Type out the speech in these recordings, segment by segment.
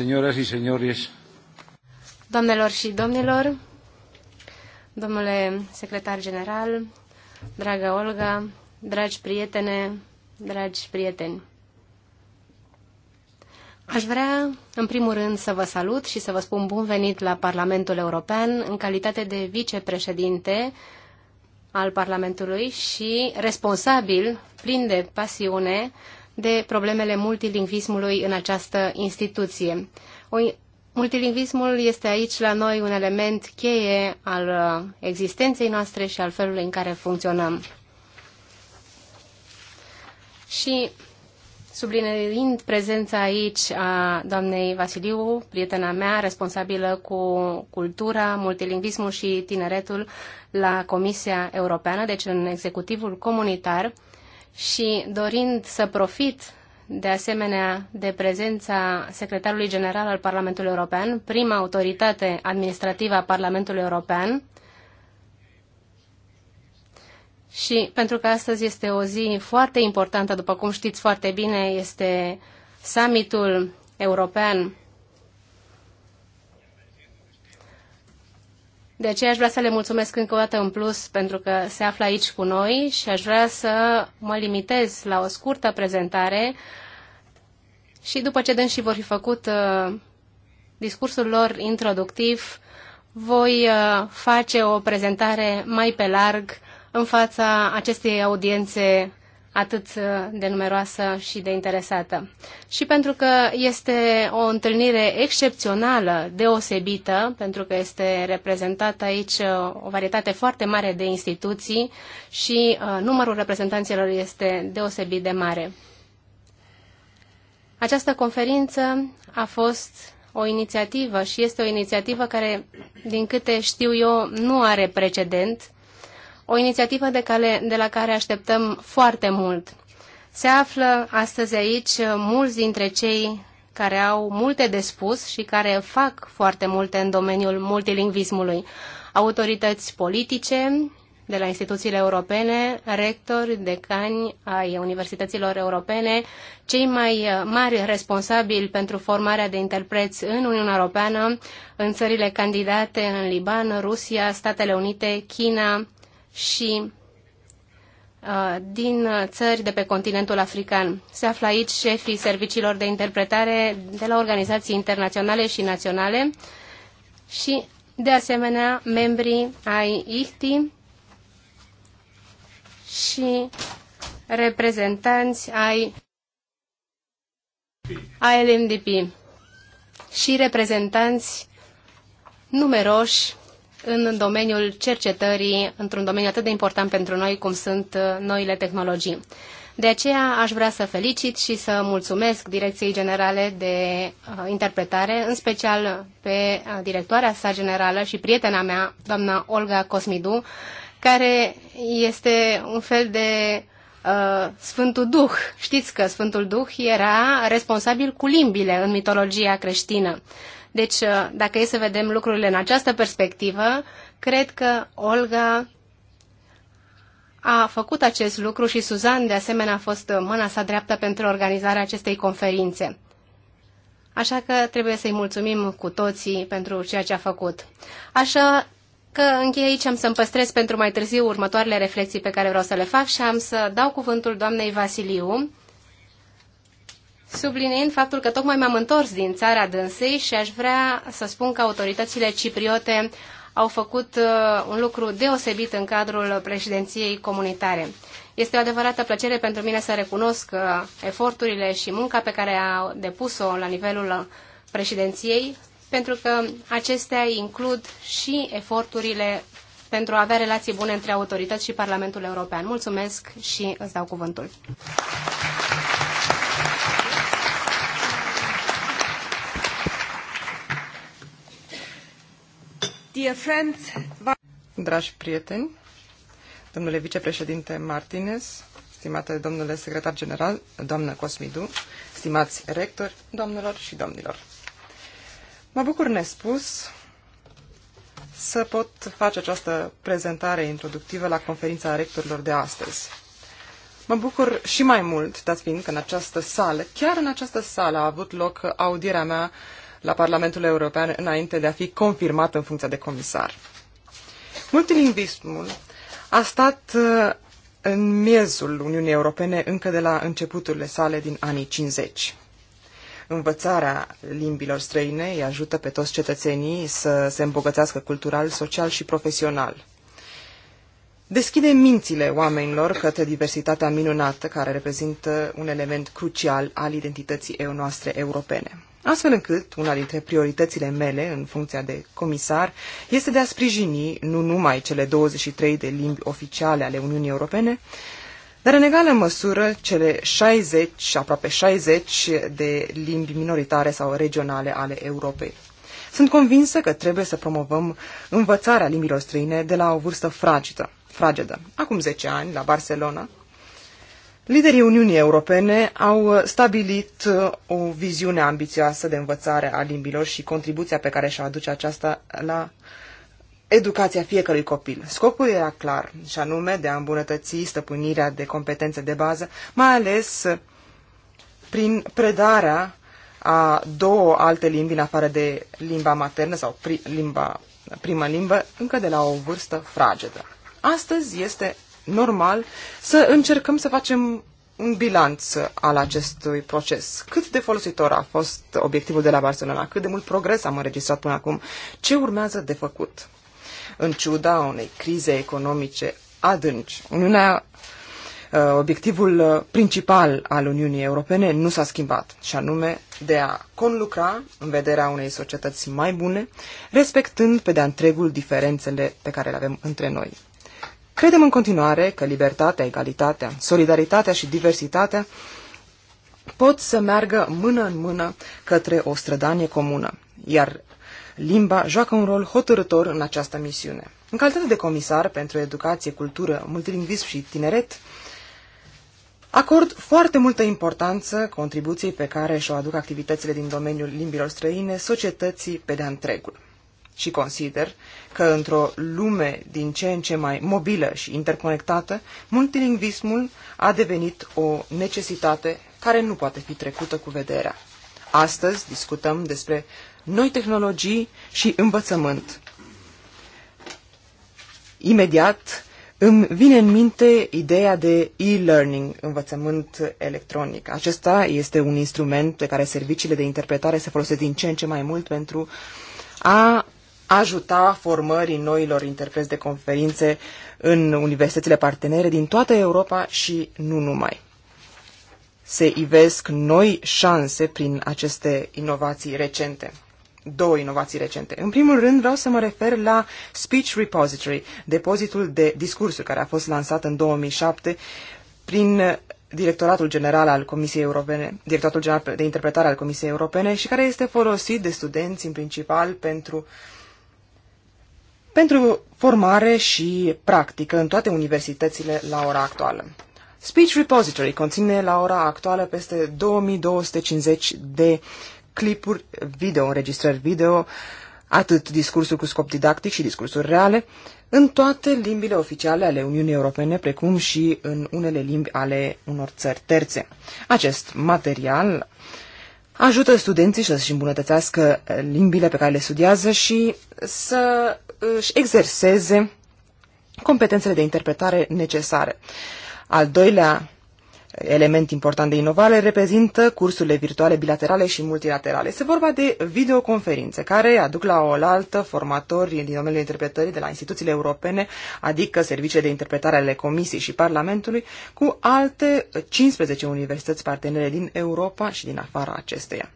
Señoras señores. Doamnelor și domnilor, domnule secretar general, dragă Olga, dragi prietene, dragi prieteni. Aș vrea, în primul rând, să vă salut și să vă spun bun venit la Parlamentul European în calitate de vicepreședinte al Parlamentului și responsabil, plin de pasiune, de problemele multilingvismului în această instituție. O, multilingvismul este aici la noi un element cheie al uh, existenței noastre și al felului în care funcționăm. Și subliniind prezența aici a doamnei Vasiliu, prietena mea, responsabilă cu cultura, multilingvismul și tineretul la Comisia Europeană, deci în executivul comunitar, și dorind să profit de asemenea de prezența secretarului general al Parlamentului European, prima autoritate administrativă a Parlamentului European, și pentru că astăzi este o zi foarte importantă, după cum știți foarte bine, este summitul european De aceea aș vrea să le mulțumesc încă o dată în plus pentru că se află aici cu noi și aș vrea să mă limitez la o scurtă prezentare și după ce dânsii vor fi făcut uh, discursul lor introductiv, voi uh, face o prezentare mai pe larg în fața acestei audiențe atât uh, de numeroasă și de interesată. Și pentru că este o întâlnire excepțională, deosebită, pentru că este reprezentată aici uh, o varietate foarte mare de instituții și uh, numărul reprezentanților este deosebit de mare. Această conferință a fost o inițiativă și este o inițiativă care, din câte știu eu, nu are precedent o inițiativă de, care, de la care așteptăm foarte mult. Se află astăzi aici uh, mulți dintre cei care au multe de spus și care fac foarte multe în domeniul multilingvismului. Autorități politice, de la instituțiile europene, rectori, decani ai universităților europene, cei mai uh, mari responsabili pentru formarea de interpreți în Uniunea Europeană, în țările candidate, în Liban, Rusia, Statele Unite, China, și uh, din țări de pe continentul african. Se află aici șefii serviciilor de interpretare de la organizații internaționale și naționale și, de asemenea, membrii ai IHTI și reprezentanți ai ALMDP și reprezentanți numeroși în domeniul cercetării, într-un domeniu atât de important pentru noi cum sunt uh, noile tehnologii. De aceea aș vrea să felicit și să mulțumesc Direcției Generale de uh, Interpretare, în special pe uh, directoarea sa generală și prietena mea, doamna Olga Cosmidu, care este un fel de uh, Sfântul Duh. Știți că Sfântul Duh era responsabil cu limbile în mitologia creștină. Deci, uh, dacă e să vedem lucrurile în această perspectivă, cred că Olga a făcut acest lucru și Suzan, de asemenea, a fost mâna sa dreaptă pentru organizarea acestei conferințe. Așa că trebuie să-i mulțumim cu toții pentru ceea ce a făcut. Așa că închei aici, am să-mi păstrez pentru mai târziu următoarele reflexii pe care vreau să le fac și am să dau cuvântul doamnei Vasiliu, subliniind faptul că tocmai m-am întors din țara dânsei și aș vrea să spun că autoritățile cipriote au făcut uh, un lucru deosebit în cadrul președinției comunitare. Este o adevărată plăcere pentru mine să recunosc uh, eforturile și munca pe care a depus-o la nivelul președinției, pentru că acestea includ și eforturile pentru a avea relații bune între autorități și Parlamentul European. Mulțumesc și îți dau cuvântul. Dear friends, Dragi prieteni, domnule vicepreședinte Martinez, stimate domnule secretar general, doamnă Cosmidu, stimați rectori, doamnelor și domnilor. Mă bucur nespus să pot face această prezentare introductivă la conferința rectorilor de astăzi. Mă bucur și mai mult, dat fiind că în această sală, chiar în această sală a avut loc audierea mea uh, la Parlamentul European înainte de a fi confirmat în funcția de comisar. Multilingvismul a stat uh, în miezul Uniunii Europene încă de la începuturile sale din anii 50. Învățarea limbilor străine îi ajută pe toți cetățenii să se îmbogățească cultural, social și profesional. Deschide mințile oamenilor către diversitatea minunată care reprezintă un element crucial al identității noastre europene astfel încât una dintre prioritățile mele în funcția de comisar este de a sprijini nu numai cele 23 de limbi oficiale ale Uniunii Europene, dar în egală măsură cele 60, aproape 60 de limbi minoritare sau regionale ale Europei. Sunt convinsă că trebuie să promovăm învățarea limbilor străine de la o vârstă fragedă. fragedă. Acum 10 ani, la Barcelona, Liderii Uniunii Europene au uh, stabilit uh, o viziune ambițioasă de învățare a limbilor și contribuția pe care și-o aduce aceasta la educația fiecărui copil. Scopul era clar, și anume de a îmbunătăți stăpânirea de competențe de bază, mai ales uh, prin predarea a două alte limbi în afară de limba maternă sau pri, limba, prima limbă, încă de la o vârstă fragedă. Astăzi este normal să încercăm să facem un bilanț al acestui proces. Cât de folositor a fost obiectivul de la Barcelona? Cât de mult progres am înregistrat până acum? Ce urmează de făcut? În ciuda unei crize economice adânci, Uniunea, uh, obiectivul uh, principal al Uniunii Europene nu s-a schimbat, și anume de a conlucra în vederea unei societăți mai bune, respectând pe de-a întregul diferențele pe care le avem între noi. Credem în continuare că libertatea, egalitatea, solidaritatea și diversitatea pot să meargă mână în mână către o strădanie comună, iar limba joacă un rol hotărător în această misiune. În calitate de comisar pentru educație, cultură, multilingvism și tineret, acord foarte multă importanță contribuției pe care și-o aduc activitățile din domeniul limbilor străine societății pe de-a întregul și consider că într-o lume din ce în ce mai mobilă și interconectată, multilingvismul a devenit o necesitate care nu poate fi trecută cu vederea. Astăzi discutăm despre noi tehnologii și învățământ. Imediat îmi vine în minte ideea de e-learning, învățământ electronic. Acesta este un instrument pe care serviciile de interpretare se folosesc din ce în ce mai mult pentru a ajuta formării noilor interpreți de conferințe în universitățile partenere din toată Europa și nu numai. Se ivesc noi șanse prin aceste inovații recente. Două inovații recente. În primul rând vreau să mă refer la Speech Repository, depozitul de discursuri care a fost lansat în 2007 prin Directoratul General al Comisiei Europene, Directoratul General de Interpretare al Comisiei Europene și care este folosit de studenți în principal pentru uh, pentru formare și practică în toate universitățile la ora actuală. Speech Repository conține la ora actuală peste 2250 de clipuri video, înregistrări video, atât discursuri cu scop didactic și discursuri reale, în toate limbile oficiale ale Uniunii Europene, precum și în unele limbi ale unor țări terțe. Acest material ajută studenții să-și îmbunătățească limbile pe care le studiază și să își exerseze competențele de interpretare necesare. Al doilea element important de inovare reprezintă cursurile virtuale bilaterale și multilaterale. Se vorba de videoconferințe care aduc la oaltă formatori din domeniul interpretării de la instituțiile europene, adică serviciile de interpretare ale Comisiei și Parlamentului, cu alte 15 universități partenere din Europa și din afara acesteia.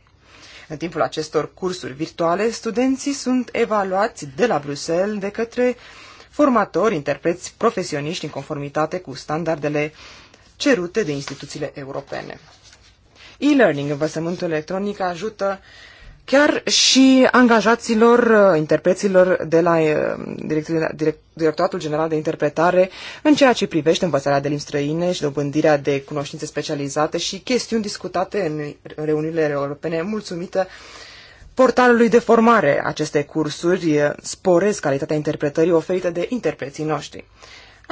În timpul acestor cursuri virtuale, studenții sunt evaluați de la Bruxelles de către formatori, interpreți profesioniști în conformitate cu standardele cerute de instituțiile europene. E-learning, învățământul electronic, ajută chiar și angajaților, uh, interpreților de la uh, Directoratul General de Interpretare în ceea ce privește învățarea de limbi străine și dobândirea de cunoștințe specializate și chestiuni discutate în reuniunile europene, mulțumită portalului de formare. Aceste cursuri uh, sporesc calitatea interpretării oferite de interpreții noștri.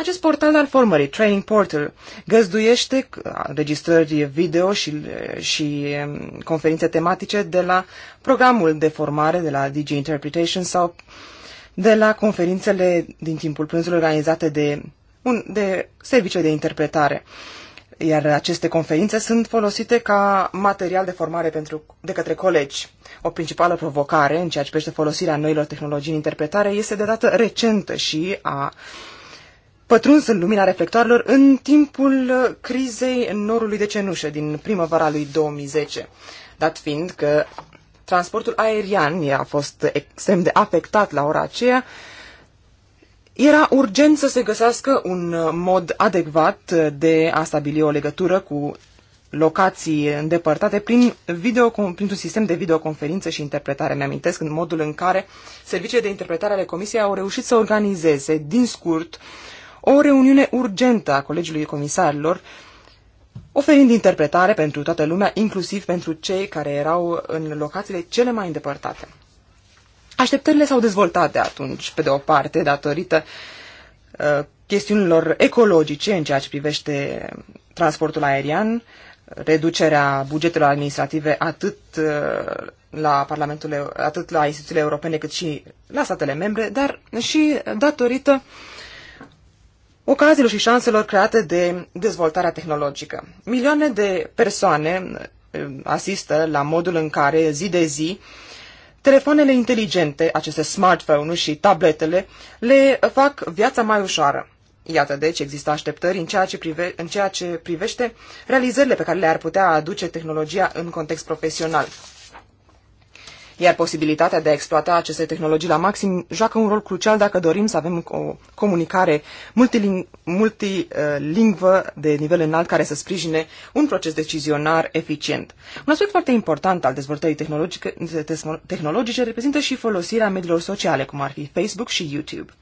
Acest portal al formării, Training Portal, găzduiește registrări video și, și um, conferințe tematice de la programul de formare de la DJ Interpretation sau de la conferințele din timpul prânzului organizate de, un, de serviciul de interpretare. Iar aceste conferințe sunt folosite ca material de formare pentru, de către colegi. O principală provocare în ceea ce privește folosirea noilor tehnologii în interpretare este de dată recentă și a uh, pătruns în lumina reflectoarelor în timpul uh, crizei norului de cenușă din primăvara lui 2010, dat fiind că transportul aerian a fost extrem de afectat la ora aceea, era urgent să se găsească un uh, mod adecvat uh, de a stabili o legătură cu locații îndepărtate prin video, printr-un sistem de videoconferință și interpretare. Mi-amintesc în modul în care serviciile de interpretare ale Comisiei au reușit să organizeze, din scurt, uh, o reuniune urgentă a Colegiului Comisarilor, oferind interpretare pentru toată lumea, inclusiv pentru cei care erau în locațiile cele mai îndepărtate. Așteptările s-au dezvoltat de atunci, pe de o parte, datorită uh, chestiunilor ecologice în ceea ce privește transportul aerian, reducerea bugetelor administrative atât uh, la Parlamentul, atât la instituțiile europene cât și la statele membre, dar și datorită uh, ocaziilor și șanselor create de dezvoltarea tehnologică. Milioane de persoane eh, asistă la modul în care zi de zi telefoanele inteligente, aceste smartphone-uri și tabletele, le fac viața mai ușoară. Iată deci, există așteptări în ceea, ce prive, în ceea ce privește realizările pe care le-ar putea aduce tehnologia în context profesional iar posibilitatea de a exploata aceste tehnologii la maxim joacă un rol crucial dacă dorim să avem o comunicare multilingvă de nivel înalt care să sprijine un proces decizionar eficient. Un aspect foarte important al dezvoltării tehnologice, tehnologice reprezintă și folosirea mediilor sociale, cum ar fi Facebook și YouTube.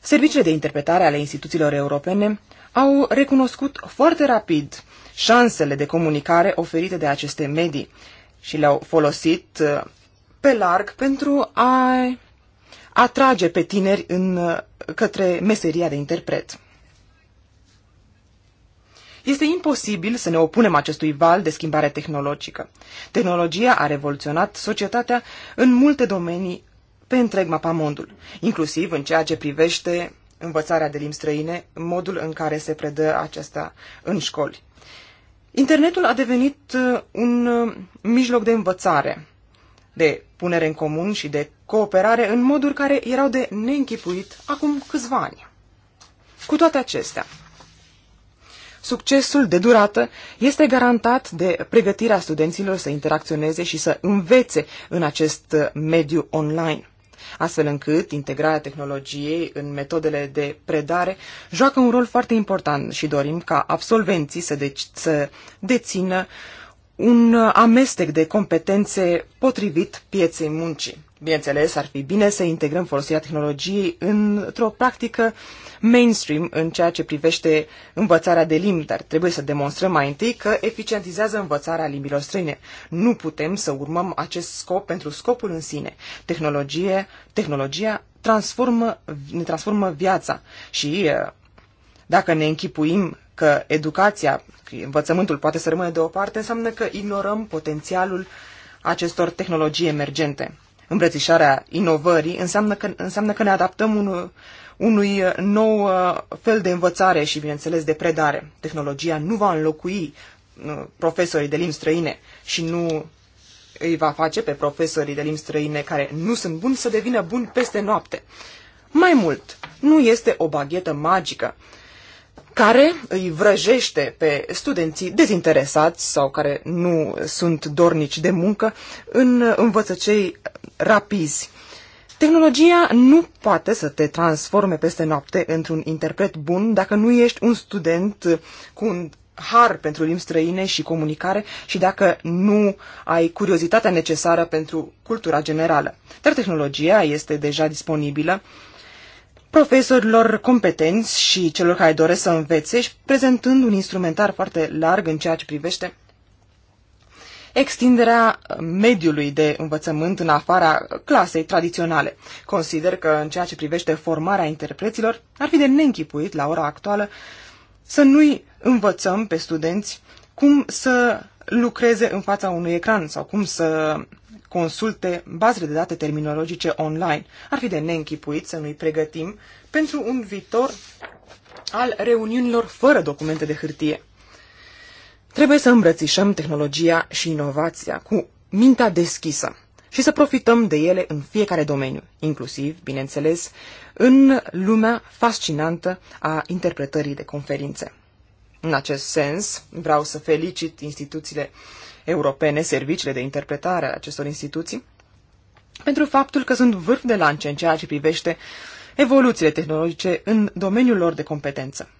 Serviciile de interpretare ale instituțiilor europene au recunoscut foarte rapid șansele de comunicare oferite de aceste medii și le-au folosit uh, pe larg pentru a atrage pe tineri în, uh, către meseria de interpret. Este imposibil să ne opunem acestui val de schimbare tehnologică. Tehnologia a revoluționat societatea în multe domenii pe întreg mapamondul, inclusiv în ceea ce privește învățarea de limbi străine, modul în care se predă aceasta în școli. Internetul a devenit uh, un uh, mijloc de învățare, de punere în comun și de cooperare în moduri care erau de neînchipuit acum câțiva ani. Cu toate acestea, succesul de durată este garantat de pregătirea studenților să interacționeze și să învețe în acest uh, mediu online astfel încât integrarea tehnologiei în metodele de predare joacă un rol foarte important și dorim ca absolvenții să, de- deci- să dețină un uh, amestec de competențe potrivit pieței muncii. Bineînțeles, ar fi bine să integrăm folosirea tehnologiei într-o practică mainstream în ceea ce privește învățarea de limbi, dar trebuie să demonstrăm mai întâi că eficientizează învățarea limbilor străine. Nu putem să urmăm acest scop pentru scopul în sine. Tehnologie, tehnologia transformă, ne transformă viața și uh, dacă ne închipuim că educația, învățământul poate să rămână deoparte, înseamnă că ignorăm potențialul acestor tehnologii emergente. Îmbrățișarea inovării înseamnă că, înseamnă că ne adaptăm unui, unui nou uh, fel de învățare și, bineînțeles, de predare. Tehnologia nu va înlocui uh, profesorii de limbi străine și nu îi va face pe profesorii de limbi străine care nu sunt buni să devină buni peste noapte. Mai mult, nu este o baghetă magică care îi vrăjește pe studenții dezinteresați sau care nu sunt dornici de muncă în învățăcei rapizi. Tehnologia nu poate să te transforme peste noapte într-un interpret bun dacă nu ești un student cu un har pentru limbi străine și comunicare și dacă nu ai curiozitatea necesară pentru cultura generală. Dar tehnologia este deja disponibilă profesorilor competenți și celor care doresc să învețe și prezentând un instrumentar foarte larg în ceea ce privește extinderea mediului de învățământ în afara clasei tradiționale. Consider că în ceea ce privește formarea interpreților, ar fi de neînchipuit la ora actuală să nu-i învățăm pe studenți cum să lucreze în fața unui ecran sau cum să consulte bazele de date terminologice online. Ar fi de neînchipuit să nu-i pregătim pentru un viitor al reuniunilor fără documente de hârtie. Trebuie să îmbrățișăm tehnologia și inovația cu mintea deschisă și să profităm de ele în fiecare domeniu, inclusiv, bineînțeles, în lumea fascinantă a interpretării de conferințe. În acest sens, vreau să felicit instituțiile europene, serviciile de interpretare ale acestor instituții, pentru faptul că sunt vârf de lance în ceea ce privește evoluțiile tehnologice în domeniul lor de competență.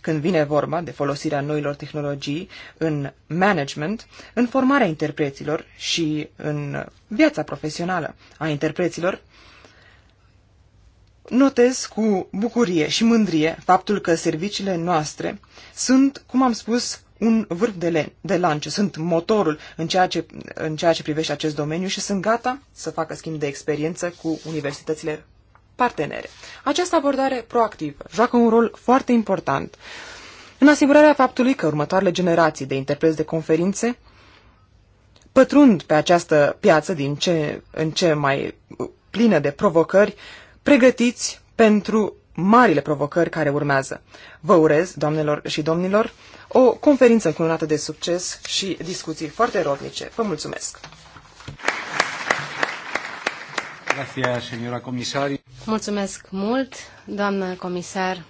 Când vine vorba de folosirea noilor tehnologii în management, în formarea interpreților și în viața profesională a interpreților, Notez cu bucurie și mândrie faptul că serviciile noastre sunt, cum am spus, un vârf de, len, de lance, sunt motorul în ceea, ce, în ceea ce privește acest domeniu și sunt gata să facă schimb de experiență cu universitățile partenere. Această abordare proactivă joacă un rol foarte important în asigurarea faptului că următoarele generații de interpreți de conferințe pătrund pe această piață din ce în ce mai plină de provocări, uh, pregătiți pentru marile provocări care urmează. Vă urez, doamnelor și domnilor, o conferință încununată de succes și discuții foarte rodnice. Vă mulțumesc! Mulțumesc mult, doamnă comisar.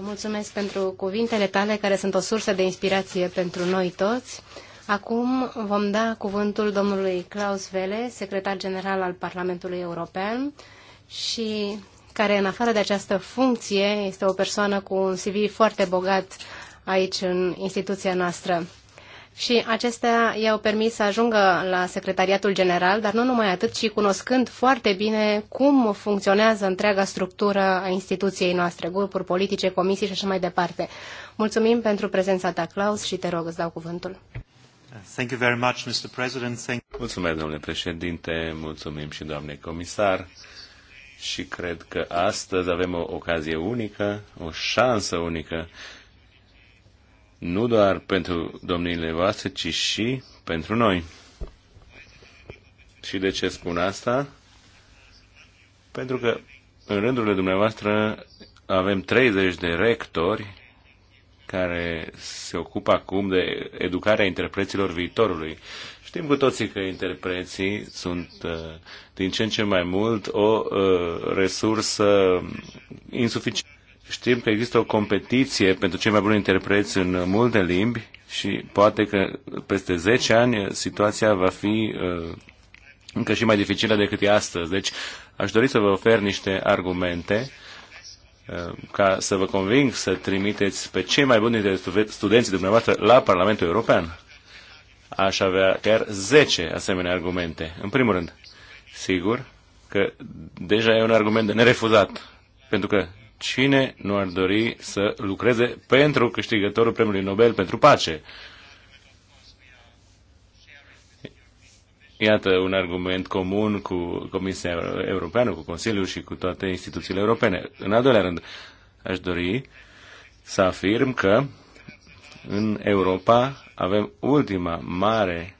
Mulțumesc pentru cuvintele tale, care sunt o sursă de inspirație pentru noi toți. Acum vom da cuvântul domnului Klaus Vele, secretar general al Parlamentului European, și care, în afară de această funcție, este o persoană cu un CV foarte bogat aici în instituția noastră. Și acestea i-au permis să ajungă la Secretariatul General, dar nu numai atât, ci cunoscând foarte bine cum funcționează întreaga structură a instituției noastre, grupuri politice, comisii și așa mai departe. Mulțumim pentru prezența ta, Claus, și te rog, îți dau cuvântul. Thank you very much, Mr. President. Thank... Mulțumesc, domnule președinte, mulțumim și doamne comisar și cred că astăzi avem o ocazie unică, o șansă unică, nu doar pentru domniile voastre, ci și pentru noi. Și de ce spun asta? Pentru că în rândurile dumneavoastră avem 30 de rectori care se ocupă acum de educarea interpreților viitorului. Știm cu toții că interpreții sunt uh, din ce în ce mai mult o uh, resursă insuficientă. Știm că există o competiție pentru cei mai buni interpreți în multe limbi și poate că peste 10 ani situația va fi uh, încă și mai dificilă decât e astăzi. Deci aș dori să vă ofer niște argumente ca să vă conving să trimiteți pe cei mai buni dintre studenții dumneavoastră la Parlamentul European aș avea chiar 10 asemenea argumente. În primul rând, sigur că deja e un argument de nerefuzat, pentru că cine nu ar dori să lucreze pentru câștigătorul Premiului Nobel pentru pace? Iată un argument comun cu Comisia Europeană, cu Consiliul și cu toate instituțiile europene. În al doilea rând, aș dori să afirm că în Europa avem ultima mare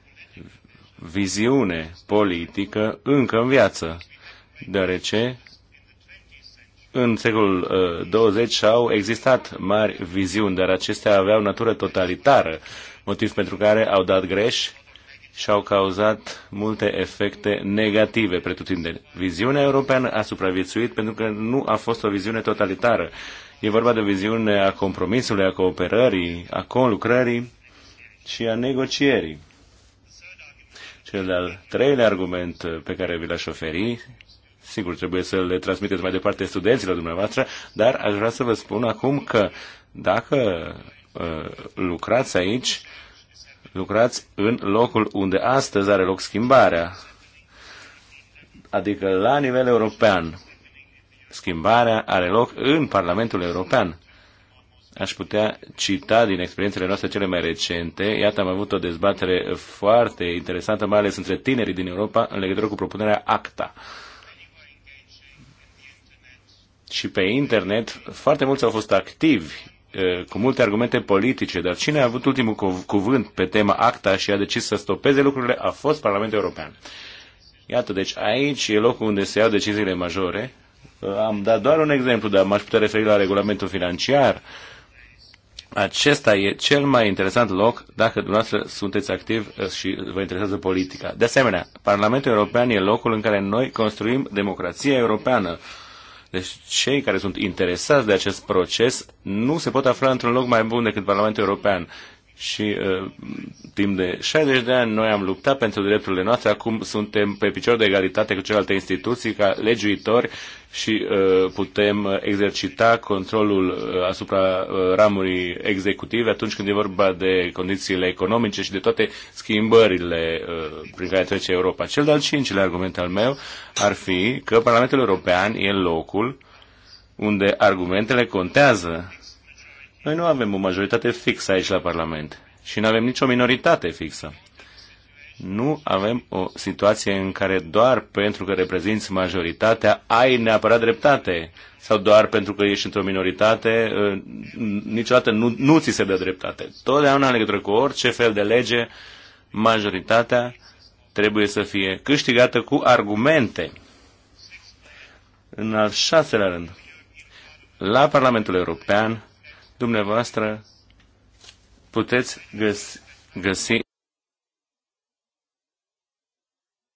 viziune politică încă în viață, deoarece în secolul uh, 20 au existat mari viziuni, dar acestea aveau natură totalitară, motiv pentru care au dat greș și au cauzat multe efecte negative pretutindeni. Viziunea europeană a supraviețuit pentru că nu a fost o viziune totalitară. E vorba de viziune a compromisului, a cooperării, a conlucrării și a negocierii. Cel de-al treilea argument pe care vi l-aș oferi, sigur trebuie să le transmiteți mai departe studenților dumneavoastră, dar aș vrea să vă spun acum că dacă uh, lucrați aici, lucrați în locul unde astăzi are loc schimbarea, adică la nivel european. Schimbarea are loc în Parlamentul European aș putea cita din experiențele noastre cele mai recente. Iată, am avut o dezbatere foarte interesantă, mai ales între tinerii din Europa, în legătură cu propunerea ACTA. Și pe internet, foarte mulți au fost activi eh, cu multe argumente politice, dar cine a avut ultimul cuvânt pe tema ACTA și a decis să stopeze lucrurile a fost Parlamentul European. Iată, deci aici e locul unde se iau deciziile majore. Eh, am dat doar un exemplu, dar m-aș putea referi la regulamentul financiar, acesta e cel mai interesant loc dacă dumneavoastră sunteți activ uh, și vă interesează politica. De asemenea, Parlamentul European e locul în care noi construim democrația europeană. Deci cei care sunt interesați de acest proces nu se pot afla într-un loc mai bun decât Parlamentul European și uh, timp de 60 de ani noi am luptat pentru drepturile noastre, acum suntem pe picior de egalitate cu celelalte instituții ca legiuitori și uh, putem exercita controlul uh, asupra uh, ramurii executive atunci când e vorba de condițiile economice și de toate schimbările uh, prin care trece Europa. Cel de-al cincilea argument al meu ar fi că Parlamentul European e locul unde argumentele contează noi nu avem o majoritate fixă aici la Parlament și nu avem nicio minoritate fixă. Nu avem o situație în care doar pentru că reprezinți majoritatea ai neapărat dreptate sau doar pentru că ești într-o minoritate ă, niciodată nu, nu ți se dă dreptate. Totdeauna în legătură cu orice fel de lege, majoritatea trebuie să fie câștigată cu argumente. În al șaselea rând, la Parlamentul European dumneavoastră puteți găsi, găsi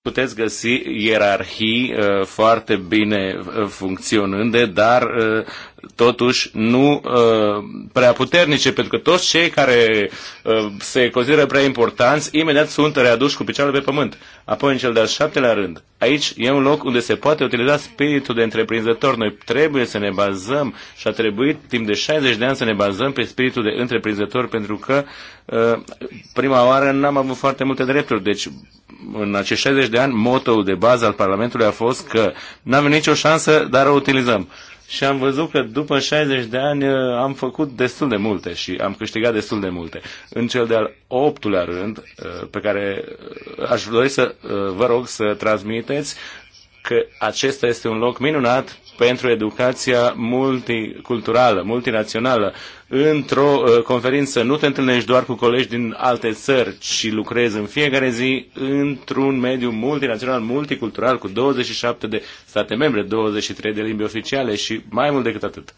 puteți găsi ierarhii uh, foarte bine uh, funcționând, dar uh, totuși nu uh, prea puternice, pentru că toți cei care uh, se consideră prea importanți, imediat sunt readuși cu picioarele pe pământ. Apoi, în cel de-al șaptelea rând, aici e un loc unde se poate utiliza spiritul de întreprinzător. Noi trebuie să ne bazăm și a trebuit timp de 60 de ani să ne bazăm pe spiritul de întreprinzător, pentru că uh, prima oară n-am avut foarte multe drepturi. Deci, în acești 60 de ani, motoul de bază al Parlamentului a fost că n am nicio șansă, dar o utilizăm și am văzut că după 60 de ani uh, am făcut destul de multe și am câștigat destul de multe. În cel de-al optulea rând, uh, pe care uh, aș dori să vă rog să transmiteți, că acesta este un loc minunat pentru educația multiculturală, multinațională. Într-o uh, conferință nu te întâlnești doar cu colegi din alte țări, ci lucrezi în fiecare zi într-un mediu multinațional, multicultural, cu 27 de state membre, 23 de limbi oficiale și mai mult decât atât.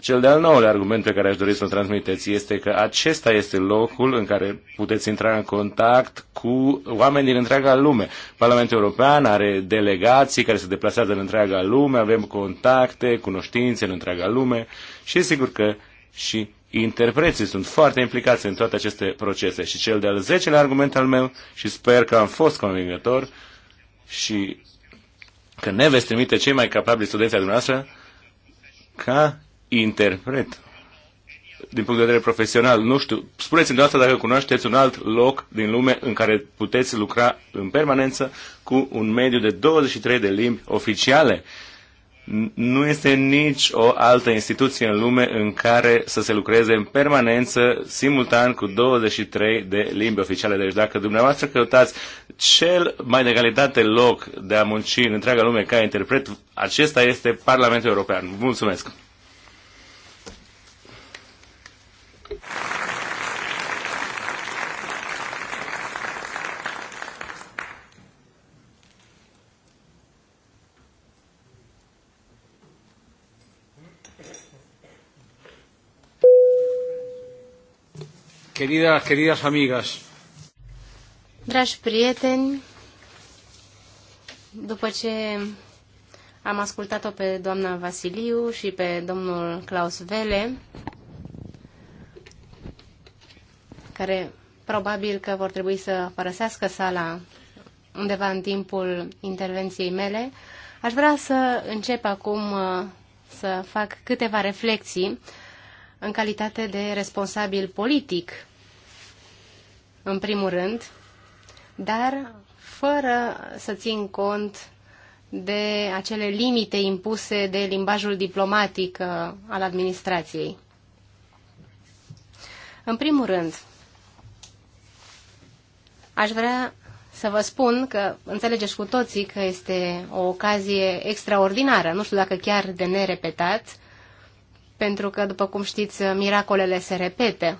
Cel de-al nouălea argument pe care aș dori să-l transmiteți este că acesta este locul în care puteți intra în contact cu oameni din întreaga lume. Parlamentul European are delegații care se deplasează în întreaga lume, avem contacte, cunoștințe în întreaga lume și sigur că și interpreții sunt foarte implicați în toate aceste procese. Și cel de-al zecelea argument al meu, și sper că am fost convingător și că ne veți trimite cei mai capabili studenți ai dumneavoastră, ca interpret din punct de vedere profesional. Nu știu, spuneți-mi de dacă cunoașteți un alt loc din lume în care puteți lucra în permanență cu un mediu de 23 de limbi oficiale. Nu este nici o altă instituție în lume în care să se lucreze în permanență, simultan, cu 23 de limbi oficiale. Deci dacă dumneavoastră căutați cel mai de calitate loc de a munci în întreaga lume ca interpret, acesta este Parlamentul European. Mulțumesc! Queridas, queridas amigas. Dragi prieteni, după ce am ascultat-o pe doamna Vasiliu și pe domnul Claus Vele, care probabil că vor trebui să părăsească sala undeva în timpul intervenției mele, aș vrea să încep acum uh, să fac câteva reflexii în calitate de responsabil politic, în primul rând, dar fără să țin cont de acele limite impuse de limbajul diplomatic uh, al administrației. În primul rând, Aș vrea să vă spun că înțelegeți cu toții că este o ocazie extraordinară, nu știu dacă chiar de nerepetat, pentru că, după cum știți, miracolele se repete.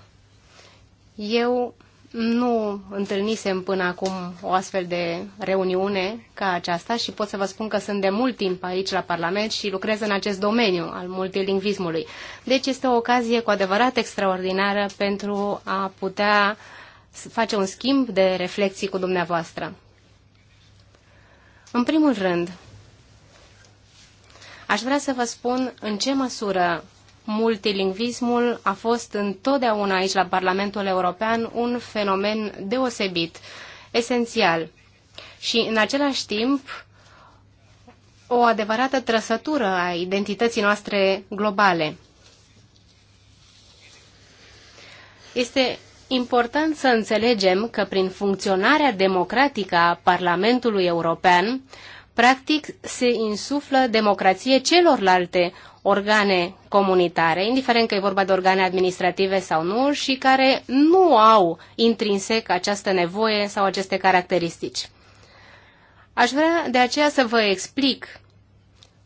Eu nu întâlnisem până acum o astfel de reuniune ca aceasta și pot să vă spun că sunt de mult timp aici la Parlament și lucrez în acest domeniu al multilingvismului. Deci este o ocazie cu adevărat extraordinară pentru a putea uh, face un schimb de reflexii cu dumneavoastră. În primul rând, aș vrea să vă spun în ce măsură multilingvismul a fost întotdeauna aici la Parlamentul European un fenomen deosebit, esențial și în același timp o adevărată trăsătură a identității noastre globale. Este important să înțelegem că prin funcționarea democratică a Parlamentului European, practic se insuflă democrație celorlalte organe comunitare, indiferent că e vorba de organe administrative sau nu, și care nu au intrinsec această nevoie sau aceste caracteristici. Aș vrea de aceea să vă explic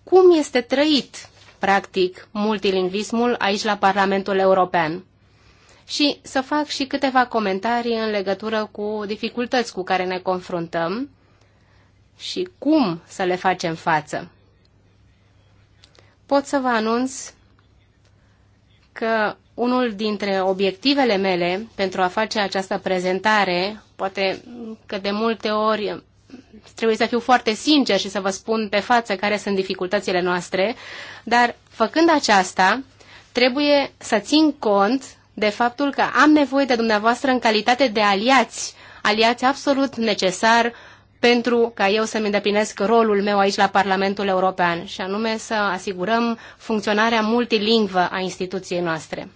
cum este trăit, practic, multilingvismul aici la Parlamentul European și să fac și câteva comentarii în legătură cu dificultăți cu care ne confruntăm și cum să le facem față. Pot să vă anunț că unul dintre obiectivele mele pentru a face această prezentare, poate că de multe ori trebuie să fiu foarte sincer și să vă spun pe față care sunt dificultățile noastre, dar făcând aceasta, trebuie să țin cont de faptul că am nevoie de dumneavoastră în calitate de aliați, aliați absolut necesar pentru ca eu să-mi îndeplinesc rolul meu aici la Parlamentul European și anume să asigurăm funcționarea multilingvă a instituției noastre.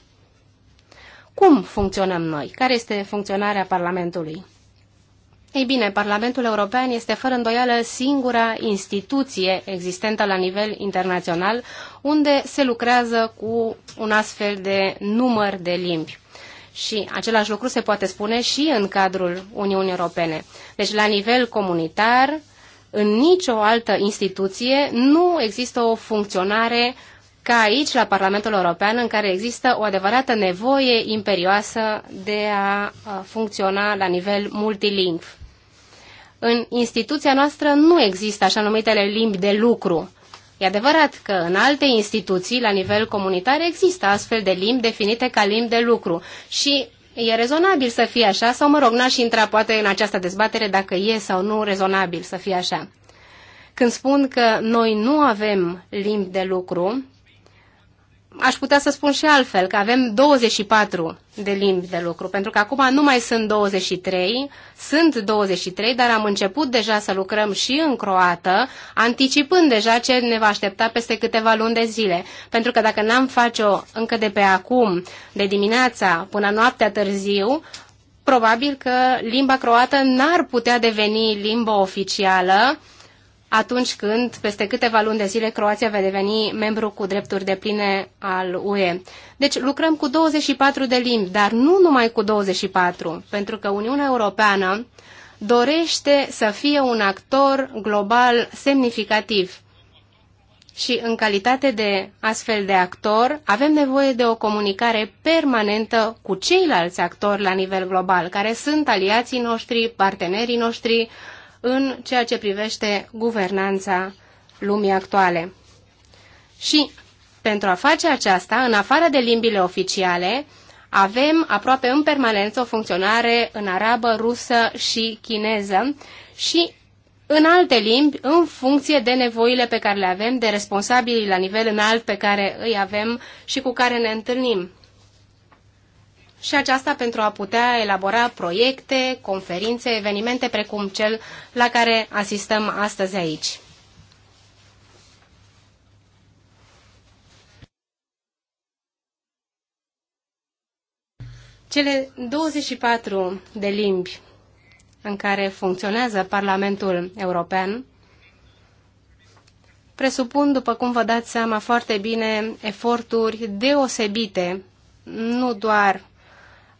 Cum funcționăm noi? Care este funcționarea Parlamentului? Ei bine, Parlamentul European este fără îndoială singura instituție existentă la nivel internațional unde se lucrează cu un astfel de număr de limbi. Și același lucru se poate spune și în cadrul Uniunii Europene. Deci, la nivel comunitar, în nicio altă instituție nu există o funcționare ca aici, la Parlamentul European, în care există o adevărată nevoie imperioasă de a funcționa la nivel multilingv în instituția noastră nu există așa numitele limbi de lucru. E adevărat că în alte instituții, la nivel comunitar, există astfel de limbi definite ca limbi de lucru și e rezonabil să fie așa, sau mă rog, n-aș intra poate în această dezbatere dacă e sau nu rezonabil să fie așa. Când spun că noi nu avem limbi de lucru, aș putea să spun și altfel, că avem 24 de limbi de lucru, pentru că acum nu mai sunt 23, sunt 23, dar am început deja să lucrăm și în croată, anticipând deja ce ne va aștepta peste câteva luni de zile. Pentru că dacă n-am face-o încă de pe acum, de dimineața până noaptea târziu, probabil că limba croată n-ar putea deveni limba oficială, atunci când, peste câteva luni de zile, Croația va deveni membru cu drepturi de pline al UE. Deci lucrăm cu 24 de limbi, dar nu numai cu 24, pentru că Uniunea Europeană dorește să fie un actor global semnificativ. Și în calitate de astfel de actor, avem nevoie de o comunicare permanentă cu ceilalți actori la nivel global, care sunt aliații noștri, partenerii noștri, în ceea ce privește guvernanța lumii actuale. Și pentru a face aceasta, în afară de limbile oficiale, avem aproape în permanență o funcționare în arabă, rusă și chineză și în alte limbi, în funcție de nevoile pe care le avem, de responsabilii la nivel înalt pe care îi avem și cu care ne întâlnim și aceasta pentru a putea elabora proiecte, conferințe, evenimente precum cel la care asistăm astăzi aici. Cele 24 de limbi în care funcționează Parlamentul European presupun, după cum vă dați seama foarte bine, eforturi deosebite, nu doar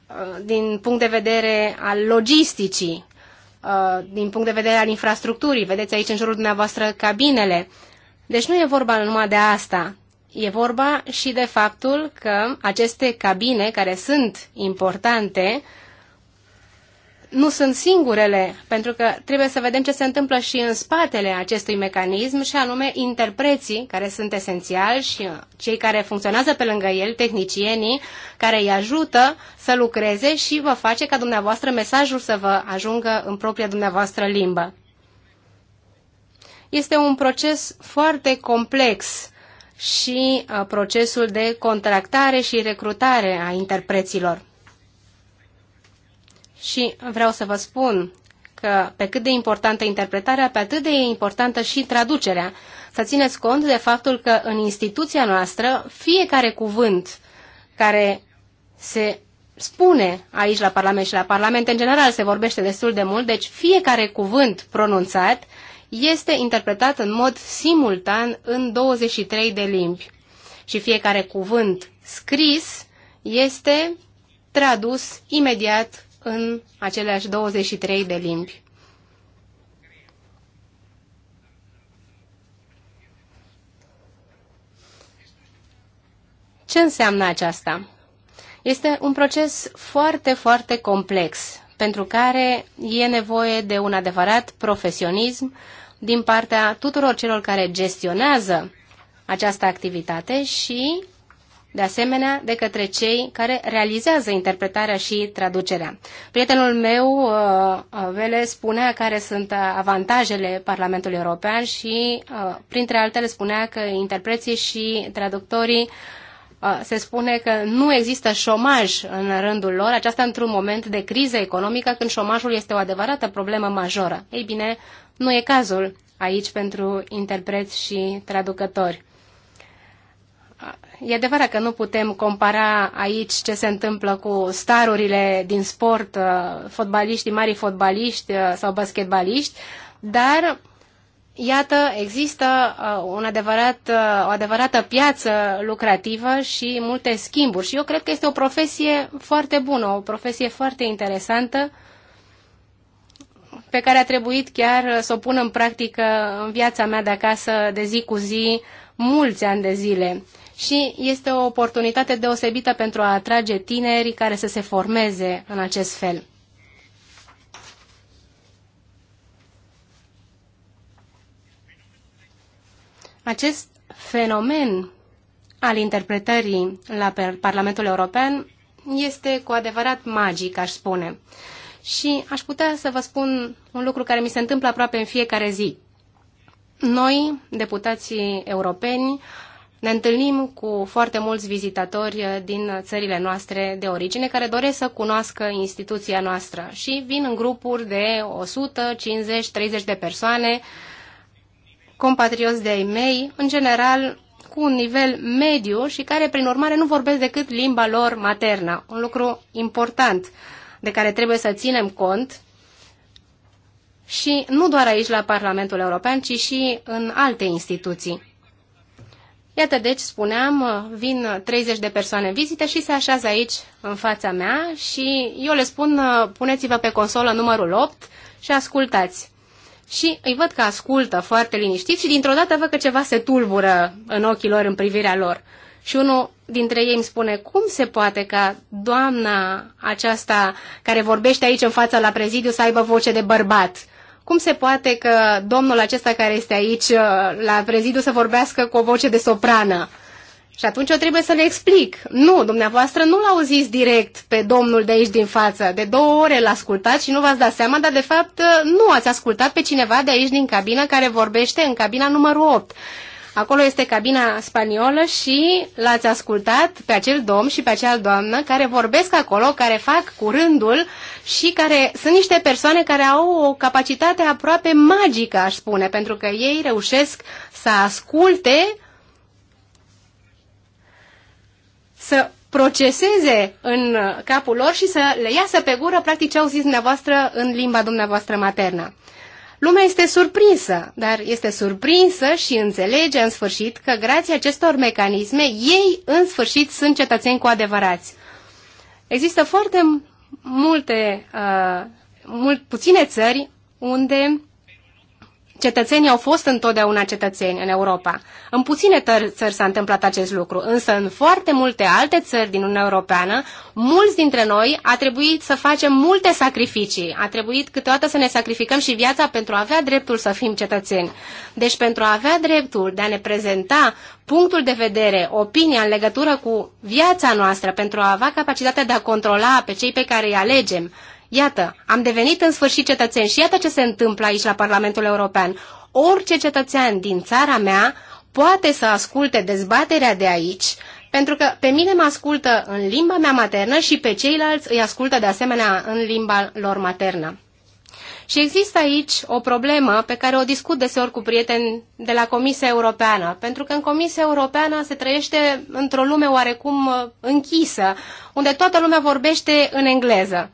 Uh, din punct de vedere al logisticii, uh, din punct de vedere al infrastructurii. Vedeți aici în jurul dumneavoastră cabinele. Deci nu e vorba numai de asta. E vorba și de faptul că aceste cabine, care sunt importante, uh, nu sunt singurele, pentru că trebuie să vedem ce se întâmplă și în spatele acestui mecanism, și anume interpreții, care sunt esențiali și uh, cei care funcționează pe lângă el, tehnicienii, care îi ajută să lucreze și vă face ca dumneavoastră mesajul să vă ajungă în propria dumneavoastră limbă. Este un proces foarte complex și uh, procesul de contractare și recrutare a interpreților. Și vreau să vă spun că pe cât de importantă interpretarea, pe atât de importantă și traducerea. Să țineți cont de faptul că în instituția noastră fiecare cuvânt care se spune aici la Parlament și la Parlament în general se vorbește destul de mult, deci fiecare cuvânt pronunțat este interpretat în mod simultan în 23 de limbi și fiecare cuvânt scris este tradus imediat în aceleași 23 de limbi. Ce înseamnă aceasta? Este un proces foarte, foarte complex, pentru care e nevoie de un adevărat profesionism din partea tuturor celor care gestionează această activitate și de asemenea de către cei care realizează interpretarea și traducerea. Prietenul meu, uh, Vele, spunea care sunt uh, avantajele Parlamentului European și, uh, printre altele, spunea că interpreții și traductorii se spune că nu există șomaj în rândul lor, aceasta într-un moment de criză economică când șomajul este o adevărată problemă majoră. Ei bine, nu e cazul aici pentru interpreți și traducători. E adevărat că nu putem compara aici ce se întâmplă cu starurile din sport, uh, fotbaliștii, mari fotbaliști uh, sau basketbaliști, dar iată, există uh, un adevărat, o adevărată piață lucrativă și multe schimburi. Și eu cred că este o profesie foarte bună, o profesie foarte interesantă pe care a trebuit chiar să o pun în practică în viața mea de acasă, de zi cu zi, mulți ani de zile și este o oportunitate deosebită pentru a atrage tineri care să se formeze în acest fel. Acest fenomen al interpretării la Parlamentul European este cu adevărat magic, aș spune. Și aș putea să vă spun un lucru care mi se întâmplă aproape în fiecare zi. Noi, deputații europeni, ne întâlnim cu foarte mulți vizitatori uh, din țările noastre de origine care doresc să cunoască instituția noastră și vin în grupuri de 150-30 de persoane, compatrioți de-ai mei, în general cu un nivel mediu și care, prin urmare, nu vorbesc decât limba lor maternă. Un lucru important de care trebuie să ținem cont și nu doar aici la Parlamentul European, ci și în alte instituții. Iată, deci, spuneam, vin 30 de persoane în vizită și se așează aici, în fața mea, și eu le spun, puneți-vă pe consolă numărul 8 și ascultați. Și îi văd că ascultă foarte liniștit și dintr-o dată văd că ceva se tulbură în ochii lor, în privirea lor. Și unul dintre ei îmi spune, cum se poate ca doamna aceasta care vorbește aici în fața la prezidiu să aibă voce de bărbat? Cum se poate că domnul acesta care este aici uh, la prezidiu să vorbească cu o voce de soprană? Și atunci eu trebuie să le explic. Nu, dumneavoastră nu l auziți direct pe domnul de aici din față. De două ore l a ascultat și nu v-ați dat seama, dar de fapt uh, nu ați ascultat pe cineva de aici din cabină care vorbește în cabina numărul 8. Acolo este cabina spaniolă și l-ați ascultat pe acel domn și pe acea doamnă care vorbesc acolo, care fac cu rândul și care sunt niște persoane care au o capacitate aproape magică, aș spune, pentru că ei reușesc să asculte, să proceseze în capul lor și să le iasă pe gură practic ce au zis dumneavoastră în limba dumneavoastră maternă. Lumea este surprinsă, dar este surprinsă și înțelege în sfârșit că grație acestor mecanisme ei în sfârșit sunt cetățeni cu adevărați. Există foarte multe, uh, mult, puține țări unde Cetățenii au fost întotdeauna cetățeni în Europa. În puține țări s-a întâmplat acest lucru, însă în foarte multe alte țări din Uniunea Europeană, mulți dintre noi a trebuit să facem multe sacrificii, a trebuit câteodată să ne sacrificăm și viața pentru a avea dreptul să fim cetățeni. Deci pentru a avea dreptul de a ne prezenta punctul de vedere, opinia în legătură cu viața noastră, pentru a avea capacitatea de a controla pe cei pe care îi alegem, Iată, am devenit în sfârșit cetățeni și iată ce se întâmplă aici la Parlamentul European. Orice cetățean din țara mea poate să asculte dezbaterea de aici, pentru că pe mine mă ascultă în limba mea maternă și pe ceilalți îi ascultă de asemenea în limba lor maternă. Și există aici o problemă pe care o discut deseori cu prieteni de la Comisia Europeană, pentru că în Comisia Europeană se trăiește într-o lume oarecum uh, închisă, unde toată lumea vorbește în engleză.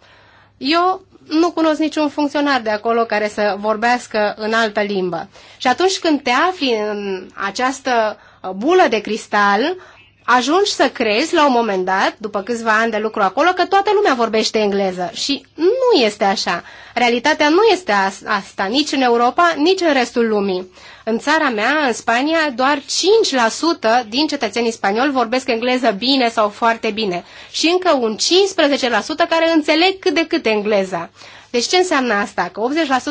Eu nu cunosc niciun funcționar de acolo care să vorbească în altă limbă. Și atunci când te afli în această uh, bulă de cristal, ajungi să crezi la un moment dat, după câțiva ani de lucru acolo, că toată lumea vorbește engleză. Și nu este așa. Realitatea nu este asta, nici în Europa, nici în restul lumii. În țara mea, în Spania, doar 5% din cetățenii spanioli vorbesc engleză bine sau foarte bine și încă un 15% care înțeleg cât de cât engleza. Deci ce înseamnă asta? Că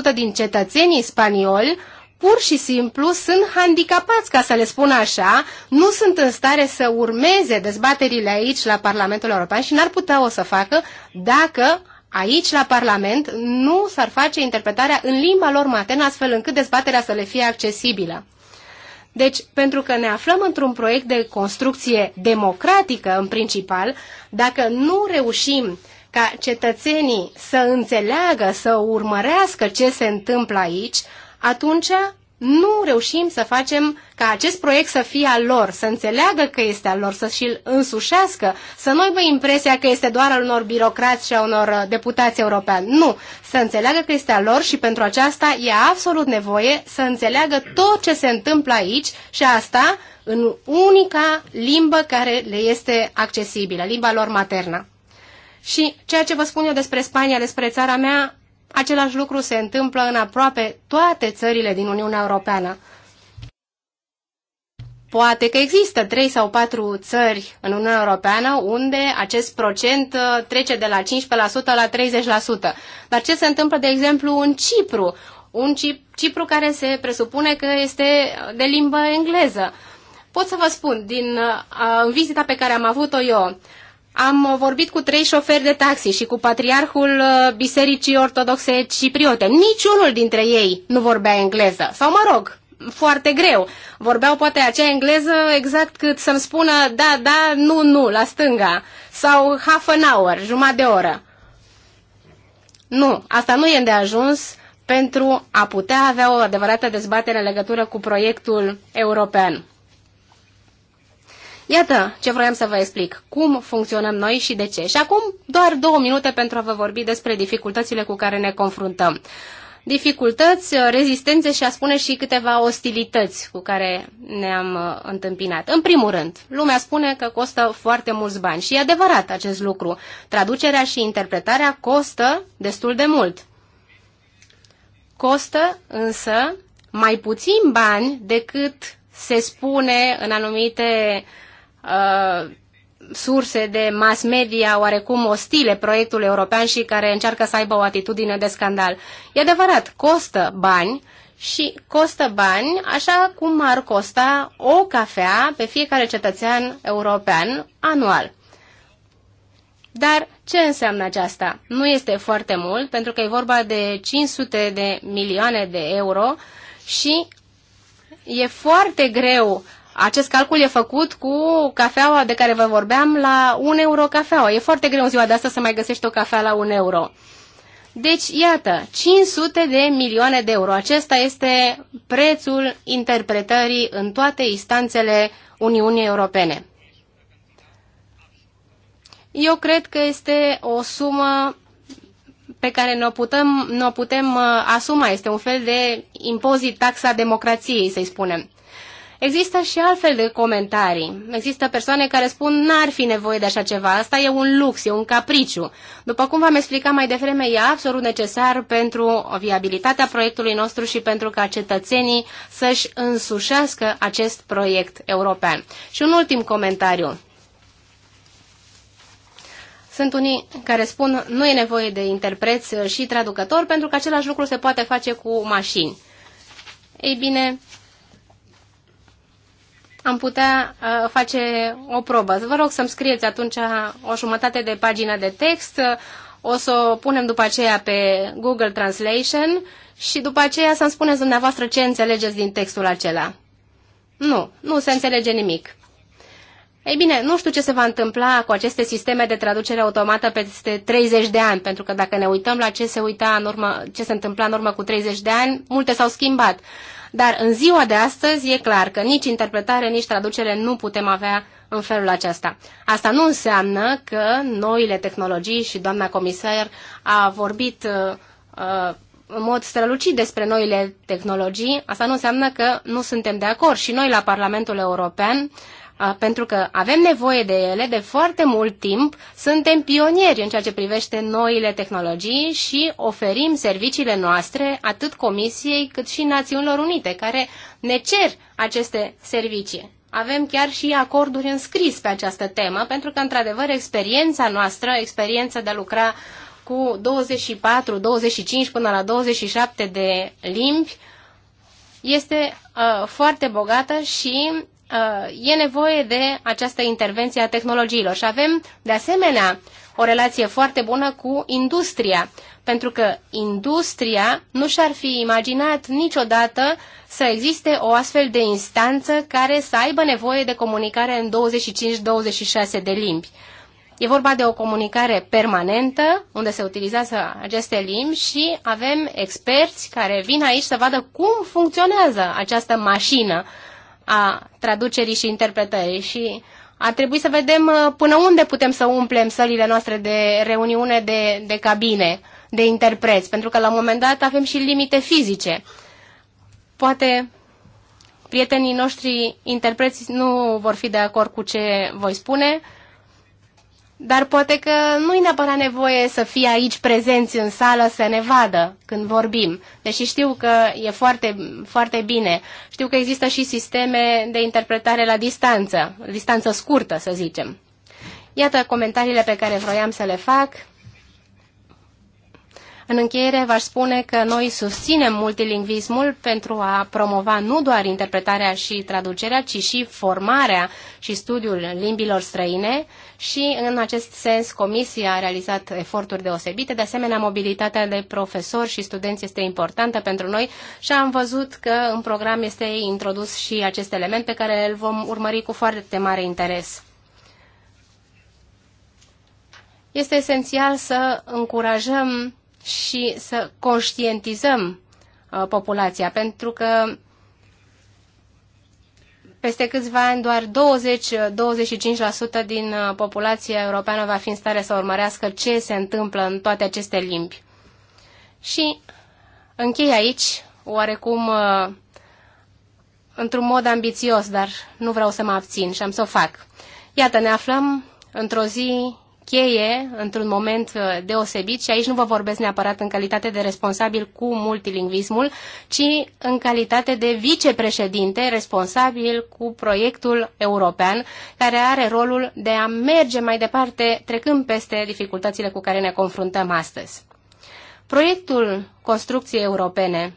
80% din cetățenii spanioli pur și simplu sunt handicapați, ca să le spun așa, nu sunt în stare să urmeze dezbaterile aici la Parlamentul European și n-ar putea o să facă dacă aici, la Parlament, nu s-ar face interpretarea în limba lor maternă, astfel încât dezbaterea să le fie accesibilă. Deci, pentru că ne aflăm într-un proiect de construcție democratică, în principal, dacă nu reușim ca cetățenii să înțeleagă, să urmărească ce se întâmplă aici, atunci nu reușim să facem ca acest proiect să fie al lor, să înțeleagă că este al lor, să și-l însușească, să nu aibă impresia că este doar al unor birocrați și a unor uh, deputați europeni. Nu, să înțeleagă că este al lor și pentru aceasta e absolut nevoie să înțeleagă tot ce se întâmplă aici și asta în unica limbă care le este accesibilă, limba lor maternă. Și ceea ce vă spun eu despre Spania, despre țara mea, Același lucru se întâmplă în aproape toate țările din Uniunea Europeană. Poate că există trei sau patru țări în Uniunea Europeană unde acest procent uh, trece de la 15% la 30%. Dar ce se întâmplă, de exemplu, în Cipru? Un Cipru care se presupune că este de limbă engleză. Pot să vă spun, din uh, vizita pe care am avut-o eu, am vorbit cu trei șoferi de taxi și cu patriarhul uh, Bisericii Ortodoxe Cipriote. Niciunul dintre ei nu vorbea engleză. Sau mă rog, foarte greu. Vorbeau poate acea engleză exact cât să-mi spună da, da, nu, nu, la stânga. Sau half an hour, jumătate de oră. Nu, asta nu e de ajuns pentru a putea avea o adevărată dezbatere în legătură cu proiectul european. Iată ce vroiam să vă explic, cum funcționăm noi și de ce. Și acum doar două minute pentru a vă vorbi despre dificultățile cu care ne confruntăm. Dificultăți, rezistențe și a spune și câteva ostilități cu care ne-am uh, întâmpinat. În primul rând, lumea spune că costă foarte mulți bani și e adevărat acest lucru. Traducerea și interpretarea costă destul de mult. Costă însă mai puțin bani decât se spune în anumite uh, Uh, surse de mass media oarecum ostile proiectul european și care încearcă să aibă o atitudine de scandal. E adevărat, costă bani și costă bani așa cum ar costa o cafea pe fiecare cetățean european anual. Dar ce înseamnă aceasta? Nu este foarte mult, pentru că e vorba de 500 de milioane de euro și e foarte greu acest calcul e făcut cu cafeaua de care vă vorbeam la 1 euro cafeaua. E foarte greu în ziua de asta să mai găsești o cafea la 1 euro. Deci, iată, 500 de milioane de euro. Acesta este prețul interpretării în toate instanțele Uniunii Europene. Eu cred că este o sumă pe care ne-o putem, putem uh, asuma. Este un fel de impozit, taxa democrației, să-i spunem. Există și altfel de comentarii. Există persoane care spun n-ar fi nevoie de așa ceva, asta e un lux, e un capriciu. După cum v-am explicat mai devreme, e absolut necesar pentru viabilitatea proiectului nostru și pentru ca cetățenii să-și însușească acest proiect european. Și un ultim comentariu. Sunt unii care spun nu e nevoie de interpreți și traducători pentru că același lucru se poate face cu mașini. Ei bine, am putea uh, face o probă. Vă rog să-mi scrieți atunci o jumătate de pagină de text, uh, o să o punem după aceea pe Google Translation și după aceea să-mi spuneți dumneavoastră ce înțelegeți din textul acela. Nu, nu se înțelege nimic. Ei bine, nu știu ce se va întâmpla cu aceste sisteme de traducere automată peste 30 de ani, pentru că dacă ne uităm la ce se, uita în urmă, ce se întâmpla în urmă cu 30 de ani, multe s-au schimbat. Dar în ziua de astăzi e clar că nici interpretare, nici traducere nu putem avea în felul acesta. Asta nu înseamnă că noile tehnologii și doamna comisar a vorbit uh, uh în mod strălucit despre noile tehnologii, asta nu înseamnă că nu suntem de acord. Și noi la Parlamentul European pentru că avem nevoie de ele de foarte mult timp, suntem pionieri în ceea ce privește noile tehnologii și oferim serviciile noastre atât Comisiei cât și Națiunilor Unite, care ne cer aceste servicii. Avem chiar și acorduri înscris pe această temă, pentru că, într-adevăr, experiența noastră, experiența de a lucra cu 24, 25 până la 27 de limbi, este uh, foarte bogată și Uh, e nevoie de această intervenție a tehnologiilor și avem, de asemenea, o relație foarte bună cu industria, pentru că industria nu și-ar fi imaginat niciodată să existe o astfel de instanță care să aibă nevoie de comunicare în 25-26 de limbi. E vorba de o comunicare permanentă, unde se utilizează aceste limbi și avem experți care vin aici să vadă cum funcționează această mașină a traducerii și interpretării și ar trebui să vedem uh, până unde putem să umplem sălile noastre de reuniune de, de cabine, de interpreți, pentru că la un moment dat avem și limite fizice. Poate prietenii noștri interpreți nu vor fi de acord cu ce voi spune, dar poate că nu-i neapărat nevoie să fie aici prezenți în sală să ne vadă când vorbim. Deși știu că e foarte, foarte bine. Știu că există și sisteme de interpretare la distanță, distanță scurtă, să zicem. Iată comentariile pe care vroiam să le fac. În încheiere, v-aș spune că noi susținem multilingvismul pentru a promova nu doar interpretarea și traducerea, ci și formarea și studiul limbilor străine și în acest sens Comisia a realizat eforturi deosebite. De asemenea, mobilitatea de profesori și studenți este importantă pentru noi și am văzut că în program este introdus și acest element pe care îl vom urmări cu foarte mare interes. Este esențial să încurajăm și să conștientizăm uh, populația, pentru că peste câțiva ani doar 20-25% din uh, populația europeană va fi în stare să urmărească ce se întâmplă în toate aceste limbi. Și închei aici, oarecum uh, într-un mod ambițios, dar nu vreau să mă abțin și am să o fac. Iată, ne aflăm într-o zi cheie într-un moment uh, deosebit și aici nu vă vorbesc neapărat în calitate de responsabil cu multilingvismul, ci în calitate de vicepreședinte responsabil cu proiectul european care are rolul de a merge mai departe trecând peste dificultățile cu care ne confruntăm astăzi. Proiectul construcției europene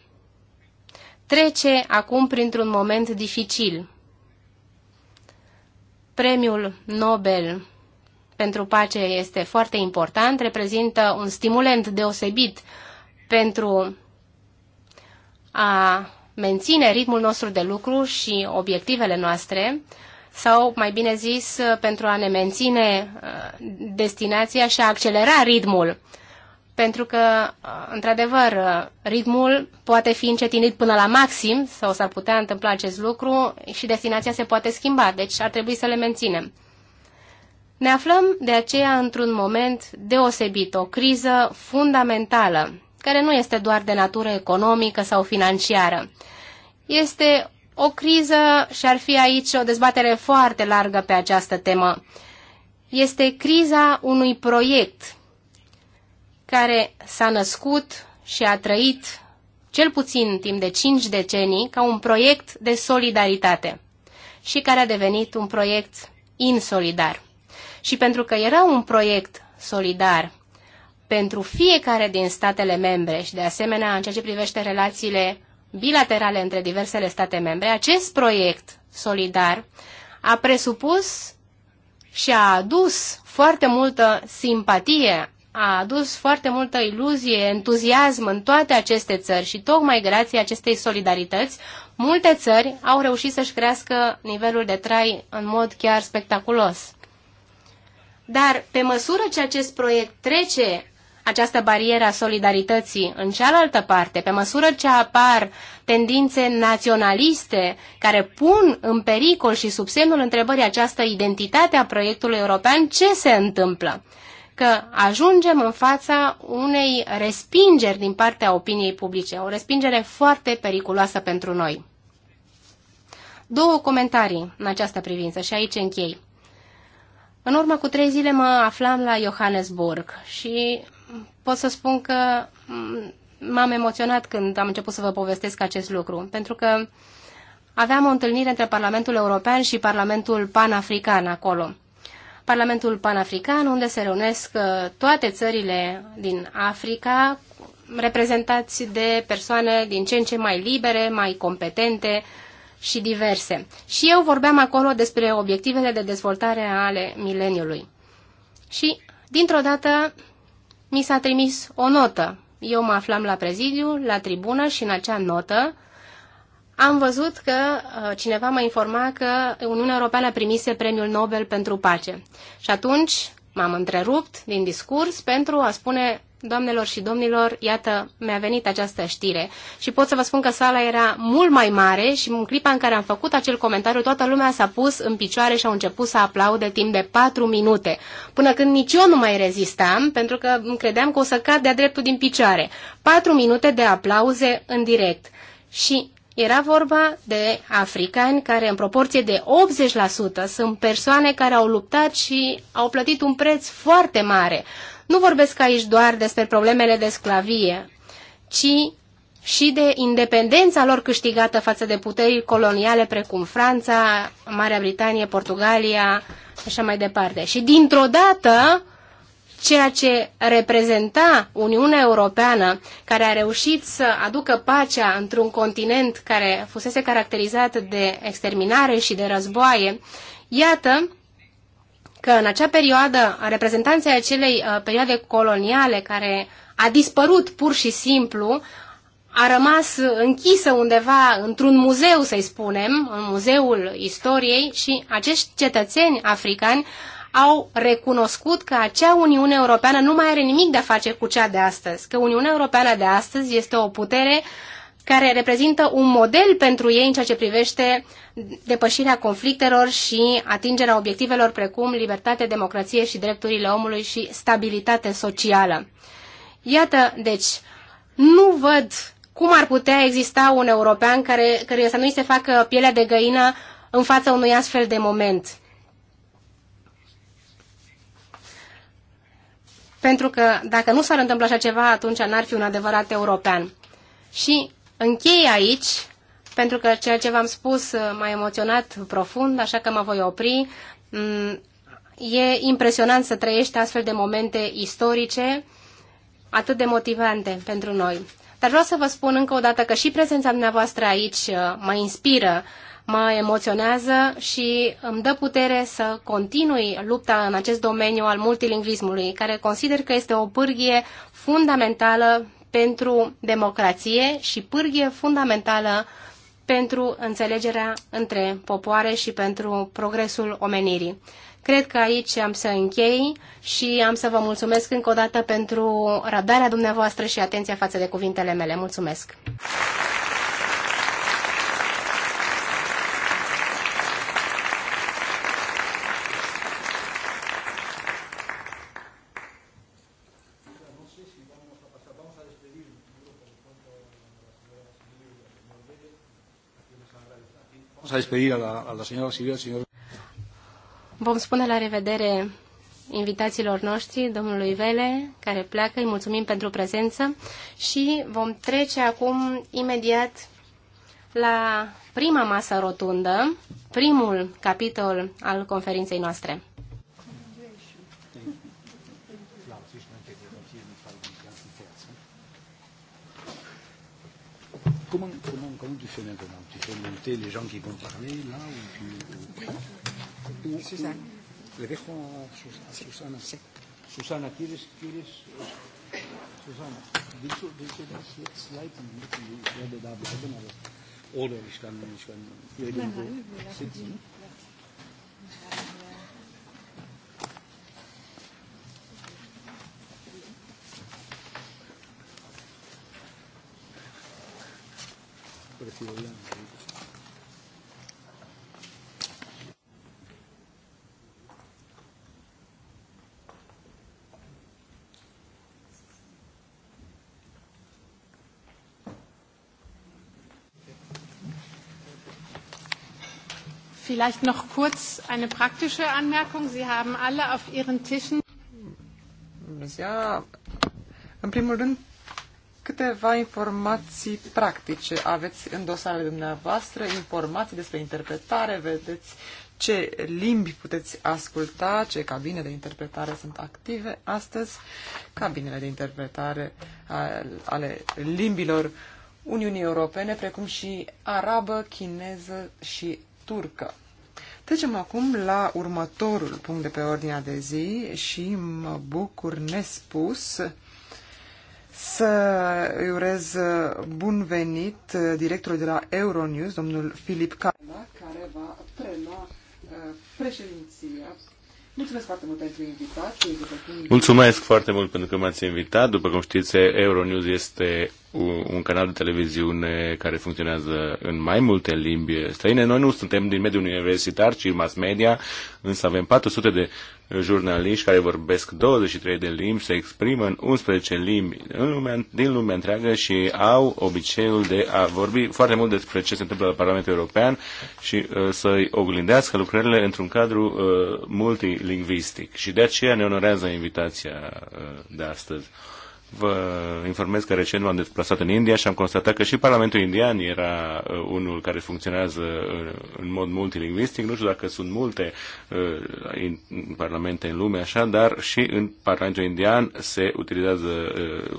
trece acum printr-un moment dificil. Premiul Nobel pentru pace este foarte important, reprezintă un stimulent deosebit pentru a menține ritmul nostru de lucru și obiectivele noastre, sau, mai bine zis, pentru a ne menține uh, destinația și a accelera ritmul. Pentru că, uh, într-adevăr, uh, ritmul poate fi încetinit până la maxim sau s-ar putea întâmpla acest lucru și destinația se poate schimba, deci ar trebui să le menținem. Ne aflăm de aceea într-un moment deosebit, o criză fundamentală, care nu este doar de natură economică sau financiară. Este o criză și ar fi aici o dezbatere foarte largă pe această temă. Este criza unui proiect care s-a născut și a trăit cel puțin timp de cinci decenii ca un proiect de solidaritate și care a devenit un proiect insolidar și pentru că era un proiect solidar pentru fiecare din statele membre și de asemenea în ceea ce privește relațiile bilaterale între diversele state membre, acest proiect solidar a presupus și a adus foarte multă simpatie, a adus foarte multă iluzie, entuziasm în toate aceste țări și tocmai grație acestei solidarități, multe țări au reușit să-și crească nivelul de trai în mod chiar spectaculos. Dar pe măsură ce acest proiect trece această barieră a solidarității în cealaltă parte, pe măsură ce apar tendințe naționaliste care pun în pericol și sub semnul întrebării această identitate a proiectului european, ce se întâmplă? Că ajungem în fața unei respingeri din partea opiniei publice, o respingere foarte periculoasă pentru noi. Două comentarii în această privință și aici închei. În urmă cu trei zile mă aflam la Johannesburg și pot să spun că m-am emoționat când am început să vă povestesc acest lucru, pentru că aveam o întâlnire între Parlamentul European și Parlamentul Panafrican acolo. Parlamentul Panafrican, unde se reunesc uh, toate țările din Africa, reprezentați de persoane din ce în ce mai libere, mai competente, și diverse. Și eu vorbeam acolo despre obiectivele de dezvoltare ale mileniului. Și, dintr-o dată, mi s-a trimis o notă. Eu mă aflam la prezidiu, la tribună și în acea notă am văzut că uh, cineva m-a informat că Uniunea Europeană primise premiul Nobel pentru pace. Și atunci m-am întrerupt din discurs pentru a spune Doamnelor și domnilor, iată, mi-a venit această știre și pot să vă spun că sala era mult mai mare și în clipa în care am făcut acel comentariu, toată lumea s-a pus în picioare și a început să aplaude timp de patru minute, până când nici eu nu mai rezistam, pentru că credeam că o să cad de-a dreptul din picioare. Patru minute de aplauze în direct. Și era vorba de africani care în proporție de 80% sunt persoane care au luptat și au plătit un preț foarte mare. Nu vorbesc aici doar despre problemele de sclavie, ci și de independența lor câștigată față de puteri coloniale precum Franța, Marea Britanie, Portugalia, așa mai departe. Și dintr-o dată, ceea ce reprezenta Uniunea Europeană, care a reușit să aducă pacea într-un continent care fusese caracterizat de exterminare și de războaie, iată că în acea perioadă, reprezentanții acelei uh, perioade coloniale care a dispărut pur și simplu, a rămas închisă undeva într-un muzeu, să-i spunem, în muzeul istoriei și acești cetățeni africani au recunoscut că acea Uniune Europeană nu mai are nimic de a face cu cea de astăzi, că Uniunea Europeană de astăzi este o putere uh, care reprezintă un model pentru ei în ceea ce privește depășirea conflictelor și atingerea obiectivelor precum libertate, democrație și drepturile omului și stabilitate socială. Iată, deci, nu văd cum ar putea exista un european care, care să nu-i se facă pielea de găină în fața unui astfel de moment. Pentru că dacă nu s-ar întâmpla așa ceva, atunci n-ar fi un adevărat european. Și Închei aici, pentru că ceea ce v-am spus uh, m-a emoționat profund, așa că mă voi opri. Mm, e impresionant să trăiești astfel de momente istorice, atât de motivante pentru noi. Dar vreau să vă spun încă o dată că și prezența dumneavoastră aici uh, mă inspiră, mă emoționează și îmi dă putere să continui lupta în acest domeniu al multilingvismului, care consider că este o pârghie fundamentală pentru democrație și pârghie fundamentală pentru înțelegerea între popoare și pentru progresul omenirii. Cred că aici am să închei și am să vă mulțumesc încă o dată pentru răbdarea dumneavoastră și atenția față de cuvintele mele. Mulțumesc! a despedir a la, a la señora señor... Vom spune la revedere invitațiilor noștri, domnului Vele, care pleacă, îi mulțumim pentru prezență și vom trece acum imediat la prima masă rotundă, primul capitol al conferinței noastre. cum, cum, cum, cum, cum, cum peut monter les gens qui vont parler là ou puis, ou, ou, Le dejo a Susana. Sí. Susana, ¿quieres, quieres Susana, willst du, willst du das jetzt leiten? Ich werde da bleiben, aber oder ich kann, ich kann irgendwo nein, nein, sitzen. Gracias. Vielleicht noch kurz eine praktische Anmerkung. Sie haben alle auf Ihren Tischen. Ja, ziua. În primul rând, câteva informații practice. Aveți în dosarele dumneavoastră informații despre interpretare, vedeți ce limbi puteți asculta, ce cabine de interpretare sunt active astăzi, cabinele de interpretare ale limbilor Uniunii Europene, precum și arabă, chineză și turcă. Trecem acum la următorul punct de pe ordinea de zi și mă bucur nespus să îi urez bun venit directorul de la Euronews, domnul Filip Carla, care va prelua uh, președinția Mulțumesc foarte mult pentru invitație. Mulțumesc foarte mult pentru că m-ați invitat. După cum știți, Euronews este un canal de televiziune care funcționează în mai multe limbi străine. Noi nu suntem din mediul universitar, ci mass media, însă avem 400 de jurnaliști care vorbesc 23 de limbi se exprimă în 11 limbi în lumea, din lumea întreagă și au obiceiul de a vorbi foarte mult despre ce se întâmplă la Parlamentul European și uh, să-i oglindească lucrările într-un cadru uh, multilingvistic. Și de aceea ne onorează invitația uh, de astăzi. Uh, Vă informez că recent m-am deplasat în India și am constatat că și Parlamentul Indian era uh, unul care funcționează uh, în mod multilingvistic. Nu știu dacă sunt multe uh, parlamente în lume așa, dar și în Parlamentul Indian se utilizează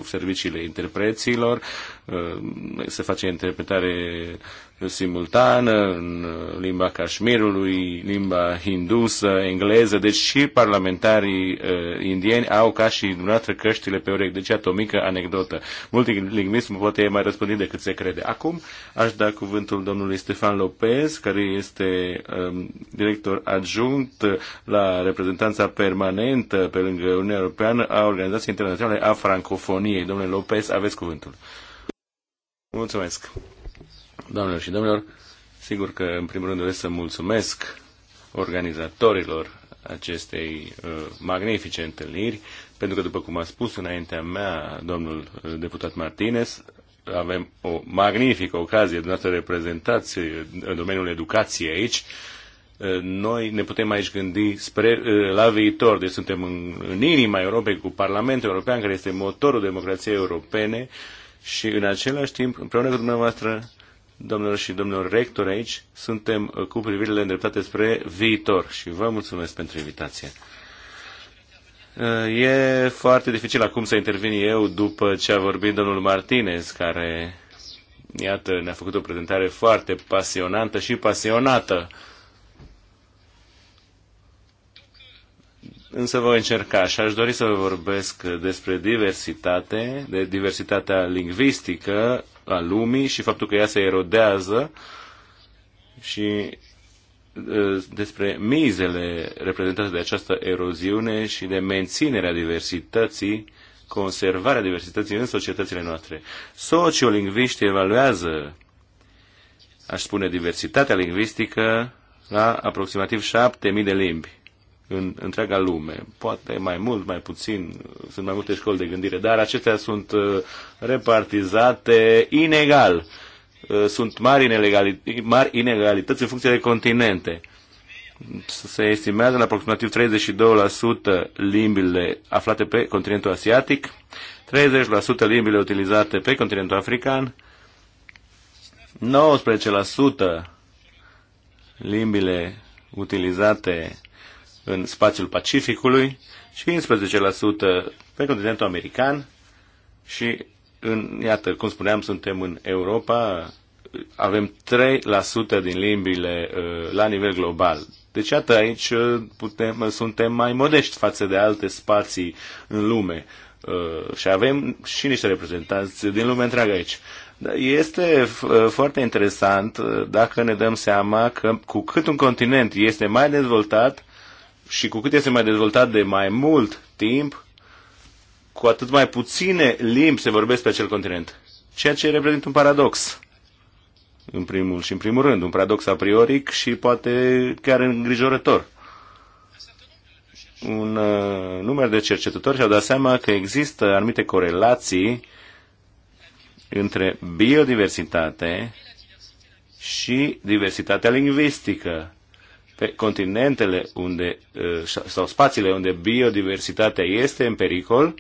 serviciile interpreților, se face interpretare simultană, în limba cașmirului, limba hindusă, engleză, deci și parlamentarii uh, indieni au ca și dumneavoastră căștile pe urechi. Deci, iată o mică anecdotă. Multilingvismul poate e mai răspândit decât se crede. Acum aș da cuvântul domnului Stefan Lopez, care este um, director adjunct la reprezentanța permanentă pe lângă Uniunea Europeană a Organizației Internaționale a Francofoniei. Domnule Lopez, aveți cuvântul. Mulțumesc. Doamnelor și domnilor, sigur că în primul rând doresc să mulțumesc organizatorilor acestei uh, magnifice întâlniri, pentru că, după cum a spus înaintea mea domnul uh, deputat Martinez, avem o magnifică ocazie, de dumneavoastră reprezentați uh, în domeniul educației aici, uh, noi ne putem aici gândi spre, la viitor, deci suntem în, în inima Europei cu Parlamentul European, care este motorul democrației europene și în același timp, împreună cu dumneavoastră, domnilor și domnilor rectori aici, suntem uh, cu privirile îndreptate spre viitor și vă mulțumesc pentru invitație. Uh, e foarte dificil acum să intervin eu după ce a vorbit domnul Martinez, care, iată, ne-a făcut o prezentare foarte pasionantă și pasionată. Însă voi încerca și aș dori să vă vorbesc despre diversitate, de diversitatea lingvistică a lumii și faptul că ea se erodează și despre mizele reprezentate de această eroziune și de menținerea diversității, conservarea diversității în societățile noastre. Sociolingviștii evaluează, aș spune, diversitatea lingvistică la aproximativ 7.000 de limbi în întreaga lume. Poate mai mult, mai puțin, sunt mai multe școli de gândire, dar acestea sunt uh, repartizate inegal. Uh, sunt mari, inegalit- mari inegalități în funcție de continente. Se estimează în aproximativ 32% limbile aflate pe continentul asiatic, 30% limbile utilizate pe continentul african, 19% limbile utilizate în spațiul Pacificului și 15% pe continentul american și, în, iată, cum spuneam, suntem în Europa, avem 3% din limbile uh, la nivel global. Deci, iată, aici uh, putem, suntem mai modești față de alte spații în lume uh, și avem și niște reprezentanți din lumea întreagă aici. Este foarte interesant dacă ne dăm seama că cu cât un continent este mai dezvoltat, și cu cât este mai dezvoltat de mai mult timp, cu atât mai puține limbi se vorbesc pe acel continent. Ceea ce reprezintă un paradox, în primul și în primul rând, un paradox a priori și poate chiar îngrijorător. Un uh, număr de cercetători și-au dat seama că există anumite corelații între biodiversitate și diversitatea lingvistică pe continentele unde, uh, sau spațiile unde biodiversitatea este în pericol,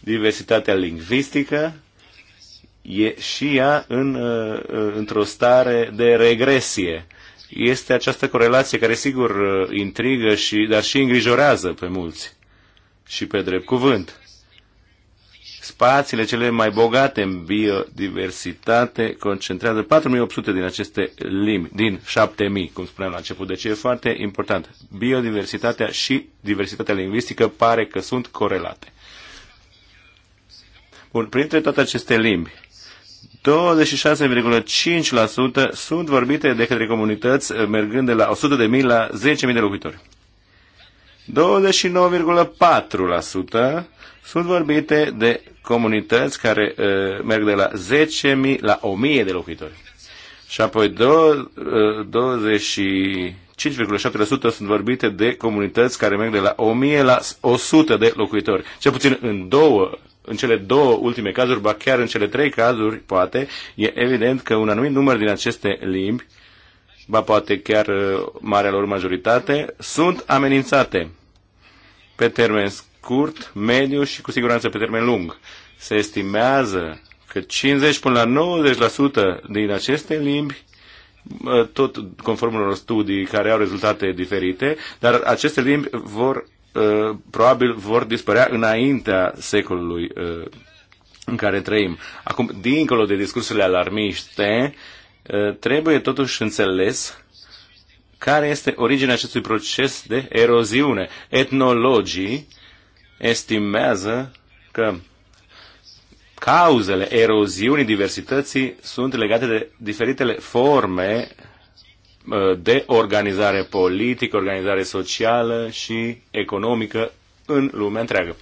diversitatea lingvistică e și ea în, uh, uh, într-o stare de regresie. Este această corelație care sigur intrigă, și, dar și îngrijorează pe mulți și pe drept cuvânt spațiile cele mai bogate în biodiversitate concentrează 4800 din aceste limbi, din 7000, cum spuneam la început. Deci e foarte important. Biodiversitatea și diversitatea lingvistică pare că sunt corelate. Bun, printre toate aceste limbi, 26,5% sunt vorbite de către comunități eh, mergând de la 100.000 la 10.000 de locuitori. 29,4% sunt vorbite de comunități care uh, merg de la 10.000 la 1.000 de locuitori. Și apoi uh, 25,7% sunt vorbite de comunități care merg de la 1.000 la 100 de locuitori. Cel puțin în două în cele două ultime cazuri, ba chiar în cele trei cazuri, poate, e evident că un anumit număr din aceste limbi, ba poate chiar uh, marea lor majoritate, sunt amenințate pe termen scurt, mediu și cu siguranță pe termen lung. Se estimează că 50 până la 90% din aceste limbi tot conform unor studii care au rezultate diferite, dar aceste limbi vor ă, probabil vor dispărea înaintea secolului ă, în care trăim. Acum, dincolo de discursurile alarmiște, ă, trebuie totuși înțeles care este originea acestui proces de eroziune. Etnologii estimează că cauzele eroziunii diversității sunt legate de diferitele forme uh, de organizare politică, organizare socială și economică în lumea întreagă.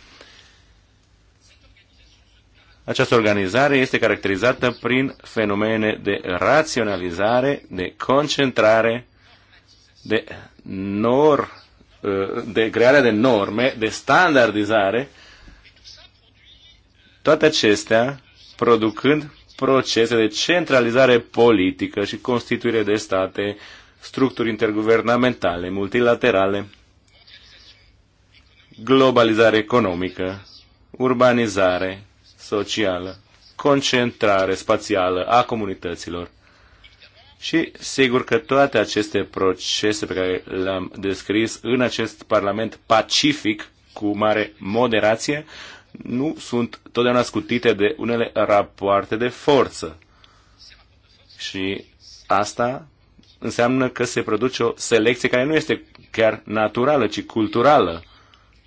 Această organizare este caracterizată prin fenomene de raționalizare, de concentrare, de nor Eh, de crearea de norme, de standardizare, toate acestea producând procese de centralizare politică și constituire de state, structuri interguvernamentale, multilaterale, globalizare economică, urbanizare socială, concentrare spațială a comunităților. Și sigur că toate aceste procese pe care le-am descris în acest Parlament pacific, cu mare moderație, nu sunt totdeauna scutite de unele rapoarte de forță. Și asta înseamnă că se produce o selecție care nu este chiar naturală, ci culturală,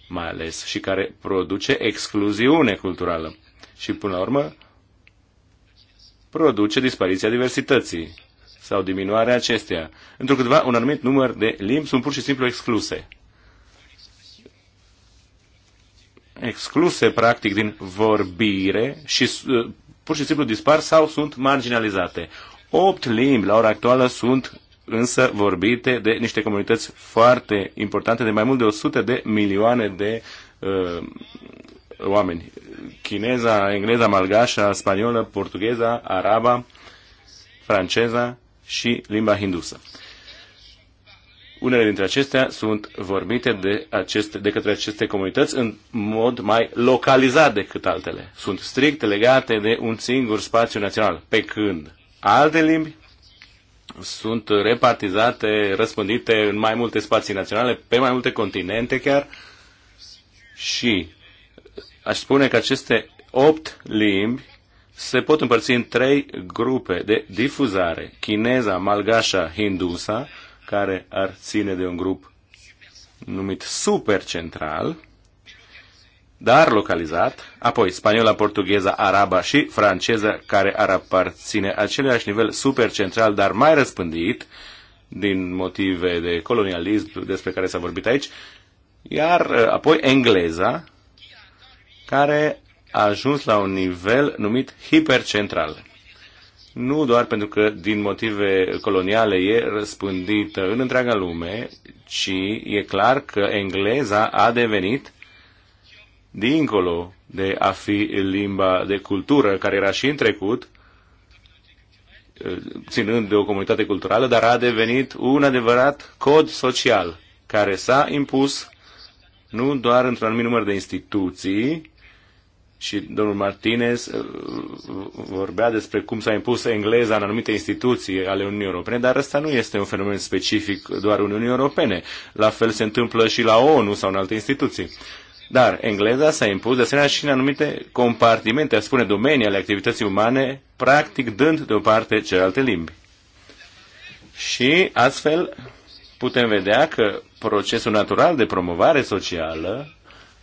mai ales, și care produce excluziune culturală. Și, până la urmă, produce dispariția diversității sau diminuarea acesteia. Întrucâtva, un anumit număr de limbi sunt pur și simplu excluse. Excluse, practic, din vorbire și uh, pur și simplu dispar sau sunt marginalizate. Opt limbi la ora actuală sunt însă vorbite de niște comunități foarte importante, de mai mult de 100 de milioane de uh, oameni. Chineza, engleza, malgașa, spaniolă, portugheza, araba, franceza și limba hindusă. Unele dintre acestea sunt vorbite de, aceste, de către aceste comunități în mod mai localizat decât altele. Sunt strict legate de un singur spațiu național, pe când alte limbi sunt repartizate, răspândite în mai multe spații naționale, pe mai multe continente chiar. Și aș spune că aceste opt limbi se pot împărți în trei grupe de difuzare. Chineza, Malgașa, Hindusa, care ar ține de un grup numit supercentral, dar localizat, apoi spaniola, portugheza, araba și franceză, care ar aparține același nivel supercentral, dar mai răspândit, din motive de colonialism despre care s-a vorbit aici, iar uh, apoi engleza, care a ajuns la un nivel numit hipercentral. Nu doar pentru că din motive coloniale e răspândită în întreaga lume, ci e clar că engleza a devenit, dincolo de a fi limba de cultură, care era și în trecut, ținând de o comunitate culturală, dar a devenit un adevărat cod social care s-a impus nu doar într-un anumit număr de instituții, și domnul Martinez uh, vorbea despre cum s-a impus engleza în anumite instituții ale Uniunii Europene, dar ăsta nu este un fenomen specific doar Uniunii Europene. La fel se întâmplă și la ONU sau în alte instituții. Dar engleza s-a impus de asemenea și în anumite compartimente, a spune domenii ale activității umane, practic dând deoparte celelalte limbi. Și astfel putem vedea că procesul natural de promovare socială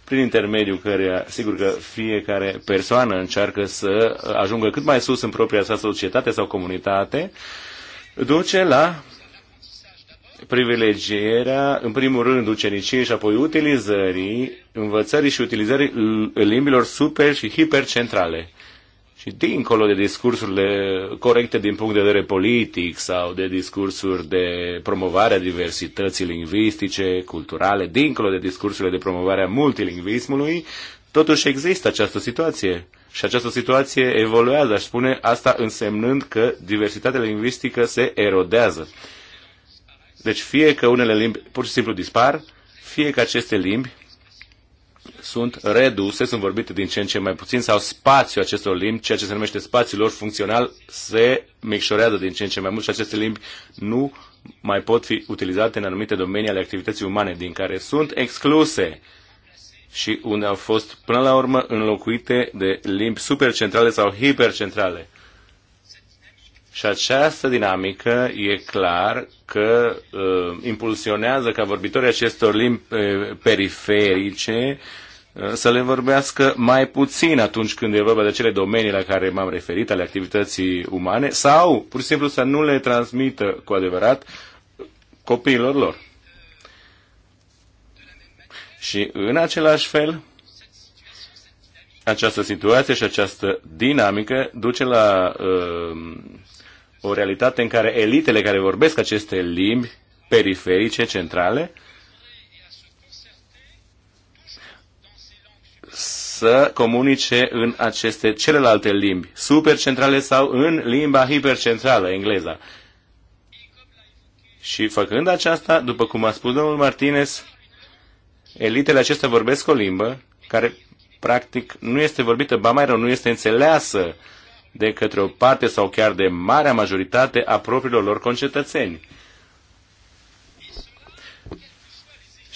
prin intermediul căreia, sigur că fiecare persoană încearcă să ajungă cât mai sus în propria sa societate sau comunitate, duce la privilegierea, în primul rând, uceniciei și apoi utilizării, învățării și utilizării limbilor super și hipercentrale și dincolo de discursurile corecte din punct de vedere politic sau de discursuri de promovare a diversității lingvistice, culturale, dincolo de discursurile de promovare a multilingvismului, totuși există această situație. Și această situație evoluează, aș spune, asta însemnând că diversitatea lingvistică se erodează. Deci fie că unele limbi pur și simplu dispar, fie că aceste limbi sunt reduse, sunt vorbite din ce în ce mai puțin, sau spațiul acestor limbi, ceea ce se numește spațiul lor funcțional, se micșorează din ce în ce mai mult și aceste limbi nu mai pot fi utilizate în anumite domenii ale activității umane, din care sunt excluse și unde au fost până la urmă înlocuite de limbi supercentrale sau hipercentrale. Și această dinamică e clar că uh, impulsionează ca vorbitorii acestor limbi uh, periferice uh, să le vorbească mai puțin atunci când e vorba de cele domenii la care m-am referit, ale activității umane, sau pur și simplu să nu le transmită cu adevărat copiilor lor. Și în același fel, această situație și această dinamică duce la uh, o realitate în care elitele care vorbesc aceste limbi periferice, centrale, să comunice în aceste celelalte limbi, supercentrale sau în limba hipercentrală, engleza. Și făcând aceasta, după cum a spus domnul Martinez, elitele acestea vorbesc o limbă care practic nu este vorbită, ba mai rău, nu este înțeleasă de către o parte sau chiar de marea majoritate a propriilor lor concetățeni.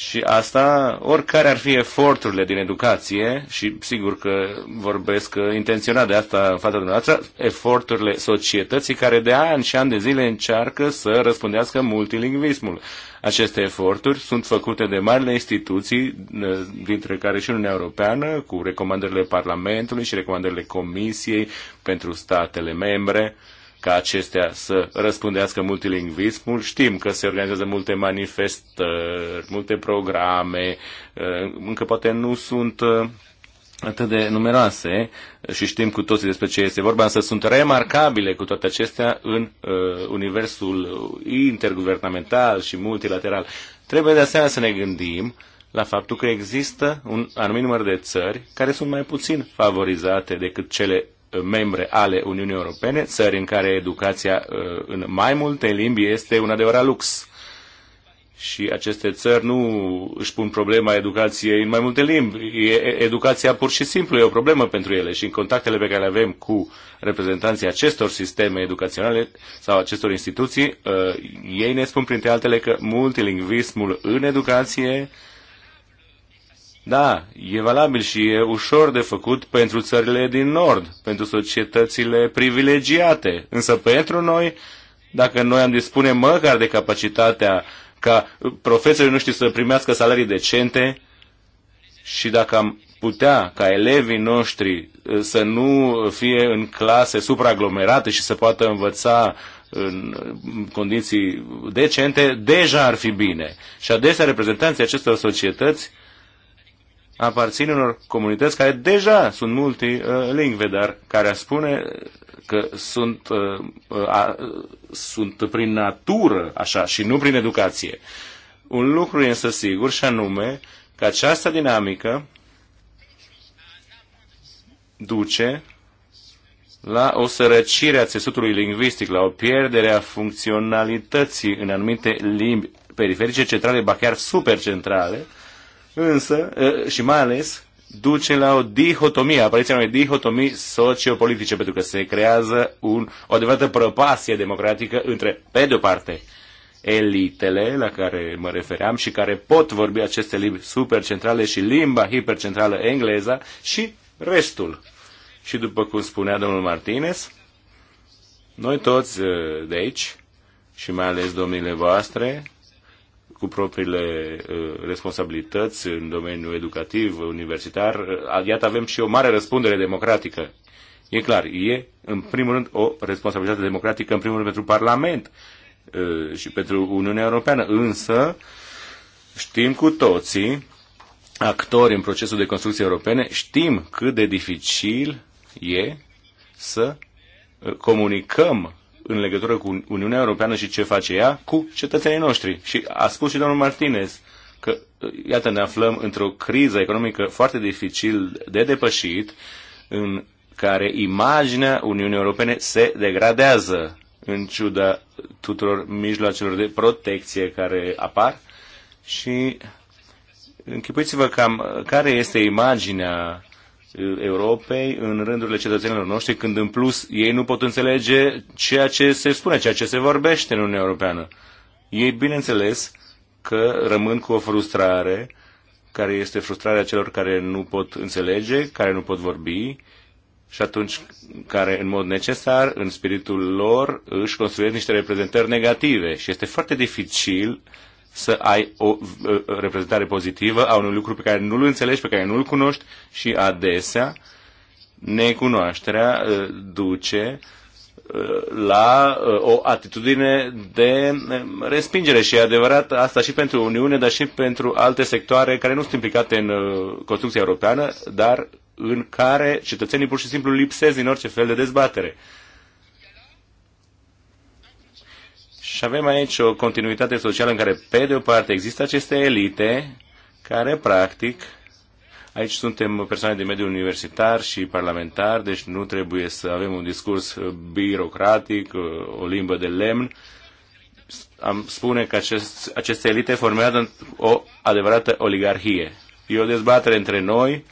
Și asta, oricare ar fi eforturile din educație, și sigur că vorbesc intenționat de asta în fața dumneavoastră, eforturile societății care de ani și ani de zile încearcă să răspundească multilingvismul. Aceste eforturi sunt făcute de marile instituții, ă, dintre care și Uniunea Europeană, cu recomandările Parlamentului și recomandările Comisiei pentru statele membre ca acestea să răspundească multilingvismul. Știm că se organizează multe manifestări, multe programe, uh, încă poate nu sunt uh, atât de numeroase și știm cu toții despre ce este vorba, însă sunt remarcabile cu toate acestea în uh, universul interguvernamental și multilateral. Trebuie de asemenea să ne gândim la faptul că există un anumit număr de țări care sunt mai puțin favorizate decât cele membre ale Uniunii Europene, țări în care educația uh, în mai multe limbi este un adevărat lux. Și aceste țări nu își pun problema educației în mai multe limbi. Educația pur și simplu e o problemă pentru ele și în contactele pe care le avem cu reprezentanții acestor sisteme educaționale sau acestor instituții, uh, ei ne spun printre altele că multilingvismul în educație da, e valabil și e ușor de făcut pentru țările din Nord, pentru societățile privilegiate. Însă pentru noi, dacă noi am dispune măcar de capacitatea ca profesorii știu să primească salarii decente și dacă am putea ca elevii noștri uh, să nu fie în clase supraaglomerate și să poată învăța în condiții decente, deja ar fi bine. Și adesea reprezentanții acestor societăți aparțin unor comunități care deja sunt multilingve, dar care spune că sunt, uh, uh, a, sunt prin natură așa și nu prin educație. Un lucru este însă sigur și anume că această dinamică duce la o sărăcire a țesutului lingvistic, la o pierdere a funcționalității în anumite limbi periferice, centrale, ba chiar supercentrale, însă, și mai ales, duce la o dihotomie, apariția unei dihotomii sociopolitice, pentru că se creează un, o adevărată prăpasie democratică între, pe de-o parte, elitele la care mă refeream și care pot vorbi aceste limbi supercentrale și limba hipercentrală engleza și restul. Și după cum spunea domnul Martinez, noi toți de aici, și mai ales domnile voastre, cu propriile uh, responsabilități în domeniul educativ, universitar, uh, iată avem și o mare răspundere democratică. E clar, e în primul rând o responsabilitate democratică, în primul rând pentru Parlament uh, și pentru Uniunea Europeană, însă știm cu toții, actori în procesul de construcție europene, știm cât de dificil e să comunicăm în legătură cu Uniunea Europeană și ce face ea cu cetățenii noștri. Și a spus și domnul Martinez că, iată, ne aflăm într-o criză economică foarte dificil de depășit, în care imaginea Uniunii Europene se degradează în ciuda tuturor mijloacelor de protecție care apar și închipuiți-vă cam care este imaginea Europei în rândurile cetățenilor noștri, când în plus ei nu pot înțelege ceea ce se spune, ceea ce se vorbește în Uniunea Europeană. Ei, bineînțeles, că rămân cu o frustrare, care este frustrarea celor care nu pot înțelege, care nu pot vorbi, și atunci care, în mod necesar, în spiritul lor, își construiesc niște reprezentări negative. Și este foarte dificil să ai o reprezentare pozitivă a unui lucru pe care nu-l înțelegi, pe care nu-l cunoști și adesea necunoașterea uh, duce uh, la uh, o atitudine de respingere și e adevărat asta și pentru Uniune, dar și pentru alte sectoare care nu sunt implicate în construcția europeană, dar în care cetățenii pur și simplu lipsesc din orice fel de dezbatere. Și avem aici o continuitate socială în care, pe de o parte, există aceste elite care, practic, aici suntem persoane de mediul universitar și parlamentar, deci nu trebuie să avem un discurs birocratic, o limbă de lemn. Am spune că acest, aceste elite formează o adevărată oligarhie. E o dezbatere între noi,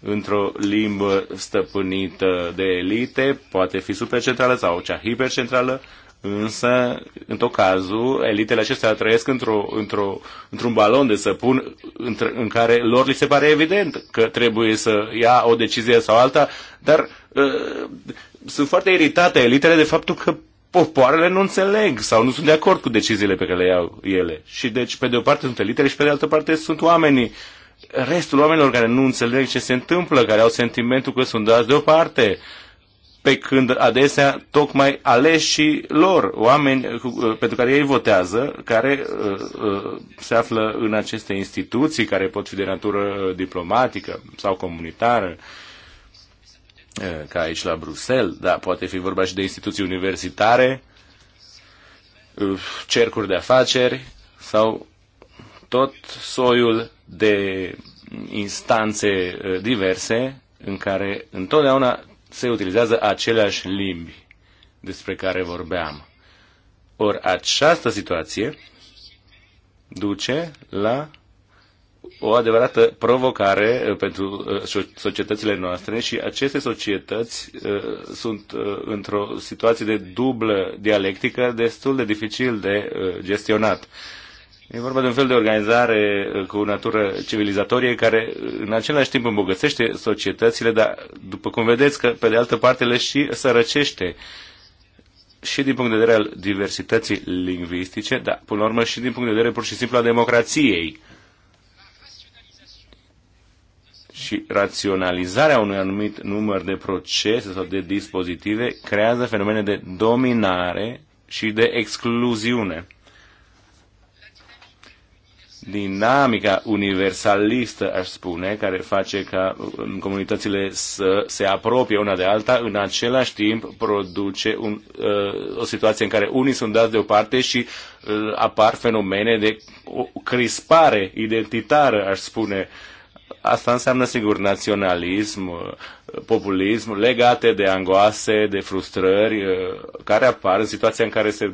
într-o limbă stăpânită de elite, poate fi supercentrală sau cea hipercentrală, Însă, în tot cazul, elitele acestea trăiesc într-o, într-o, într-un balon de săpun într- în care lor li se pare evident că trebuie să ia o decizie sau alta, dar uh, sunt foarte iritate elitele de faptul că popoarele nu înțeleg sau nu sunt de acord cu deciziile pe care le iau ele. Și deci, pe de o parte sunt elitele și pe de altă parte sunt oamenii. Restul oamenilor care nu înțeleg ce se întâmplă, care au sentimentul că sunt dați deoparte. Uh, pe când adesea tocmai aleșii lor, oameni cu, uh, pentru care ei votează, care uh, uh, se află în aceste instituții, care pot fi de natură diplomatică sau comunitară, uh, ca aici la Bruxelles, dar poate fi vorba și de instituții universitare, uh, cercuri de afaceri sau tot soiul de instanțe uh, diverse în care întotdeauna se utilizează aceleași limbi despre care vorbeam. Ori această situație duce la o adevărată provocare uh, pentru uh, societățile noastre și aceste societăți uh, sunt într-o situație de dublă dialectică destul de dificil de gestionat. E vorba de un fel de organizare uh, cu o natură civilizatorie care uh, în același timp îmbogățește societățile, dar după cum vedeți că pe de altă parte le și sărăcește și din punct de vedere al diversității lingvistice, dar până la urmă și din punct de vedere pur și simplu a democrației. Și raționalizarea unui anumit număr de procese sau de dispozitive creează fenomene de dominare și de excluziune dinamica universalistă, aș spune, care face ca um, comunitățile să se apropie una de alta, în același timp produce un, uh, o situație în care unii sunt dați deoparte și uh, apar fenomene de o crispare identitară, aș spune. Asta înseamnă, sigur, naționalism, uh, populism legate de angoase, de frustrări uh, care apar în situația în care se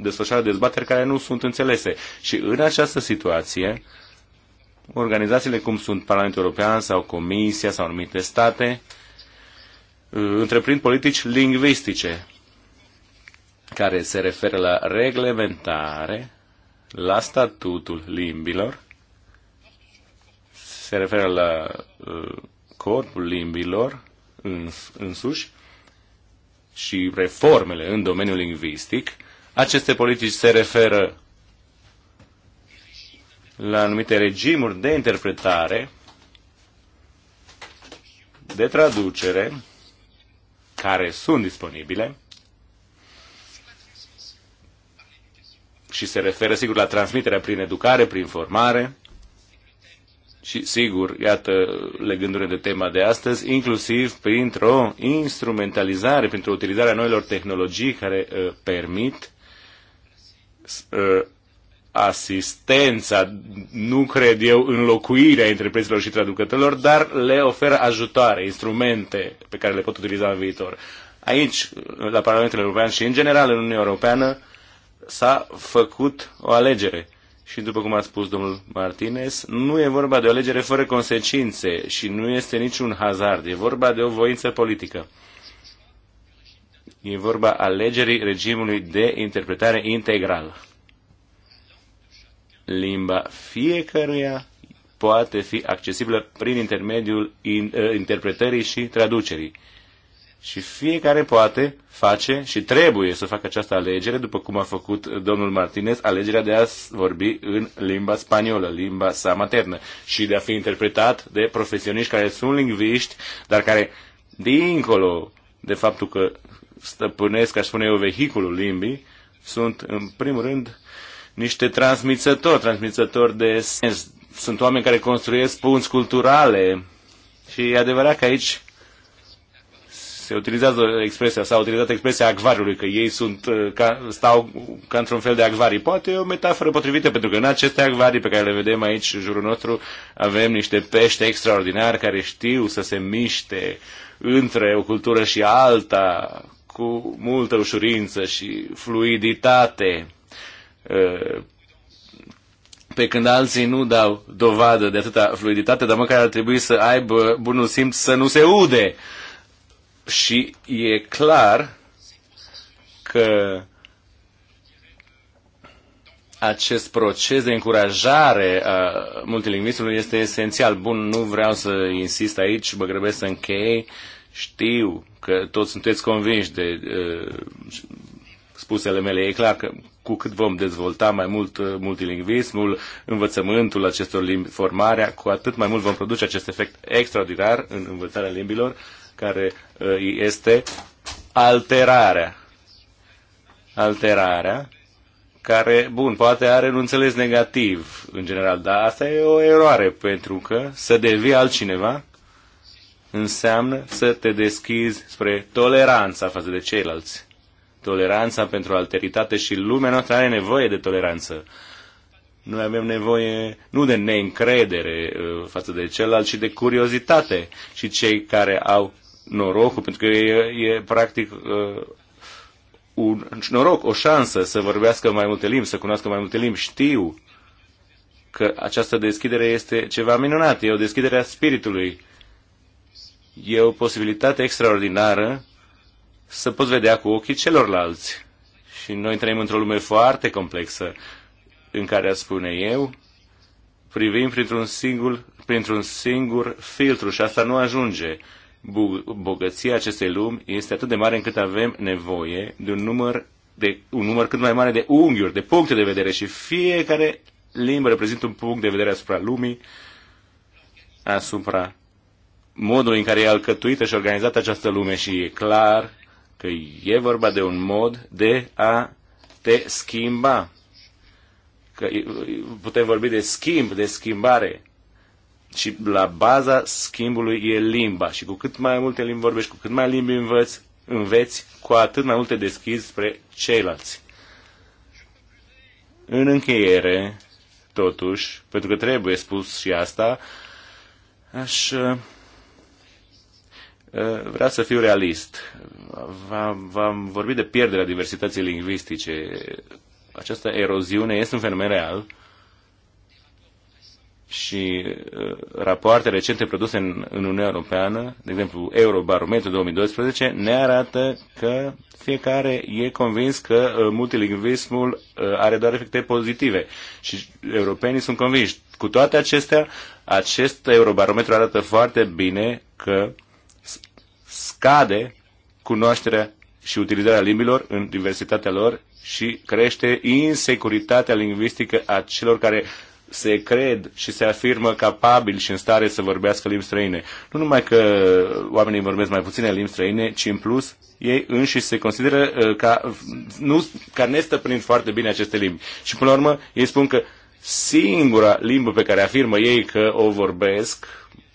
desfășoară dezbateri care nu sunt înțelese. Și în această situație, organizațiile cum sunt Parlamentul European sau Comisia sau anumite state uh, întreprind politici lingvistice care se referă la reglementare, la statutul limbilor, se referă la uh, corpul limbilor însuși și reformele în domeniul lingvistic, aceste politici se referă la anumite regimuri de interpretare, de traducere, care sunt disponibile și se referă, sigur, la transmiterea prin educare, prin formare, și, sigur, iată, legându-ne de tema de astăzi, inclusiv printr-o instrumentalizare, printr-o utilizare a noilor tehnologii care uh, permit uh, asistența, nu cred eu, înlocuirea întreprinzilor și traducătorilor, dar le oferă ajutoare, instrumente pe care le pot utiliza în viitor. Aici, la Parlamentul European și în general în Uniunea Europeană, s-a făcut o alegere. Uh, și după cum a spus domnul Martinez, nu e vorba de o alegere fără consecințe și nu este niciun hazard, e vorba de o voință politică. E vorba alegerii regimului de interpretare integral. Limba fiecăruia poate fi accesibilă prin intermediul in, uh, interpretării și traducerii. Și fiecare poate face și trebuie să facă această alegere, după cum a făcut domnul Martinez, alegerea de a vorbi în limba spaniolă, limba sa maternă, și de a fi interpretat de profesioniști care sunt lingviști, dar care, dincolo de faptul că stăpânesc, aș spune eu, vehiculul limbii, sunt, în primul rând, niște transmițători, transmițători de sens. Sunt oameni care construiesc punți culturale și e adevărat că aici se utilizează expresia, s-a utilizat expresia acvariului, că ei sunt, uh, ca, stau ca într-un fel de acvarii. Poate e o metaforă potrivită, pentru că în aceste acvarii pe care le vedem aici în jurul nostru avem niște pești extraordinari care știu să se miște între o cultură și alta cu multă ușurință și fluiditate uh, pe când alții nu dau dovadă de atâta fluiditate, dar măcar ar trebui să aibă bunul simț să nu se ude. Uh, și e clar că acest proces de încurajare a multilingvismului este esențial. Bun, nu vreau să insist aici, mă grăbesc să închei. Știu că toți sunteți convinși de uh, spusele mele. E clar că cu cât vom dezvolta mai mult uh, multilingvismul, învățământul acestor limbi, formarea, cu atât mai mult vom produce acest efect extraordinar în învățarea limbilor care uh, este alterarea. Alterarea care, bun, poate are un înțeles negativ în general, dar asta e o eroare, pentru că să devii altcineva înseamnă să te deschizi spre toleranța față de ceilalți. Toleranța pentru alteritate și lumea noastră are nevoie de toleranță. Noi avem nevoie nu de neîncredere uh, față de celălalt, ci de curiozitate. Și cei care au norocul, pentru că e, e practic uh, un noroc, o șansă să vorbească mai multe limbi, să cunoască mai multe limbi. Știu că această deschidere este ceva minunat, e o deschidere a spiritului. E o posibilitate extraordinară să poți vedea cu ochii celorlalți. Și noi trăim într-o lume foarte complexă, în care, a spune eu, privim printr-un singur, printr-un singur filtru și asta nu ajunge bogăția acestei lumi este atât de mare încât avem nevoie de un număr, de, un număr cât mai mare de unghiuri, de puncte de vedere și fiecare limbă reprezintă un punct de vedere asupra lumii, asupra modului în care e alcătuită și organizată această lume și e clar că e vorba de un mod de a te schimba. Că putem vorbi de schimb, de schimbare. Și la baza schimbului e limba. Și cu cât mai multe limbi vorbești, cu cât mai limbi învăți, înveți, cu atât mai multe deschizi spre ceilalți. În încheiere, totuși, pentru că trebuie spus și asta, aș uh, uh, vrea să fiu realist. V-am vorbit de pierderea diversității lingvistice. Această eroziune este un fenomen real și uh, rapoarte recente produse în, în Uniunea Europeană, de exemplu Eurobarometru 2012, ne arată că fiecare e convins că uh, multilingvismul uh, are doar efecte pozitive și europenii sunt convinși. Cu toate acestea, acest Eurobarometru arată foarte bine că scade cunoașterea și utilizarea limbilor în diversitatea lor și crește insecuritatea lingvistică a celor care se cred și se afirmă capabili și în stare să vorbească limbi străine. Nu numai că oamenii vorbesc mai puține limbi străine, ci în plus ei înși se consideră uh, ca, nu, ca nestăprind foarte bine aceste limbi. Și până la urmă ei spun că singura limbă pe care afirmă ei că o vorbesc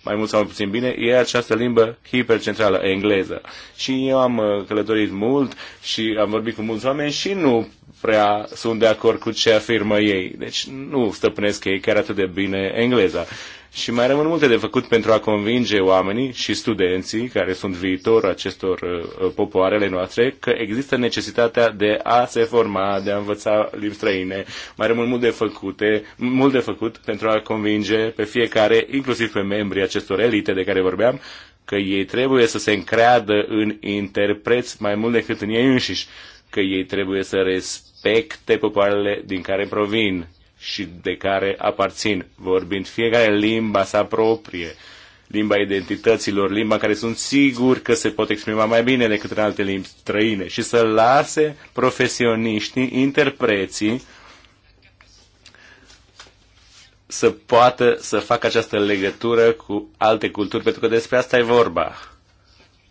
mai mult sau mai puțin bine, e această limbă hipercentrală, engleză. Și eu am uh, călătorit mult și am vorbit cu mulți oameni și nu prea sunt de acord cu ce afirmă ei. Deci nu stăpânesc ei chiar atât de bine engleza și mai rămân multe de făcut pentru a convinge oamenii și studenții, care sunt viitorul acestor uh, uh, popoarele noastre, că există necesitatea de a se forma, de a învăța limbi străine. Mai rămân mult de, făcute, mult de făcut pentru a convinge pe fiecare, inclusiv pe membrii acestor elite de care vorbeam, că ei trebuie să se încreadă în interpreți mai mult decât în ei înșiși, că ei trebuie să respecte popoarele din care provin și de care aparțin, vorbind fiecare limba sa proprie, limba identităților, limba care sunt sigur că se pot exprima mai bine decât în alte limbi străine și să lase profesioniștii, interpreții, să poată să facă această legătură cu alte culturi, pentru că despre asta e vorba.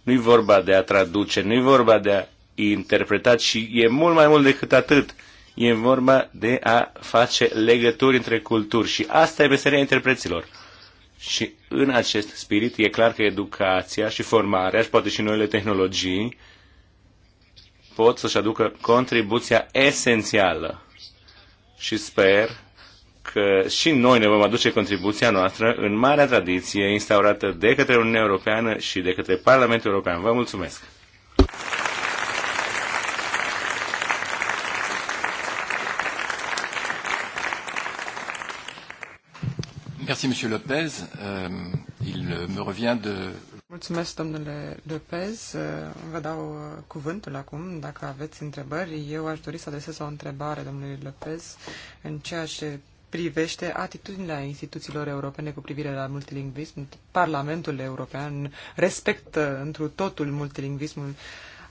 Nu e vorba de a traduce, nu e vorba de a interpreta, ci e mult mai mult decât atât E vorba de a face legături între culturi și asta e meseria interpreților. Și în acest spirit e clar că educația și formarea și poate și noile tehnologii pot să-și aducă contribuția esențială. Și sper că și noi ne vom aduce contribuția noastră în marea tradiție instaurată de către Uniunea Europeană și de către Parlamentul European. Vă mulțumesc! Merci, Monsieur Lopez. Euh, il me revient de... Mulțumesc, domnule Lopez. Uh, vă dau uh, cuvântul acum. Dacă aveți întrebări, eu aș dori să adresez o întrebare domnului Lopez în ceea ce privește atitudinea instituțiilor europene cu privire la multilingvism. Parlamentul European respectă întru totul multilingvismul,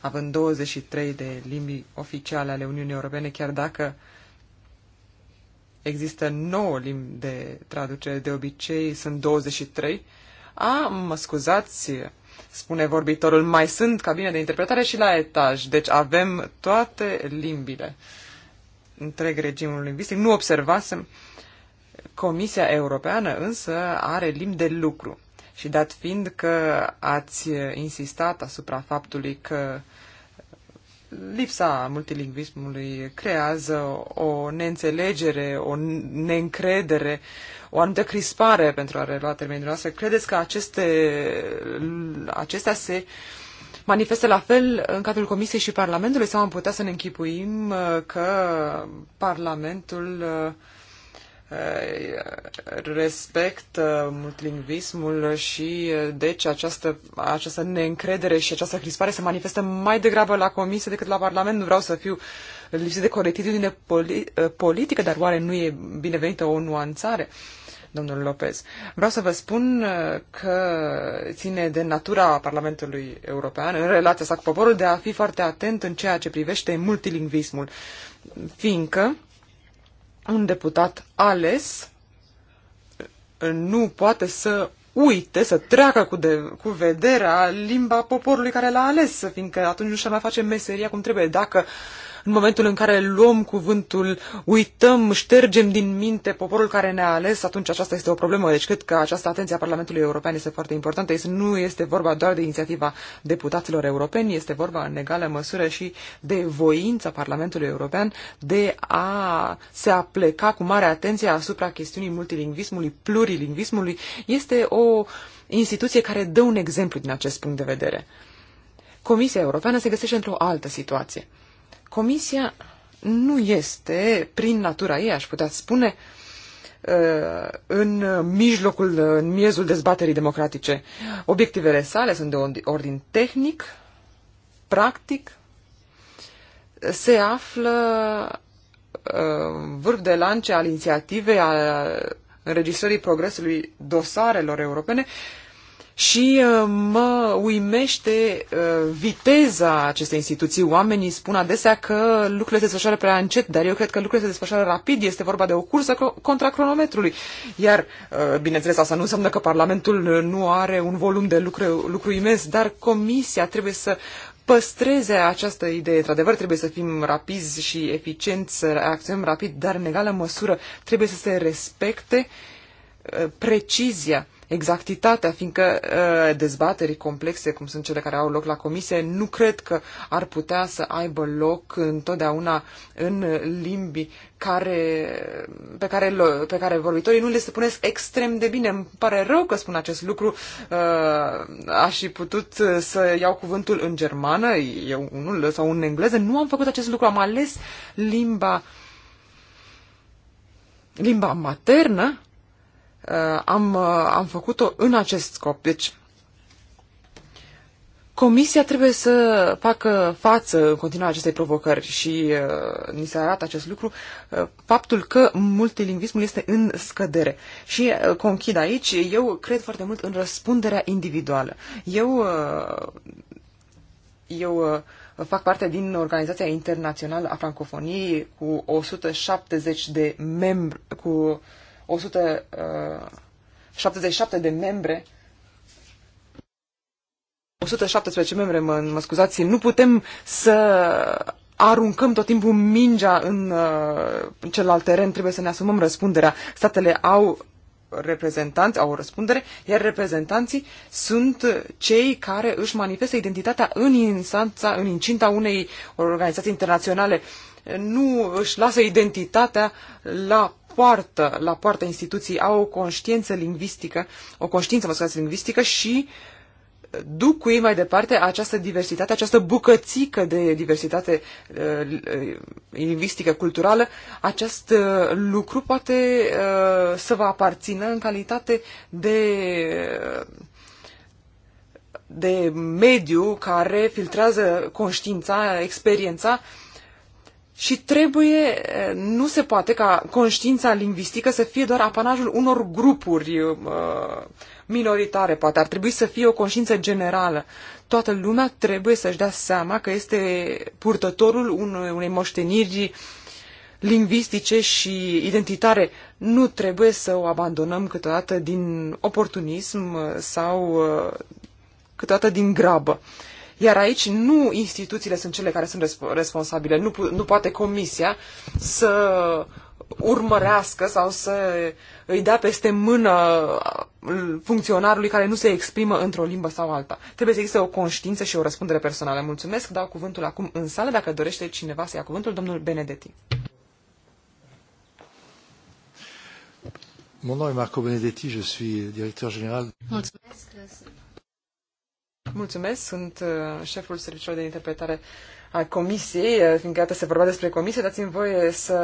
având 23 de limbi oficiale ale Uniunii Europene, chiar dacă uh, Există 9 limbi de traducere, de obicei sunt 23. A, mă scuzați, spune vorbitorul, mai sunt cabine de interpretare și la etaj, deci avem toate limbile. Întreg regimul lingvistic, nu observasem. Comisia Europeană însă are limbi de lucru. Și dat fiind că ați insistat asupra faptului că uh, lipsa multilingvismului creează o neînțelegere, o neîncredere, o anumită crispare pentru a relua termenii noastre. Credeți că aceste, acestea se manifestă la fel în cadrul Comisiei și Parlamentului sau am putea să ne închipuim uh, că Parlamentul uh, respectă uh, multilingvismul și uh, deci această, această neîncredere și această crispare se manifestă mai degrabă la comisie decât la Parlament. Nu vreau să fiu lipsit de corectitudine poli- uh, politică, dar oare nu e binevenită o nuanțare? domnul Lopez. Vreau să vă spun că ține de natura Parlamentului European, în relația sa cu poporul, de a fi foarte atent în ceea ce privește multilingvismul, fiindcă un deputat ales uh, nu poate să uite, să treacă cu, de, cu vederea limba poporului care l-a ales, fiindcă atunci nu și ar mai face meseria cum trebuie. Dacă uh, în momentul în care luăm cuvântul, uităm, ștergem din minte poporul care ne-a ales, atunci aceasta este o problemă. Deci cred că această atenție a Parlamentului European este foarte importantă. Este, nu este vorba doar de inițiativa deputaților europeni, este vorba în egală măsură și de voința Parlamentului European de a se apleca cu mare atenție asupra chestiunii multilingvismului, plurilingvismului. Este o instituție care dă un exemplu din acest punct de vedere. Comisia Europeană se găsește într-o altă situație. Comisia nu este, prin natura ei, aș putea spune, uh, în mijlocul, în miezul dezbaterii democratice. Obiectivele sale sunt de ordin tehnic, practic, se află uh, vârf de lance al inițiativei a înregistrării progresului dosarelor europene și uh, mă uimește uh, viteza acestei instituții. Oamenii spun adesea că lucrurile se desfășoară prea încet, dar eu cred că lucrurile se desfășoară rapid. Este vorba de o cursă contra cronometrului. Iar, uh, bineînțeles, asta nu înseamnă că Parlamentul nu are un volum de lucru, lucru imens, dar Comisia trebuie să păstreze această idee. Într-adevăr, trebuie să fim rapizi și eficienți, să acționăm rapid, dar în egală măsură trebuie să se respecte precizia exactitatea, fiindcă uh, dezbaterii complexe, cum sunt cele care au loc la comisie, nu cred că ar putea să aibă loc întotdeauna în limbi care, pe, care, pe care vorbitorii nu le stăpânesc extrem de bine. Îmi pare rău că spun acest lucru. Uh, aș fi putut uh, să iau cuvântul în germană, eu unul, sau în engleză. Nu am făcut acest lucru, am ales limba limba maternă Uh, am, uh, am făcut-o în acest scop. Deci, Comisia trebuie să facă față în continuare acestei provocări și uh, ni se arată acest lucru, uh, faptul că multilingvismul este în scădere. Și uh, conchid aici, eu cred foarte mult în răspunderea individuală. Eu, uh, eu uh, fac parte din Organizația Internațională a Francofoniei cu 170 de membri, cu uh, 177 uh, de membre 117 membre, mă, mă scuzați, nu putem să aruncăm tot timpul mingea în uh, în celălalt teren, trebuie să ne asumăm răspunderea. Statele au reprezentanți, au o răspundere, iar reprezentanții sunt cei care își manifestă identitatea în instanța, în incinta unei organizații internaționale. Nu își lasă identitatea la poartă, la poartă instituții au o conștiință lingvistică, o conștiință, mă scuzați, lingvistică și uh, duc cu ei mai departe această diversitate, această bucățică de diversitate uh, uh, lingvistică, culturală, acest uh, lucru poate uh, să vă aparțină în calitate de uh, de mediu care filtrează conștiința, experiența uh, și trebuie, nu se poate ca conștiința lingvistică să fie doar apanajul unor grupuri minoritare, poate. Ar trebui să fie o conștiință generală. Toată lumea trebuie să-și dea seama că este purtătorul unei moșteniri lingvistice și identitare. Nu trebuie să o abandonăm câteodată din oportunism sau câteodată din grabă. Iar aici nu instituțiile sunt cele care sunt responsabile, nu, nu poate comisia să urmărească sau să îi dea peste mână funcționarului care nu se exprimă într-o limbă sau alta. Trebuie să existe o conștiință și o răspundere personală. Mulțumesc, dau cuvântul acum în sală dacă dorește cineva să ia cuvântul, domnul Benedetti. Mon nom est Marco Benedetti, je suis directeur général. Mulțumesc. Mulțumesc, sunt uh, șeful serviciului de interpretare a comisiei, uh, fiindcă iată se vorbea despre comisie, dați-mi voie să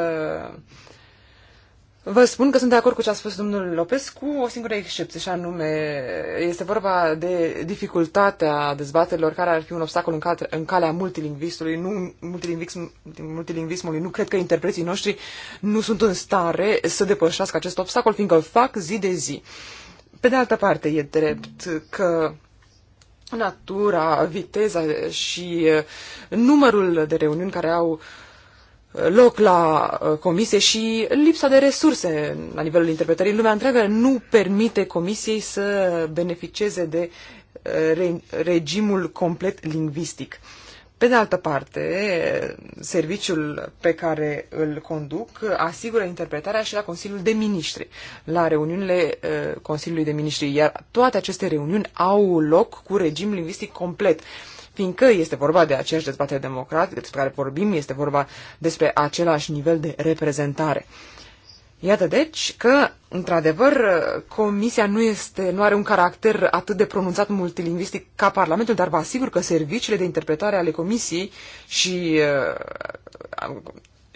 Vă spun că sunt de acord cu ce a spus domnul Lopez, cu o singură excepție, și anume este vorba de dificultatea dezbaterilor care ar fi un obstacol în, cal- în calea multilingvistului. Nu, multilingvism, multilingvismului. Nu cred că interpreții noștri nu sunt în stare să depășească acest obstacol, fiindcă îl fac zi de zi. Pe de altă parte, e drept că natura, viteza și numărul de reuniuni care au loc la comisie și lipsa de resurse la nivelul interpretării. Lumea întreagă nu permite comisiei să beneficieze de regimul complet lingvistic. Pe de altă parte, serviciul pe care îl conduc asigură interpretarea și la Consiliul de Ministri, la reuniunile uh, Consiliului de Ministri, iar toate aceste reuniuni au loc cu regim lingvistic complet fiindcă este vorba de aceeași dezbatere democratică despre care vorbim, este vorba despre același nivel de reprezentare. Iată deci că, într-adevăr, Comisia nu, este, nu are un caracter atât de pronunțat multilingvistic ca Parlamentul, dar vă asigur că serviciile de interpretare ale Comisiei și, uh,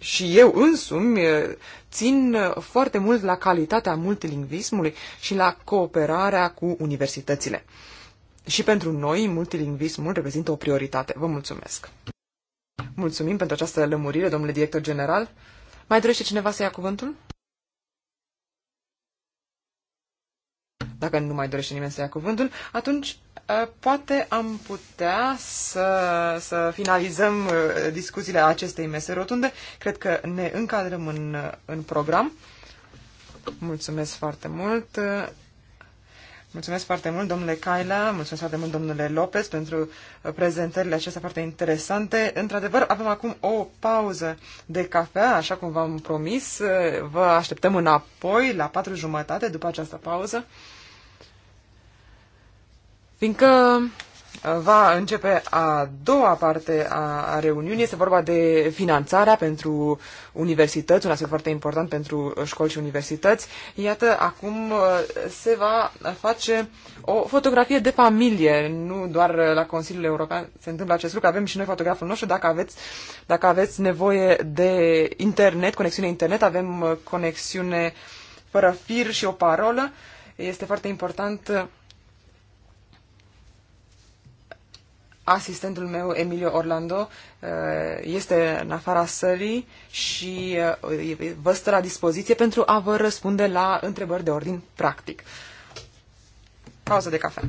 și eu însumi uh, țin uh, foarte mult la calitatea multilingvismului și la cooperarea cu universitățile. Și pentru noi, multilingvismul reprezintă o prioritate. Vă mulțumesc! Mulțumim pentru această lămurire, domnule director general. Mai dorește cineva să ia cuvântul? Dacă nu mai dorește nimeni să ia cuvântul, atunci uh, poate am putea să, să finalizăm uh, discuțiile acestei mese rotunde. Cred că ne încadrăm în, uh, în program. Mulțumesc foarte mult. Mulțumesc foarte mult, domnule Caila, mulțumesc foarte mult, domnule Lopez, pentru prezentările acestea foarte interesante. Într-adevăr, avem acum o pauză de cafea, așa cum v-am promis. Vă așteptăm înapoi la patru jumătate după această pauză. Fiindcă uh, va începe a doua parte a, reuniunii. Este vorba de finanțarea pentru universități, un aspect foarte important pentru școli și universități. Iată, acum uh, se va face o fotografie de familie, nu doar la Consiliul European se întâmplă acest lucru, avem și noi fotograful nostru. Dacă aveți, dacă aveți nevoie de internet, conexiune internet, avem uh, conexiune fără fir și o parolă. Este foarte important asistentul meu, Emilio Orlando, uh, este în afara sării și uh, vă stă la dispoziție pentru a vă răspunde la întrebări de ordin practic. Pauză de cafea.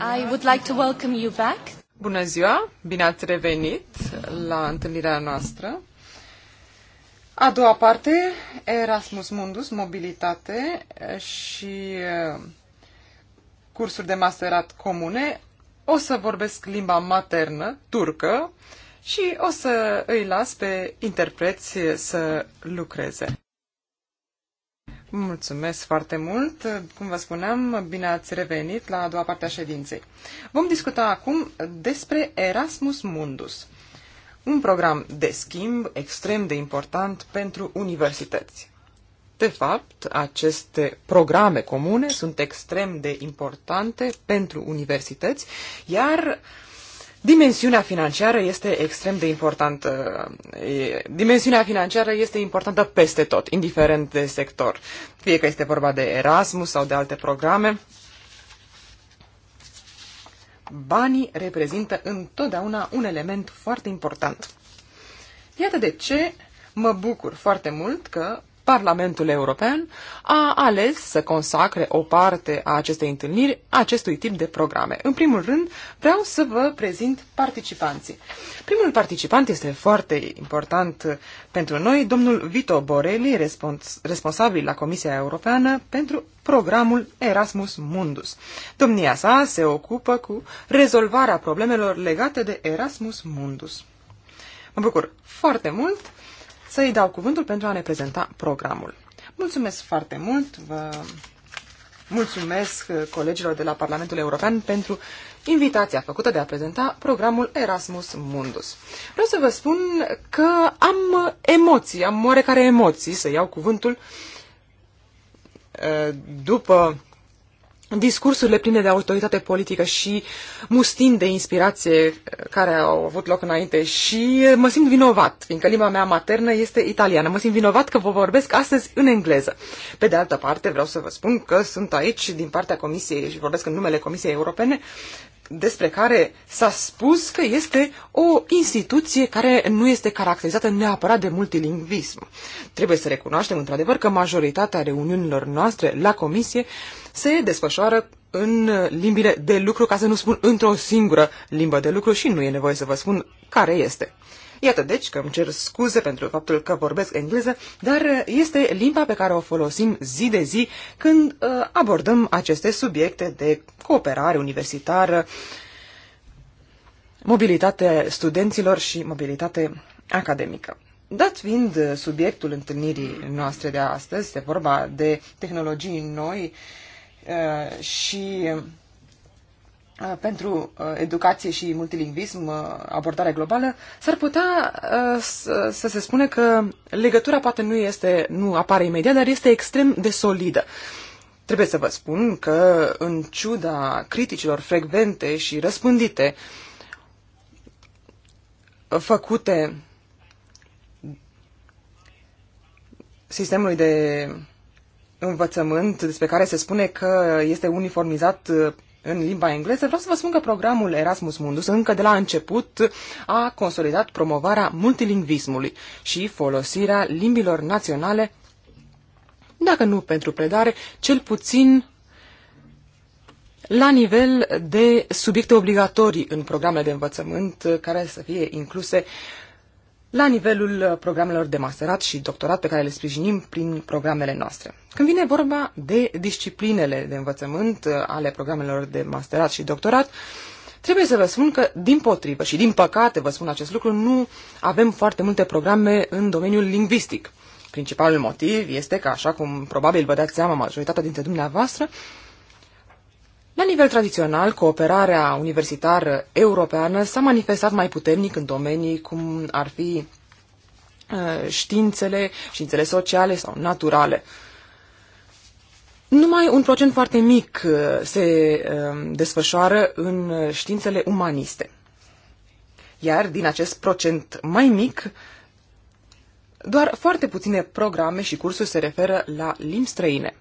I would like to welcome you back. Bună ziua, bine ați revenit la întâlnirea noastră. A doua parte, Erasmus Mundus, mobilitate și uh, cursuri de masterat comune. O să vorbesc limba maternă, turcă, și o să îi las pe interpreți să lucreze. Mulțumesc foarte mult. Cum vă spuneam, bine ați revenit la a doua parte a ședinței. Vom discuta acum despre Erasmus Mundus, un program de schimb extrem de important pentru universități. De fapt, aceste programe comune sunt extrem de importante pentru universități, iar uh, Dimensiunea financiară este extrem de importantă. Dimensiunea financiară este importantă peste tot, indiferent de sector. Fie că este vorba de Erasmus sau de alte programe, banii reprezintă întotdeauna un element foarte important. Iată de ce mă bucur foarte mult că Parlamentul European a ales să consacre o parte a acestei întâlniri acestui tip de programe. În primul rând, vreau să vă prezint participanții. Primul participant este foarte important pentru noi, domnul Vito Borelli, respons- responsabil la Comisia Europeană pentru programul Erasmus Mundus. Domnia sa se ocupă cu rezolvarea problemelor legate de Erasmus Mundus. Mă bucur foarte mult să-i dau cuvântul pentru a ne prezenta programul. Mulțumesc foarte mult, vă mulțumesc uh, colegilor de la Parlamentul European pentru invitația făcută de a prezenta programul Erasmus Mundus. Vreau să vă spun că am emoții, am oarecare emoții să iau cuvântul uh, după discursurile pline de autoritate politică și mustin de inspirație eh, care au avut loc înainte și eh, mă simt vinovat, fiindcă limba mea maternă este italiană. Mă simt vinovat că vă vorbesc astăzi în engleză. Pe de altă parte, vreau să vă spun că sunt aici din partea Comisiei și vorbesc în numele Comisiei Europene despre care s-a spus că este o instituție care nu este caracterizată neapărat de multilingvism. Trebuie să recunoaștem, într-adevăr, că majoritatea reuniunilor noastre la comisie se desfășoară în limbile de lucru, ca să nu spun într-o singură limbă de lucru și nu e nevoie să vă spun care este. Iată deci că îmi cer scuze pentru faptul că vorbesc engleză, dar uh, este limba pe care o folosim zi de zi când uh, abordăm aceste subiecte de cooperare universitară, mobilitate studenților și mobilitate academică. Dat fiind uh, subiectul întâlnirii noastre de astăzi, este vorba de tehnologii noi și Uh, pentru uh, educație și multilingvism, uh, abordare globală, s-ar putea să, se spune că legătura poate nu, este, nu apare imediat, dar este extrem de solidă. Trebuie să vă spun că, în ciuda criticilor frecvente și răspândite făcute sistemului de învățământ despre care se spune că este uniformizat în limba engleză, vreau să vă spun că programul Erasmus Mundus încă de la început a consolidat promovarea multilingvismului și folosirea limbilor naționale, dacă nu pentru predare, cel puțin la nivel de subiecte obligatorii în programele de învățământ care să fie incluse uh, la nivelul uh, programelor de masterat și doctorat pe care le sprijinim prin programele noastre. Când vine vorba de disciplinele de învățământ uh, ale programelor de masterat și doctorat, Trebuie să vă spun că, din potrivă și din păcate vă spun acest lucru, nu avem foarte multe programe în domeniul lingvistic. Principalul motiv este că, așa cum probabil vă dați seama majoritatea dintre dumneavoastră, la nivel tradițional, cooperarea universitară europeană s-a manifestat mai puternic în domenii cum ar fi uh, științele, științele sociale sau naturale. Numai un procent foarte mic uh, se um, desfășoară în științele umaniste. Iar din acest procent mai mic, doar foarte puține programe și cursuri se referă la limbi străine.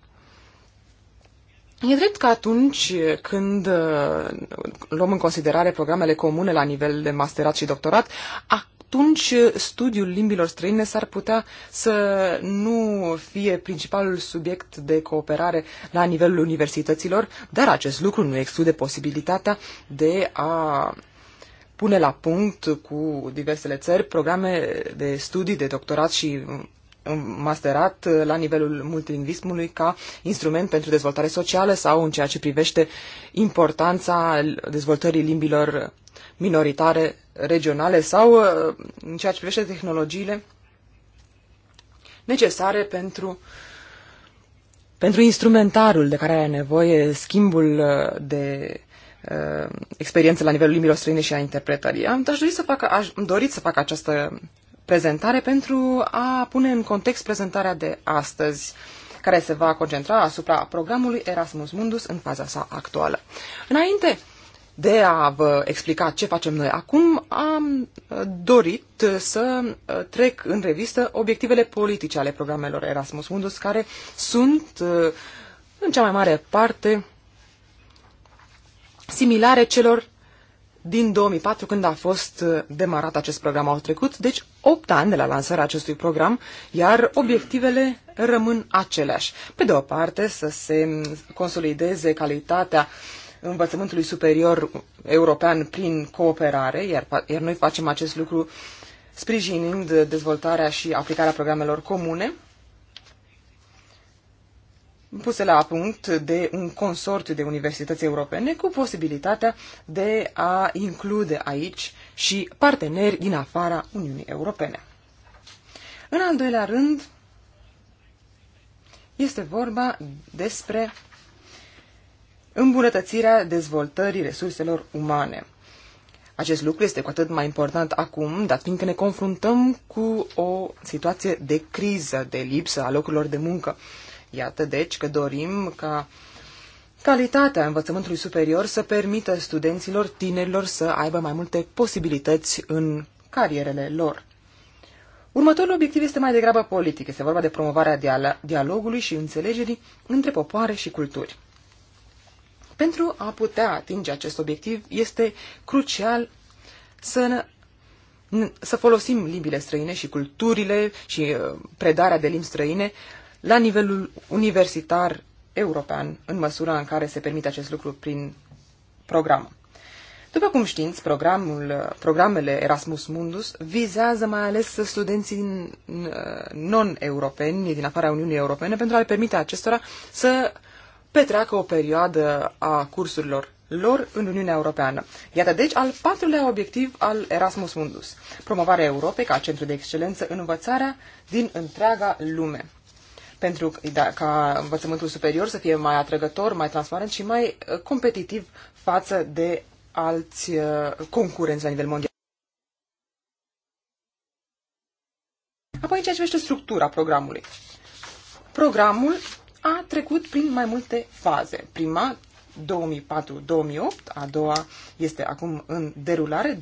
E drept că atunci când uh, luăm în considerare programele comune la nivel de masterat și doctorat, atunci studiul limbilor străine s-ar putea să nu fie principalul subiect de cooperare la nivelul universităților, dar acest lucru nu exclude posibilitatea de a pune la punct cu diversele țări programe de studii, de doctorat și uh, masterat uh, la nivelul multilingvismului ca instrument pentru dezvoltare socială sau în ceea ce privește importanța dezvoltării limbilor minoritare regionale sau uh, în ceea ce privește tehnologiile necesare pentru, pentru instrumentarul de care are nevoie, schimbul uh, de experiență la nivelul limbilor străine și a interpretării. Am aș dori să fac, aș, am dorit să fac această prezentare pentru a pune în context prezentarea de astăzi care se va concentra asupra programului Erasmus Mundus în faza sa actuală. Înainte de a vă explica ce facem noi acum, am dorit să uh, trec în revistă obiectivele politice ale programelor Erasmus Mundus, care sunt, uh, în cea mai mare parte, similare celor din 2004, când a fost uh, demarat acest program, au trecut, deci 8 ani de la lansarea acestui program, iar obiectivele rămân aceleași. Pe de o parte, să se consolideze calitatea învățământului superior european prin cooperare, iar, iar noi facem acest lucru sprijinind dezvoltarea și aplicarea programelor comune puse la punct de un consorțiu de universități europene cu posibilitatea de a include aici și parteneri din afara Uniunii Europene. În al doilea rând, este vorba despre îmbunătățirea dezvoltării resurselor umane. Acest lucru este cu atât mai important acum, dat fiindcă ne confruntăm cu o situație de criză, de lipsă a locurilor de muncă Iată deci că dorim ca calitatea învățământului superior să permită studenților, tinerilor să aibă mai multe posibilități în carierele lor. Următorul obiectiv este mai degrabă politic. Este vorba de promovarea dialogului și înțelegerii între popoare și culturi. Pentru a putea atinge acest obiectiv, este crucial să, să folosim limbile străine și culturile și uh, predarea de limbi străine la nivelul universitar european, în măsura în care se permite acest lucru prin program. După cum știți, programul, programele Erasmus Mundus vizează mai ales studenții uh, non-europeni din afara Uniunii Europene pentru a le permite acestora să petreacă o perioadă a cursurilor lor în Uniunea Europeană. Iată deci al patrulea obiectiv al Erasmus Mundus, promovarea Europei ca centru de excelență în învățarea din întreaga lume pentru da, ca învățământul superior să fie mai atrăgător, mai transparent și mai uh, competitiv față de alți uh, concurenți la nivel mondial. Apoi, în ceea ce privește structura programului. Programul a trecut prin mai multe faze. Prima, 2004-2008, a doua este acum în derulare, 2009-2013.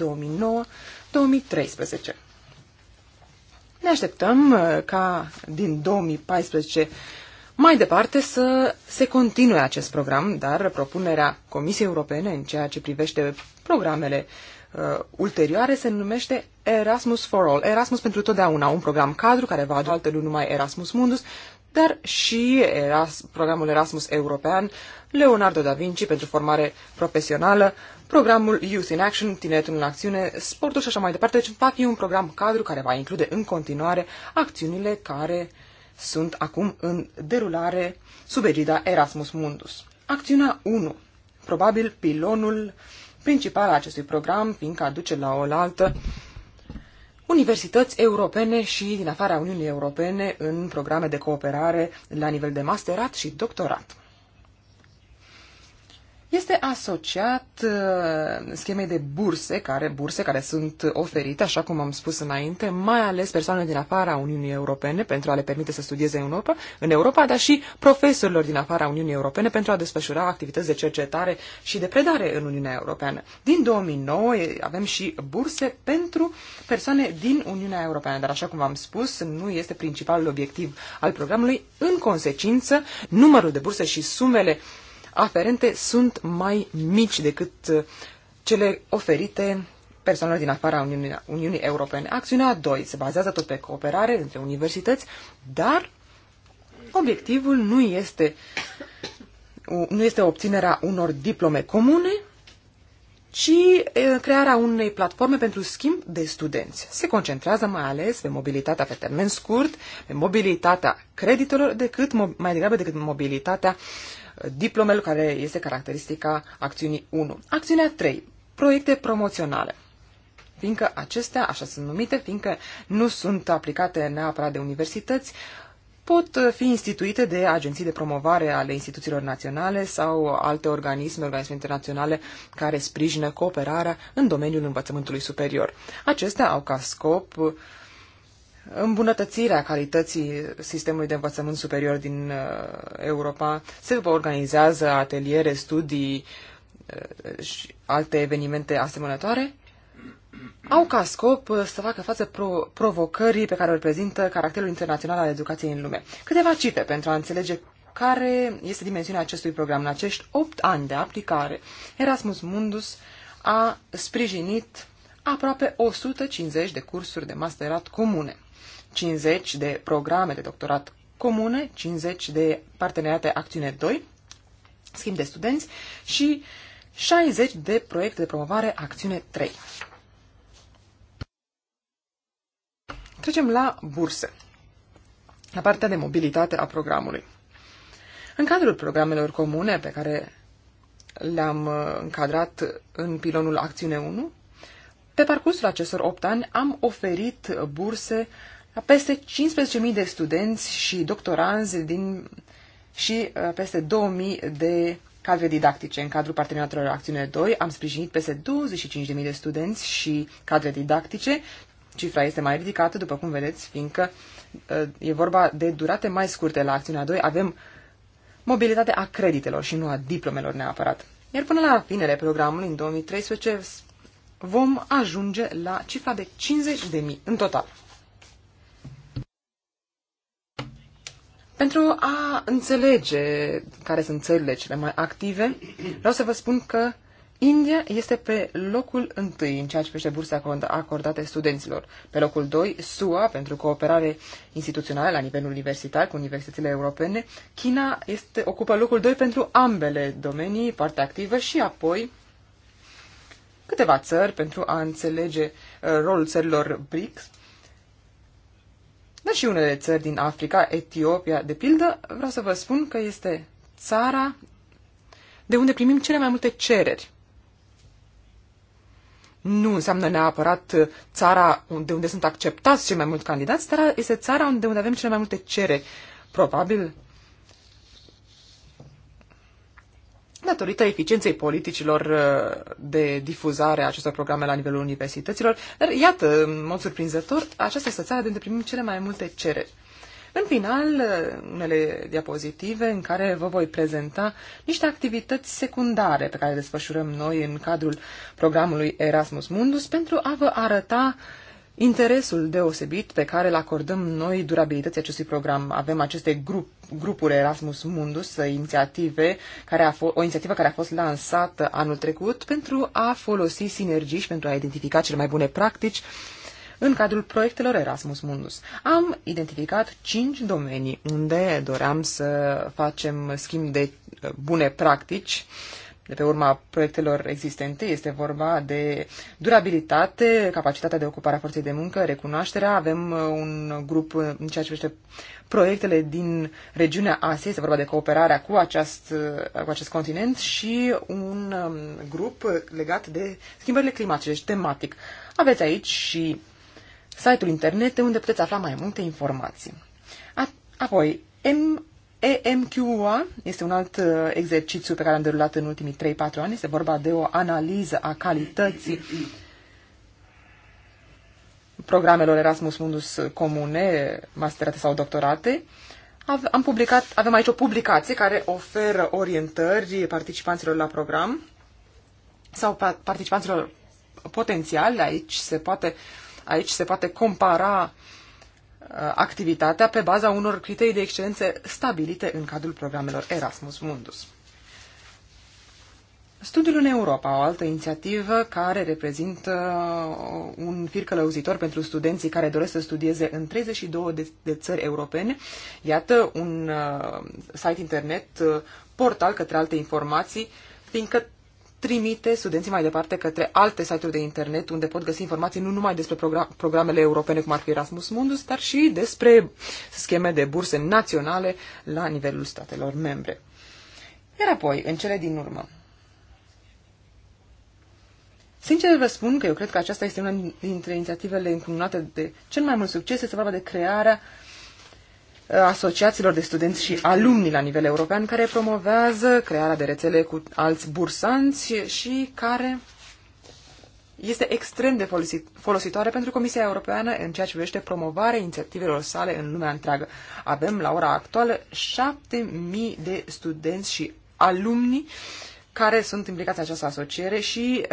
Ne așteptăm uh, ca din 2014 mai departe să se continue acest program, dar propunerea Comisiei Europene în ceea ce privește programele uh, ulterioare se numește Erasmus for All, Erasmus pentru totdeauna, un program cadru care va aduce nu numai Erasmus Mundus, dar și Eras, programul Erasmus European, Leonardo da Vinci pentru formare profesională, programul Youth in Action, Tineretul în Acțiune, Sportul și așa mai departe. Deci va fi un program cadru care va include în continuare acțiunile care sunt acum în derulare sub egida Erasmus Mundus. Acțiunea 1. Probabil pilonul principal al acestui program, fiindcă aduce la oaltă universități europene și din afara Uniunii Europene în programe de cooperare la nivel de masterat și doctorat este asociat uh, schemei de burse care, burse care sunt oferite, așa cum am spus înainte, mai ales persoanelor din afara Uniunii Europene pentru a le permite să studieze în Europa, în Europa, dar și profesorilor din afara Uniunii Europene pentru a desfășura activități de cercetare și de predare în Uniunea Europeană. Din 2009 avem și burse pentru persoane din Uniunea Europeană, dar așa cum am spus, nu este principalul obiectiv al programului. În consecință, numărul de burse și sumele uh, aferente sunt mai mici decât uh, cele oferite persoanelor din afara Uniunii, Uniunii Europene. Acțiunea doi se bazează tot pe cooperare între universități, dar obiectivul nu este, nu este obținerea unor diplome comune, ci crearea unei platforme pentru schimb de studenți. Se concentrează mai ales pe mobilitatea pe termen scurt, pe mobilitatea creditelor, decât, mai degrabă decât mobilitatea diplomele, care este caracteristica acțiunii 1. Acțiunea 3. Proiecte promoționale fiindcă acestea, așa sunt numite, fiindcă nu sunt aplicate neapărat de universități, pot fi instituite de agenții de promovare ale instituțiilor naționale sau alte organisme, organisme internaționale care sprijină cooperarea în domeniul învățământului superior. Acestea au ca scop îmbunătățirea calității sistemului de învățământ superior din uh, Europa. Se organizează ateliere, studii uh, și alte evenimente asemănătoare. Au ca scop uh, să facă față pro- provocării pe care o reprezintă caracterul internațional al educației în lume. Câteva cite pentru a înțelege care este dimensiunea acestui program. În acești opt ani de aplicare, Erasmus Mundus a sprijinit aproape 150 de cursuri de masterat comune. 50 de programe de doctorat comune, 50 de parteneriate acțiune 2, schimb de studenți și 60 de proiecte de promovare acțiune 3. Trecem la burse, la partea de mobilitate a programului. În cadrul programelor comune pe care le-am uh, încadrat în pilonul Acțiune 1, pe parcursul acestor 8 ani am oferit burse peste 15.000 de studenți și doctoranzi din, și uh, peste 2.000 de cadre didactice. În cadrul parteneriatelor Acțiune 2 am sprijinit peste 25.000 de studenți și cadre didactice. Cifra este mai ridicată, după cum vedeți, fiindcă uh, e vorba de durate mai scurte la Acțiunea 2. Avem mobilitatea a creditelor și nu a diplomelor neapărat. Iar până la finele programului, în 2013, vom ajunge la cifra de 50.000 în total. Pentru a înțelege care sunt țările cele mai active, vreau să vă spun că India este pe locul întâi în ceea ce privește burse acordate studenților. Pe locul 2, SUA pentru cooperare instituțională la nivel universitar cu universitățile europene. China este, ocupă locul 2 pentru ambele domenii, parte activă și apoi câteva țări pentru a înțelege uh, rolul țărilor BRICS dar și unele țări din Africa, Etiopia, de pildă, vreau să vă spun că este țara de unde primim cele mai multe cereri. Nu înseamnă neapărat țara de unde sunt acceptați cei mai mulți candidați, dar este țara de unde avem cele mai multe cereri. Probabil datorită eficienței politicilor uh, de difuzare a acestor programe la nivelul universităților. Dar iată, în mod surprinzător, aceasta este țara de îndeprimim cele mai multe cereri. În final, uh, unele diapozitive în care vă voi prezenta niște activități secundare pe care le desfășurăm noi în cadrul programului Erasmus Mundus pentru a vă arăta uh, interesul deosebit pe care îl acordăm noi durabilității acestui program. Avem aceste grup, grupuri Erasmus Mundus, inițiative care a fost, o inițiativă care a fost lansată anul trecut pentru a folosi sinergii și pentru a identifica cele mai bune practici în cadrul proiectelor Erasmus Mundus. Am identificat cinci domenii unde doream să facem schimb de uh, bune practici uh, de pe urma proiectelor existente. Este vorba de durabilitate, capacitatea de ocupare a forței de muncă, recunoașterea. Avem uh, un grup în ceea ce privește proiectele din regiunea Asiei, este vorba de cooperarea cu acest, uh, cu acest continent și un um, grup legat de schimbările climatice, deci tematic. Aveți aici și site-ul internet unde puteți afla mai multe informații. apoi, M EMQA este un alt uh, exercițiu pe care l-am derulat în ultimii 3-4 ani. Este vorba de o analiză a calității programelor Erasmus Mundus comune, masterate sau doctorate. Am publicat, avem aici o publicație care oferă orientări participanților la program sau participanților potențiali. Aici se poate, aici se poate compara uh, Uh, activitatea pe baza unor criterii de excelență stabilite în cadrul programelor Erasmus Mundus. Studiul în Europa, o altă inițiativă care reprezintă uh, un fir călăuzitor pentru studenții care doresc să studieze în 32 de, de țări europene. Iată un uh, site internet, uh, portal către alte informații, fiindcă trimite studenții mai departe către alte site-uri de internet unde pot găsi informații nu numai despre program- programele europene cum ar fi Erasmus Mundus, dar și despre scheme de burse naționale la nivelul statelor membre. Iar apoi, în cele din urmă, Sincer vă spun că eu cred că aceasta este una dintre inițiativele încununate de cel mai mult succes, este vorba de crearea uh, Uh, asociațiilor de studenți și alumni la nivel european care promovează crearea de rețele cu alți bursanți și care este extrem de folositoare pentru Comisia Europeană în ceea ce privește promovarea inițiativelor sale în lumea întreagă. Avem la ora actuală 7.000 de studenți și alumni uh, care sunt implicați în această asociere și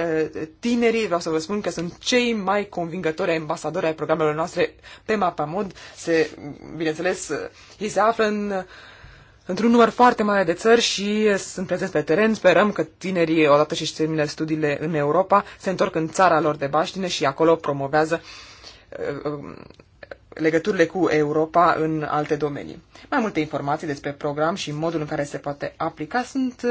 tinerii, vreau să vă spun că sunt cei mai convingători ambasadori ai programelor noastre pe Mapamod. Se, bineînțeles, ei se află în într-un număr foarte mare de țări și sunt prezenți pe teren. Sperăm că tinerii, odată ce își termină studiile în Europa, se întorc în țara lor de baștine și acolo promovează legăturile cu Europa în alte domenii. Mai multe informații despre program și modul în care se poate aplica sunt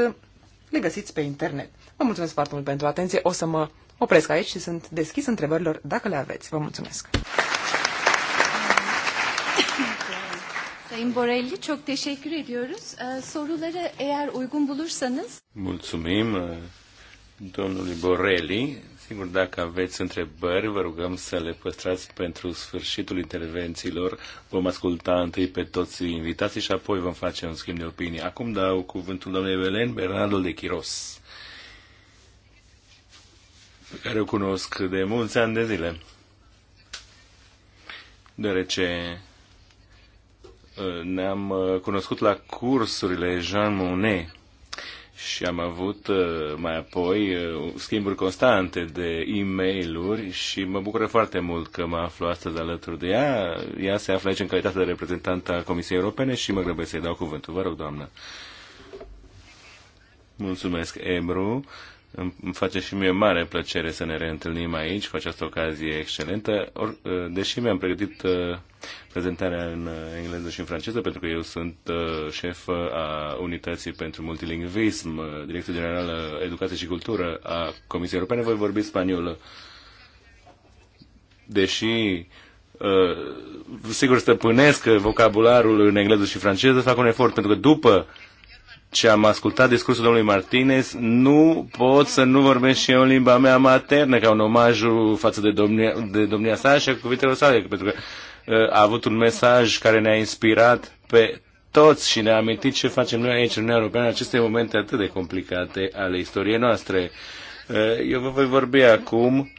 le găsiți pe internet. Vă mulțumesc foarte mult pentru atenție. O să mă opresc aici și sunt deschis întrebărilor dacă le aveți. Vă mulțumesc. Sayın Borelli çok teşekkür ediyoruz. Soruları eğer uygun bulursanız. Mulțumim domnului Borelli. Sigur, dacă aveți întrebări, vă rugăm să le păstrați pentru sfârșitul intervențiilor. Vom asculta întâi pe toți invitații și apoi vom face un schimb de opinii. Acum dau cuvântul domnului Belen Bernardo de Chiros, pe care o cunosc de mulți ani de zile, deoarece uh, ne-am uh, cunoscut la cursurile Jean Monnet, și am avut uh, mai apoi uh, schimburi constante de e mail și mă bucură foarte mult că mă aflu astăzi alături de ea. Ea se află aici în calitate de reprezentant a Comisiei Europene și mă grăbesc să-i dau cuvântul. Vă rog, doamnă. Mulțumesc, Emru. Îmi face și mie mare plăcere să ne reîntâlnim aici cu această ocazie excelentă, uh, deși mi-am pregătit uh, prezentarea în uh, engleză și în franceză, pentru că eu sunt șef a Unității pentru Multilingvism, Director General Educație și Cultură a Comisiei Europene, voi vorbi spaniolă. Deși sigur stăpânesc vocabularul în engleză și franceză, fac un efort, pentru că după ce am ascultat discursul domnului Martinez, nu pot să nu vorbesc și eu în limba mea maternă, ca un omajul față de domnia, de domnia sa și a cuvintelor sale, pentru că uh, a avut un mesaj care ne-a inspirat pe toți și ne-a amintit ce facem noi aici în Uniunea Europeană în aceste momente atât de complicate ale istoriei noastre. Uh, eu vă voi vorbi acum,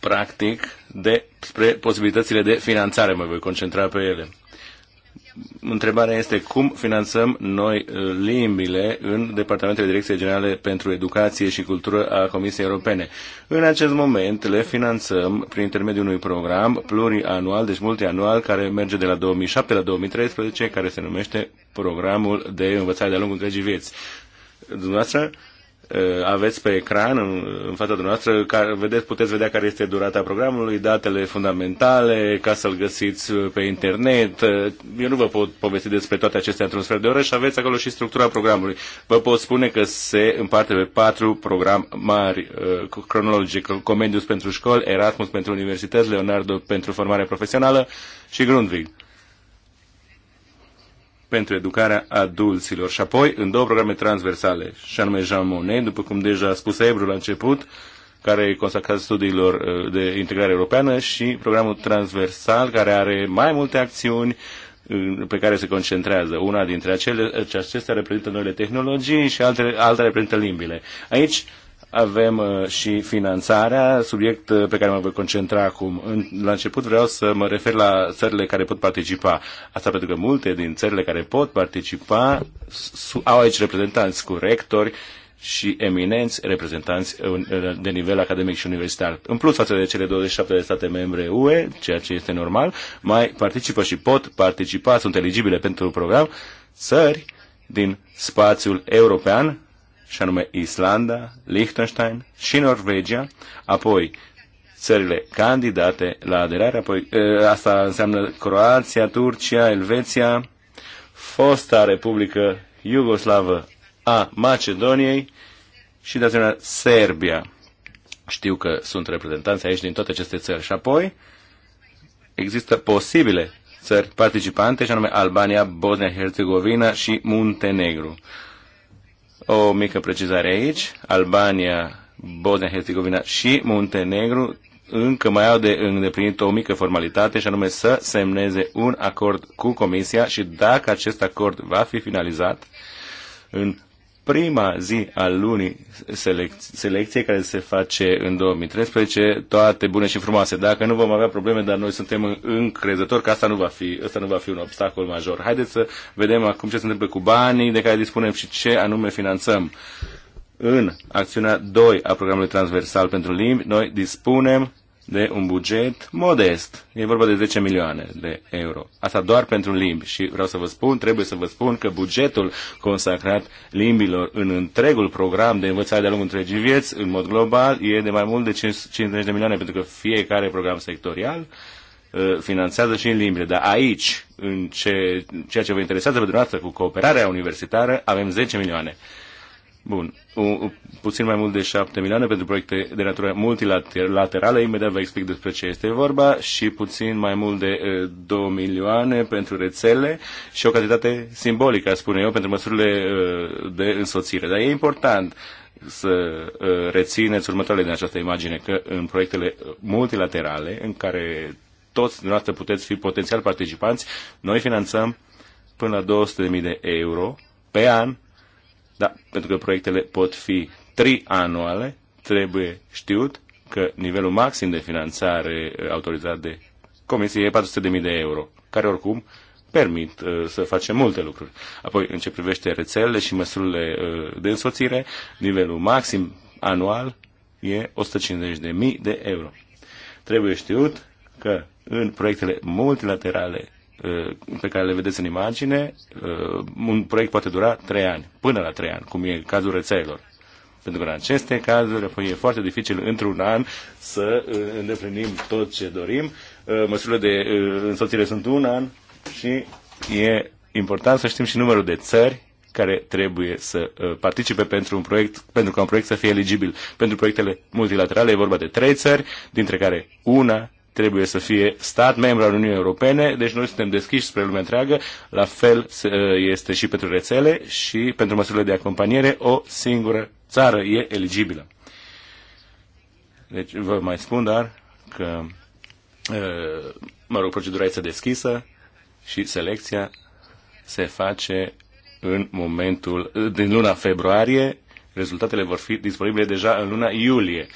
practic, despre posibilitățile de finanțare, mă voi concentra pe ele întrebarea este cum finanțăm noi uh, limbile în Departamentele Direcției Generale pentru Educație și Cultură a Comisiei Europene. În acest moment le finanțăm prin intermediul unui program plurianual, deci multianual, care merge de la 2007 la 2013, care se numește Programul de Învățare de-a lungul întregii vieți. Dumneavoastră, Uh, aveți pe ecran în, în fața dumneavoastră, care, vedeți, puteți vedea care este durata programului, datele fundamentale, ca să-l găsiți uh, pe internet. Uh, eu nu vă pot povesti despre toate acestea într-un sfert de oră și aveți acolo și structura programului. Vă pot spune că se împarte pe patru program mari, cronologic, Comendius pentru școli, Erasmus pentru universități, Leonardo pentru formare profesională și Grundvig pentru educarea adulților și apoi în două programe transversale, și anume Jean Monnet, după cum deja a spus Ebru la început, care e consacrat studiilor uh, de integrare europeană și programul transversal care are mai multe acțiuni uh, pe care se concentrează. Una dintre acele, acestea reprezintă noile tehnologii și alte, alta reprezintă limbile. Aici avem uh, și finanțarea, subiect uh, pe care mă voi concentra acum. la început vreau să mă refer la țările care pot participa. Asta pentru că multe din țările care pot participa au aici reprezentanți cu rectori, și eminenți reprezentanți de nivel academic și universitar. În plus față de cele 27 de state membre UE, ceea ce este normal, mai participă și pot participa, sunt eligibile pentru program, țări din spațiul european și anume Islanda, Liechtenstein și Norvegia, apoi țările candidate la aderare, apoi asta înseamnă Croația, Turcia, Elveția, fosta Republică Iugoslavă a Macedoniei și de asemenea Serbia. Știu că sunt reprezentanți aici din toate aceste țări și apoi există posibile țări participante, și anume Albania, Bosnia-Herzegovina și Muntenegru. O mică precizare aici. Albania, Bosnia-Herzegovina și Muntenegru încă mai au de îndeplinit o mică formalitate și anume să semneze un acord cu Comisia și dacă acest acord va fi finalizat în prima zi a lunii selec- selecției care se face în 2013, toate bune și frumoase. Dacă nu vom avea probleme, dar noi suntem încrezători că asta nu va fi, asta nu va fi un obstacol major. Haideți să vedem acum ce se întâmplă cu banii de care dispunem și ce anume finanțăm. În acțiunea 2 a programului transversal pentru limbi, noi dispunem de un buget modest. E vorba de 10 milioane de euro. Asta doar pentru limbi. Și vreau să vă spun, trebuie să vă spun că bugetul consacrat limbilor în întregul program de învățare de-a lungul întregii vieți, în mod global, e de mai mult de 50 de milioane, pentru că fiecare program sectorial uh, finanțează și în limbile. Dar aici, în ce, ceea ce vă interesează pe dumneavoastră cu cooperarea universitară, avem 10 milioane. Bun, o, puțin mai mult de 7 milioane pentru proiecte de natură multilaterală, imediat vă explic despre ce este vorba, și puțin mai mult de 2 milioane pentru rețele și o cantitate simbolică, aș spune eu, pentru măsurile de însoțire. Dar e important să rețineți următoarele din această imagine, că în proiectele multilaterale, în care toți dumneavoastră puteți fi potențial participanți, noi finanțăm până la 200.000 de euro pe an da, pentru că proiectele pot fi trianuale, trebuie știut că nivelul maxim de finanțare uh, autorizat de comisie e 400.000 de euro, care oricum permit uh, să facem multe lucruri. Apoi, în ce privește rețelele și măsurile uh, de însoțire, nivelul maxim anual e 150.000 de euro. Trebuie știut că în proiectele multilaterale Uh, pe care le vedeți în imagine, uh, un proiect poate dura 3 ani, până la 3 ani, cum e cazul rețelelor. Pentru că în aceste cazuri apoi e foarte dificil într-un an să uh, îndeplinim tot ce dorim. Măsurile de însoțire sunt un an și e important să știm și numărul de țări care trebuie să participe pentru un proiect, pentru ca un proiect să fie eligibil. Pentru proiectele multilaterale e vorba de trei țări, dintre care una trebuie să fie stat membru al Uniunii Europene, deci noi suntem deschiși spre lumea întreagă, la fel uh, este și pentru rețele și pentru măsurile de acompaniere, o singură țară e eligibilă. Deci vă mai spun, dar că, uh, mă rog, procedura este deschisă și selecția se face în momentul, din luna februarie, rezultatele vor fi disponibile deja în luna iulie.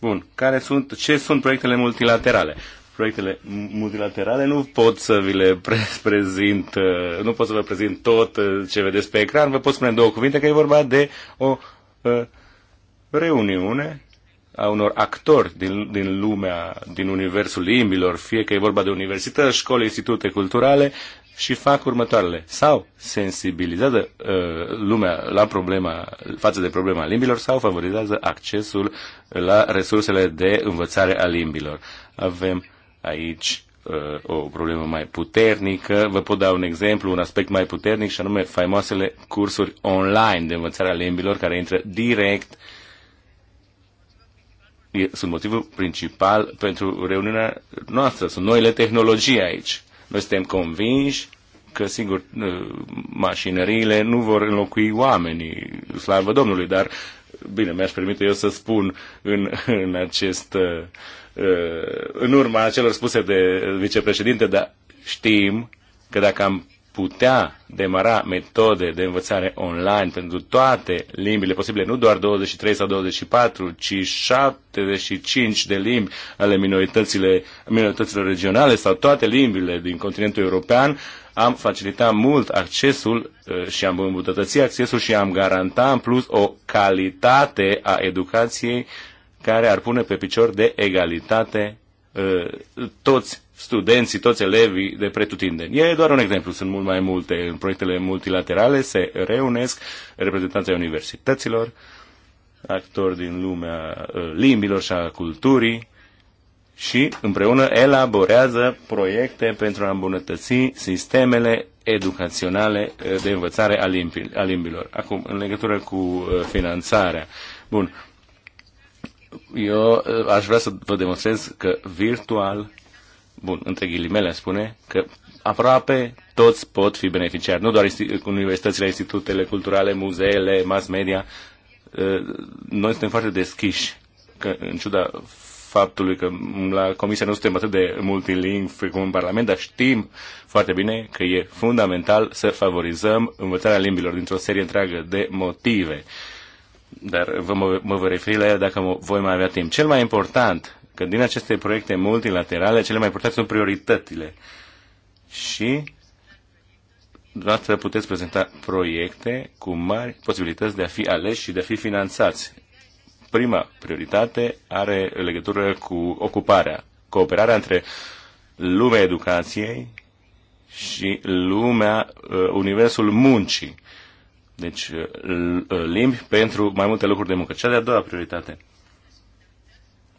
Bun. Care sunt, ce sunt proiectele multilaterale? Proiectele multilaterale nu pot să vi le prezint, uh, nu pot să vă prezint tot uh, ce vedeți pe ecran, vă pot spune în două cuvinte că e vorba de o uh, reuniune a unor actori din, din lumea, din universul limbilor, fie că e vorba de universități, școli, institute culturale, și fac următoarele. Sau sensibilizează uh, lumea la problema, față de problema limbilor sau favorizează accesul la resursele de învățare a limbilor. Avem aici uh, o problemă mai puternică. Vă pot da un exemplu, un aspect mai puternic și anume faimoasele cursuri online de învățare a limbilor care intră direct sunt motivul principal pentru reuniunea noastră. Sunt noile tehnologii aici noi suntem convinși că, sigur, uh, mașinăriile nu vor înlocui oamenii, slavă Domnului, dar, bine, mi-aș permite eu să spun în, în acest, uh, uh, în urma celor spuse de vicepreședinte, dar știm că dacă am putea demara metode de învățare online pentru toate limbile posibile, nu doar 23 sau 24, ci 75 de limbi ale minorităților, minorităților regionale sau toate limbile din continentul european, am facilitat mult accesul uh, și am îmbunătățit accesul și am garantat în plus o calitate a educației care ar pune pe picior de egalitate Uh, toți studenții, toți elevii de pretutindeni. E doar un exemplu, sunt mult mai multe. În proiectele multilaterale se reunesc reprezentanții universităților, actori din lumea uh, limbilor și a culturii și împreună elaborează proiecte pentru a îmbunătăți sistemele educaționale uh, de învățare a limbilor. Acum, în legătură cu finanțarea. Bun, eu eh, aș vrea să vă demonstrez că virtual, bun, între ghilimele spune, că aproape toți pot fi beneficiari, nu doar universitățile, institutele culturale, muzeele, mass media. Eh, noi suntem foarte deschiși, că, în ciuda faptului că la Comisia nu suntem atât de multilingvi cum în Parlament, dar știm foarte bine că e fundamental să favorizăm învățarea limbilor dintr-o serie întreagă de motive. Uh, dar vă, mă, mă vă referi la el dacă voi mai avea timp. Cel mai important, că din aceste proiecte multilaterale, cele mai importante sunt prioritățile. Și dumneavoastră puteți prezenta proiecte cu mari posibilități de a fi aleși și de a fi finanțați. Prima prioritate are legătură cu ocuparea, cooperarea între lumea educației și lumea, uh, universul muncii deci uh, uh, limbi pentru mai multe locuri de muncă. Cea de-a doua prioritate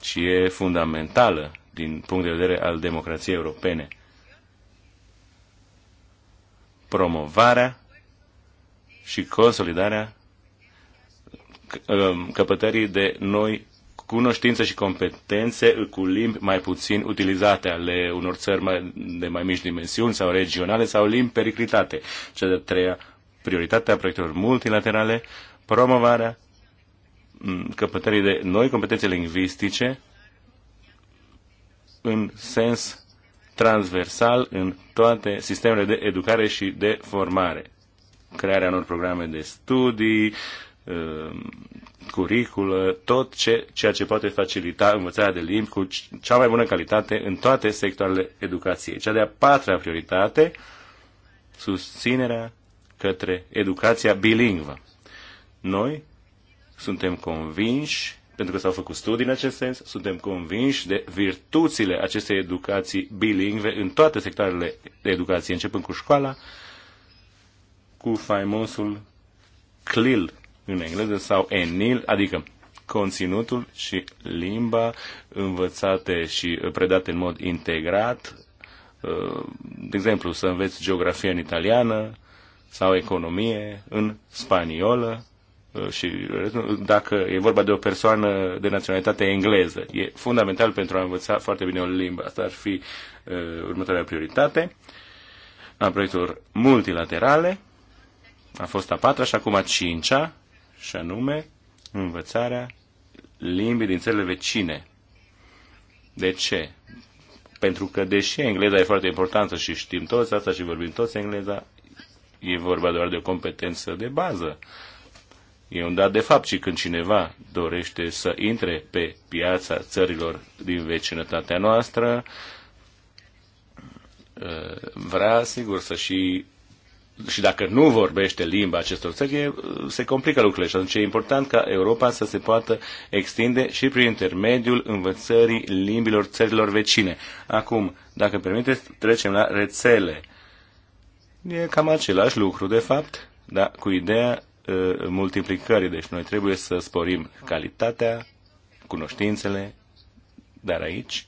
și e fundamentală din punct de vedere al democrației europene. Promovarea și consolidarea um, căpătării de noi cunoștințe și competențe cu limbi mai puțin utilizate ale unor țări mai, de mai mici dimensiuni sau regionale sau limbi periclitate. Cea de-a treia prioritatea proiectelor multilaterale, promovarea mm, căpătării de noi competențe lingvistice în sens transversal în toate sistemele de educare și de formare. Crearea unor programe de studii, um, curiculă, tot ce, ceea ce poate facilita învățarea de limbi cu cea mai bună calitate în toate sectoarele educației. Cea de-a patra prioritate, susținerea către educația bilingvă. Noi suntem convinși, pentru că s-au făcut studii în acest sens, suntem convinși de virtuțile acestei educații bilingve în toate sectoarele de educație, începând cu școala, cu faimosul CLIL în engleză sau ENIL, adică conținutul și limba învățate și predate în mod integrat, uh, de exemplu, să înveți geografia în italiană, sau economie în spaniolă uh, și dacă e vorba de o persoană de naționalitate engleză. E fundamental pentru a învăța foarte bine o limbă. Asta ar fi uh, următoarea prioritate a proiecturi multilaterale. A fost a patra și acum a cincea, și anume învățarea limbii din țările vecine. De ce? Pentru că, deși engleza e foarte importantă și știm toți asta și vorbim toți engleza, e vorba doar de o competență de bază. E un dat de fapt și când cineva dorește să intre pe piața țărilor din vecinătatea noastră, uh, vrea, sigur, să și și dacă nu vorbește limba acestor țări, uh, se complică lucrurile și atunci e important ca Europa să se poată extinde și prin intermediul învățării limbilor țărilor vecine. Acum, dacă permiteți, trecem la rețele E cam același lucru, de fapt, dar cu ideea multiplicării. Deci noi trebuie să sporim calitatea, cunoștințele, dar aici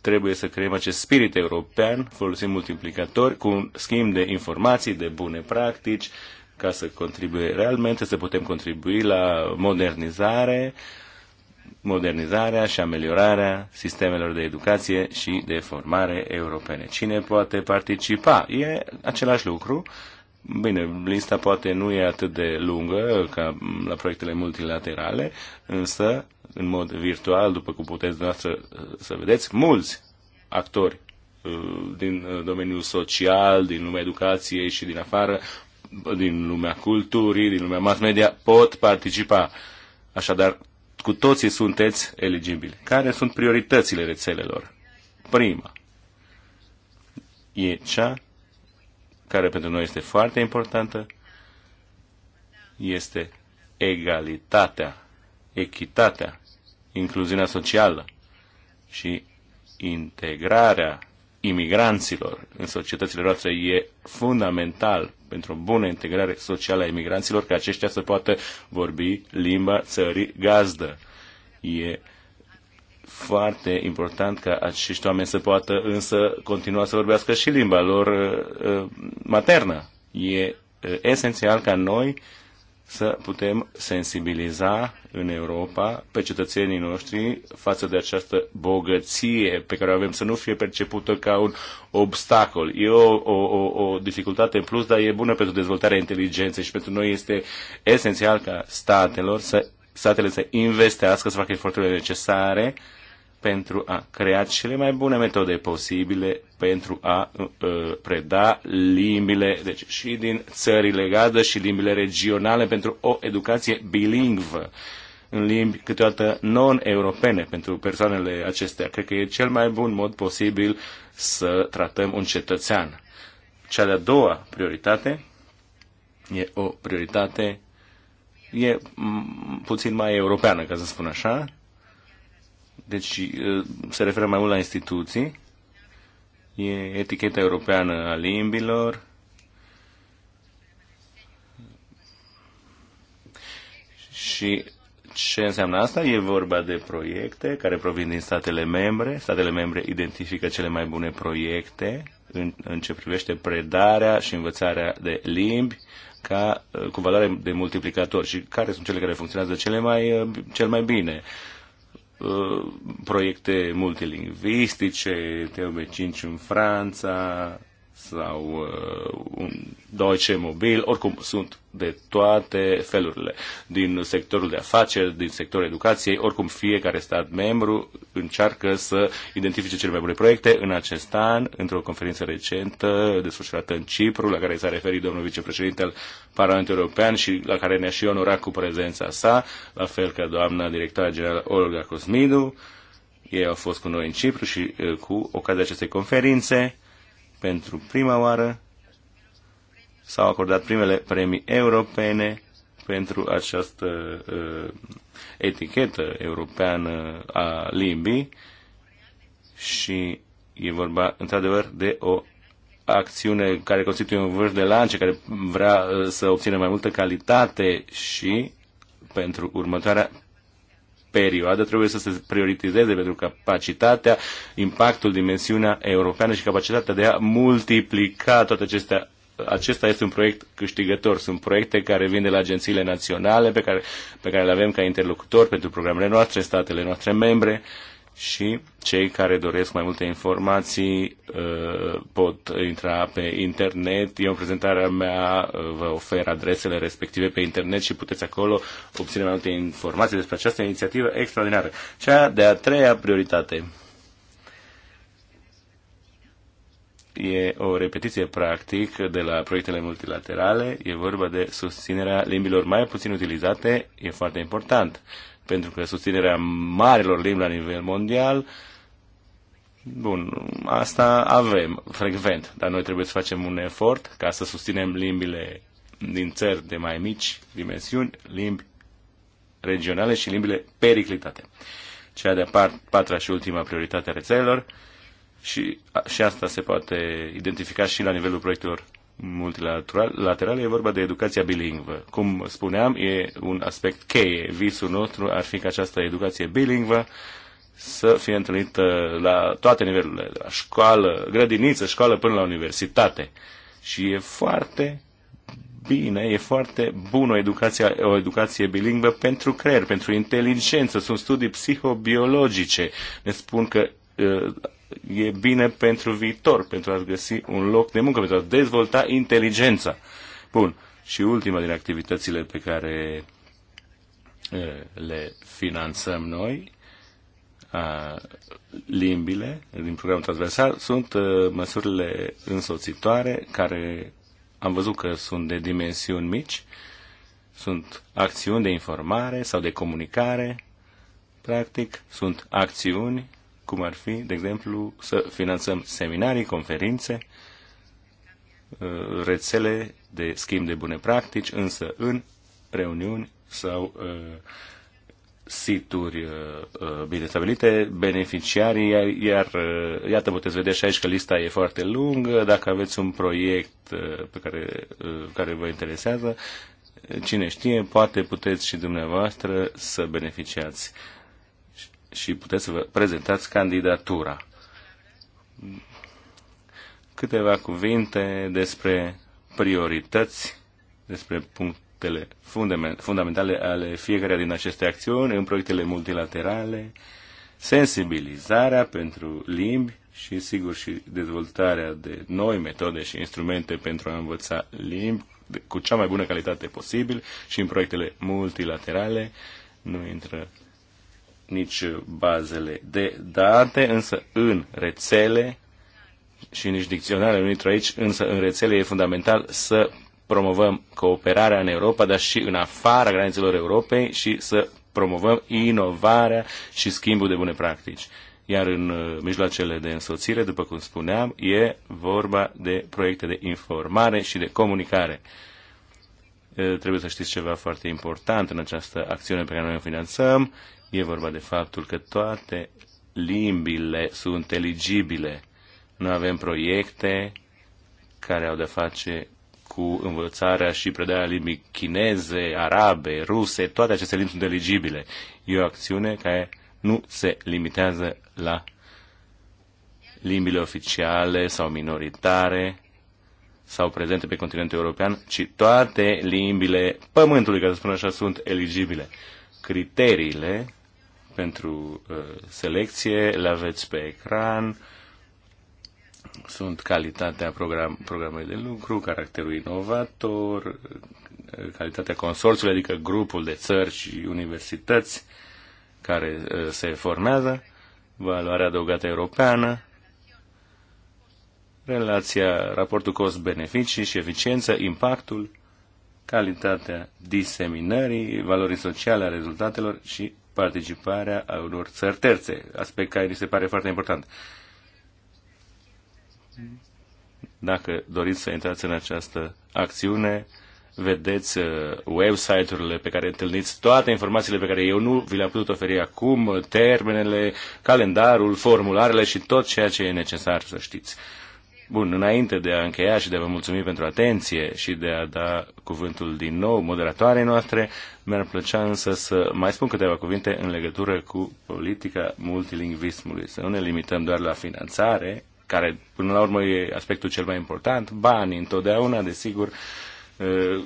trebuie să creăm acest spirit european, folosim multiplicatori, cu un schimb de informații, de bune practici, ca să contribuie realmente, să putem contribui la modernizare, uh, modernizarea și ameliorarea sistemelor de educație și de formare europene. Cine poate participa? E același lucru. Bine, lista poate nu e atât de lungă ca la proiectele multilaterale, însă, în mod virtual, după cum puteți dumneavoastră uh, să vedeți, mulți actori uh, din uh, domeniul social, din lumea educației și din afară, din lumea culturii, din lumea mass media, pot participa. Așadar, cu toții sunteți eligibili. Care sunt prioritățile rețelelor? Prima e cea care pentru noi este foarte importantă, este egalitatea, echitatea, incluziunea socială și integrarea imigranților în societățile noastre e fundamental pentru o bună integrare socială a imigranților ca aceștia să poată vorbi limba țării gazdă. E foarte important ca acești oameni să poată însă continua să vorbească și limba lor uh, uh, maternă. E uh, esențial ca noi să putem sensibiliza în Europa pe cetățenii noștri față de această bogăție pe care o avem, să nu fie percepută ca un obstacol. E o, o, o, o dificultate în plus, dar e bună pentru dezvoltarea inteligenței și pentru noi este esențial ca statelor să, statele să investească, să facă eforturile necesare uh, pentru a crea cele mai bune metode posibile pentru a uh, preda limbile, deci și din țări legate și limbile regionale pentru o educație bilingvă în limbi câteodată non-europene pentru persoanele acestea. Cred că e cel mai bun mod posibil să tratăm un cetățean. Cea de-a doua prioritate e o prioritate e puțin mai europeană, ca să spun așa, deci se referă mai mult la instituții. E eticheta europeană a limbilor. Și ce înseamnă asta? E vorba de proiecte care provin din statele membre. Statele membre identifică cele mai bune proiecte în, în ce privește predarea și învățarea de limbi ca, cu valoare de multiplicator și care sunt cele care funcționează cele mai, cel mai bine. Uh, Uh, proiecte multilingvistice, Teome 5 în Franța, sau uh, un Deutsche Mobil, oricum sunt de toate felurile, din sectorul de afaceri, din sectorul educației, oricum fiecare stat membru încearcă să identifice cele mai bune proiecte. În acest an, într-o conferință recentă desfășurată în Cipru, la care s-a referit domnul vicepreședinte al Parlamentului European și la care ne-a și onorat cu prezența sa, la fel ca doamna directoare generală Olga Cosmidu, ei au fost cu noi în Cipru și uh, cu ocazia acestei conferințe pentru prima oară s-au acordat primele premii europene pentru această uh, etichetă europeană a limbii și e vorba într-adevăr de o acțiune care constituie un vârf de lance, care vrea uh, să obțină mai multă calitate și pentru următoarea perioadă trebuie să se prioritizeze pentru capacitatea, impactul, dimensiunea europeană și capacitatea de a multiplica toate acestea acesta este un proiect câștigător. Sunt proiecte care vin de la agențiile naționale pe care, pe care le avem ca interlocutor pentru programele noastre, statele noastre membre. Uh, și cei care doresc mai multe informații uh, pot intra pe internet. Eu în prezentarea mea uh, vă ofer adresele respective pe internet și puteți acolo obține mai multe informații despre această inițiativă extraordinară. Cea de-a treia prioritate e o repetiție practic de la proiectele multilaterale. E vorba de susținerea limbilor mai puțin utilizate. E foarte important pentru că susținerea marilor limbi la nivel mondial, bun, asta avem frecvent, dar noi trebuie să facem un efort ca să susținem limbile din țări de mai mici dimensiuni, limbi regionale și limbile periclitate. Cea de-a patra și ultima prioritate a rețelelor și, și asta se poate identifica și la nivelul proiectelor multilaterale, e vorba de educația bilingvă. Cum spuneam, e un aspect cheie. Visul nostru ar fi ca această educație bilingvă să fie întâlnită la toate nivelurile, la școală, grădiniță, școală până la universitate. Și e foarte bine, e foarte bună educația, o educație bilingvă pentru creier, pentru inteligență. Sunt studii psihobiologice. Ne spun că uh, e bine pentru viitor, pentru a-ți găsi un loc de muncă, pentru a dezvolta inteligența. Bun. Și ultima din activitățile pe care le finanțăm noi, limbile din programul transversal, sunt măsurile însoțitoare care am văzut că sunt de dimensiuni mici, sunt acțiuni de informare sau de comunicare, practic, sunt acțiuni cum ar fi, de exemplu, să finanțăm seminarii, conferințe, uh, rețele de schimb de bune practici, însă în reuniuni sau uh, situri uh, bine stabilite, beneficiarii, iar iată puteți vedea și aici că lista e foarte lungă, dacă aveți un proiect pe care, care vă interesează, cine știe, poate puteți și dumneavoastră să beneficiați și puteți să vă prezentați candidatura. Câteva cuvinte despre priorități, despre punctele fundamentale ale fiecare din aceste acțiuni în proiectele multilaterale, sensibilizarea pentru limbi și, sigur, și dezvoltarea de noi metode și instrumente pentru a învăța limbi cu cea mai bună calitate posibil și în proiectele multilaterale. Nu intră nici bazele de date, însă în rețele și nici dicționarele intră aici, însă în rețele e fundamental să promovăm cooperarea în Europa, dar și în afara granițelor Europei și să promovăm inovarea și schimbul de bune practici. Iar în uh, mijloacele de însoțire, după cum spuneam, e vorba de proiecte de informare și de comunicare. Uh, trebuie să știți ceva foarte important în această acțiune pe care noi o finanțăm. E vorba de faptul că toate limbile sunt eligibile. Nu avem proiecte care au de face cu învățarea și predarea limbii chineze, arabe, ruse, toate aceste limbi sunt eligibile. E o acțiune care nu se limitează la limbile oficiale sau minoritare sau prezente pe continentul european, ci toate limbile pământului, ca să spun așa, sunt eligibile. Criteriile pentru uh, selecție, le aveți pe ecran, sunt calitatea program, programului de lucru, caracterul inovator, uh, calitatea consorțiului, adică grupul de țări și universități care uh, se formează, valoarea adăugată europeană, relația, raportul cost-beneficii și eficiență, impactul, calitatea diseminării, valorii sociale a rezultatelor și participarea a unor țări terțe, aspect care mi se pare foarte important. Dacă doriți să intrați în această acțiune, vedeți uh, website-urile pe care întâlniți toate informațiile pe care eu nu vi le-am putut oferi acum, termenele, calendarul, formularele și tot ceea ce e necesar să știți. Bun, înainte de a încheia și de a vă mulțumi pentru atenție și de a da cuvântul din nou moderatoarei noastre, mi-ar plăcea însă să mai spun câteva cuvinte în legătură cu politica multilingvismului. Să nu ne limităm doar la finanțare, care până la urmă e aspectul cel mai important, Bani, întotdeauna, desigur, ă,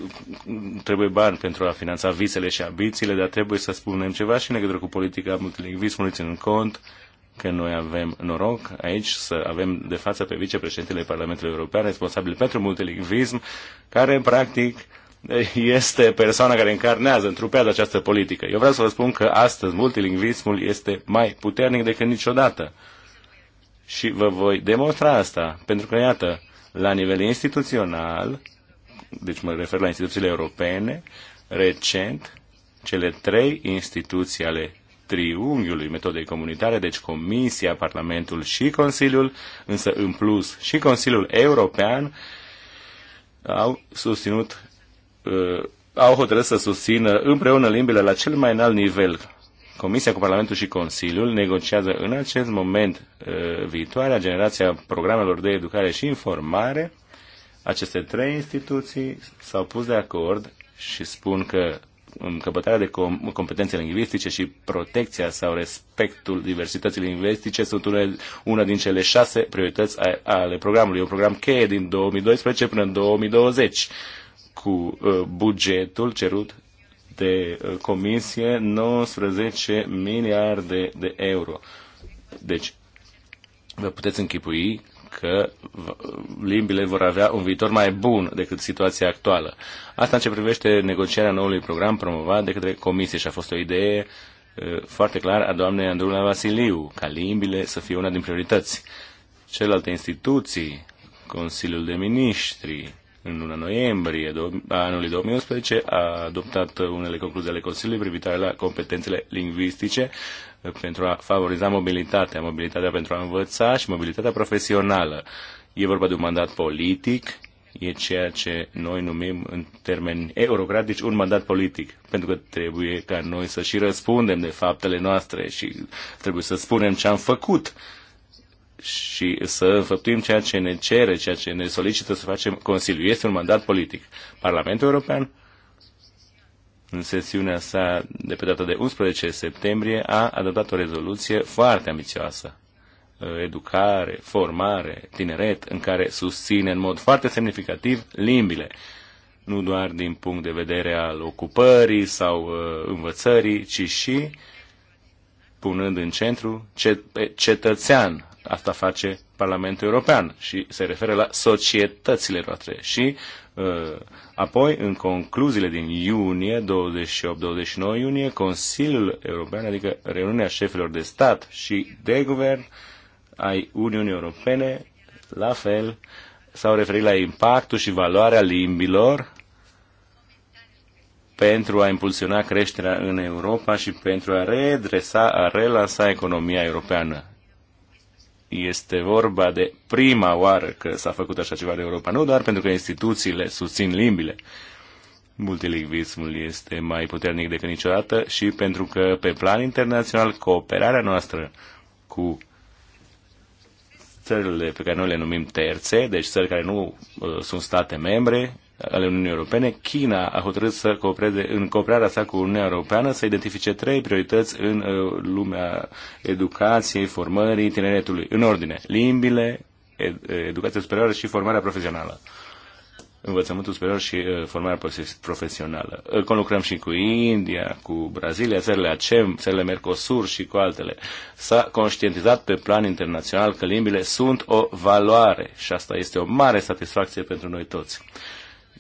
trebuie bani pentru a finanța visele și ambițiile, dar trebuie să spunem ceva și în legătură cu politica multilingvismului, ținând cont că noi avem noroc aici să avem de față pe vicepreședintele Parlamentului European, responsabil pentru multilingvism, care practic este persoana care încarnează, întrupează această politică. Eu vreau să vă spun că astăzi multilingvismul este mai puternic decât niciodată. Și vă voi demonstra asta, pentru că, iată, la nivel instituțional, deci mă refer la instituțiile europene, recent, cele trei instituții ale triunghiului metodei comunitare, deci Comisia, Parlamentul și Consiliul, însă în plus și Consiliul European au susținut, uh, au hotărât să susțină împreună limbile la cel mai înalt nivel. Comisia cu Parlamentul și Consiliul negociază în acest moment uh, viitoarea generație a programelor de educare și informare. Aceste trei instituții s-au pus de acord și spun că încăpătarea de com- competențe lingvistice și protecția sau respectul diversității lingvistice sunt una din cele șase priorități ale programului. E un program cheie din 2012 până în 2020 cu uh, bugetul cerut de uh, comisie 19 miliarde de euro. Deci, vă puteți închipui că limbile vor avea un viitor mai bun decât situația actuală. Asta în ce privește negocierea noului program promovat de către Comisie și a fost o idee foarte clar a doamnei Andrula Vasiliu, ca limbile să fie una din priorități. Celelalte instituții, Consiliul de Ministri, în luna noiembrie a anului 2011 a adoptat unele concluzii ale Consiliului privitoare la competențele lingvistice pentru a favoriza mobilitatea, mobilitatea pentru a învăța și mobilitatea profesională. E vorba de un mandat politic, e ceea ce noi numim în termeni eurocratici un mandat politic, pentru că trebuie ca noi să și răspundem de faptele noastre și trebuie să spunem ce am făcut și să înfăptuim ceea ce ne cere, ceea ce ne solicită să facem Consiliul. Este un mandat politic. Parlamentul European în sesiunea sa de pe data de 11 septembrie, a adoptat o rezoluție foarte ambițioasă. Educare, formare, tineret, în care susține în mod foarte semnificativ limbile nu doar din punct de vedere al ocupării sau uh, învățării, ci și punând în centru cet- cetățean. Asta face Parlamentul European și se referă la societățile noastre. Și uh, apoi, în concluziile din iunie, 28-29 iunie, Consiliul European, adică reuniunea șefilor de stat și de guvern ai Uniunii Europene, la fel, s-au referit la impactul și valoarea limbilor pentru a impulsiona creșterea în Europa și pentru a redresa, a relansa economia europeană este vorba de prima oară că s-a făcut așa ceva de Europa, nu doar pentru că instituțiile susțin limbile. Multilingvismul este mai puternic decât niciodată și pentru că pe plan internațional cooperarea noastră cu țările pe care noi le numim terțe, deci țări care nu uh, sunt state membre, ale Uniunii Europene, China a hotărât să coopereze în cooperarea sa cu Uniunea Europeană să identifice trei priorități în uh, lumea educației, formării, tineretului, în ordine, limbile, educația superioară și formarea profesională învățământul superior și uh, formarea profesională. Uh, conlucrăm și cu India, cu Brazilia, țările ACEM, țările Mercosur și cu altele. S-a conștientizat pe plan internațional că limbile sunt o valoare și asta este o mare satisfacție pentru noi toți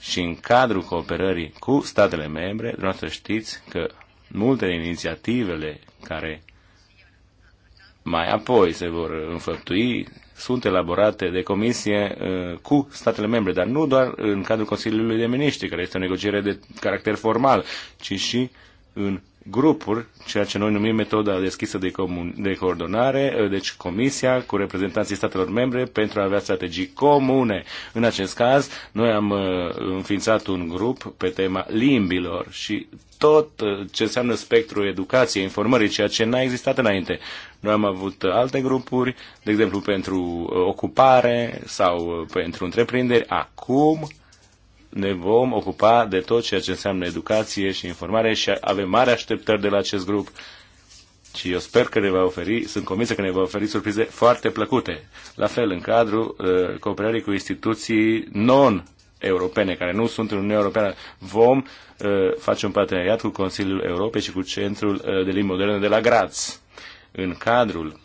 și în cadrul cooperării cu statele membre, dumneavoastră știți că multe inițiativele care mai apoi se vor înfăptui sunt elaborate de comisie uh, cu statele membre, dar nu doar în cadrul Consiliului de Miniștri, care este o negociere de caracter formal, ci și în grupuri, ceea ce noi numim metoda deschisă de, comun, de coordonare, ă, deci comisia cu reprezentanții statelor membre pentru a avea strategii comune. În acest caz, noi am ă, înființat un grup pe tema limbilor și tot ă, ce înseamnă spectrul educației, informării, ceea ce n-a existat înainte. Noi am avut alte grupuri, de exemplu pentru ocupare sau pentru întreprinderi. Acum, ne vom ocupa de tot ceea ce înseamnă educație și informare și avem mari așteptări de la acest grup și eu sper că ne va oferi, sunt convinsă că ne va oferi surprize foarte plăcute. La fel, în cadrul uh, cooperării cu instituții non-europene, care nu sunt în Uniunea Europeană, vom uh, face un parteneriat cu Consiliul Europei și cu Centrul uh, de Limbi Moderne de la Graz. În cadrul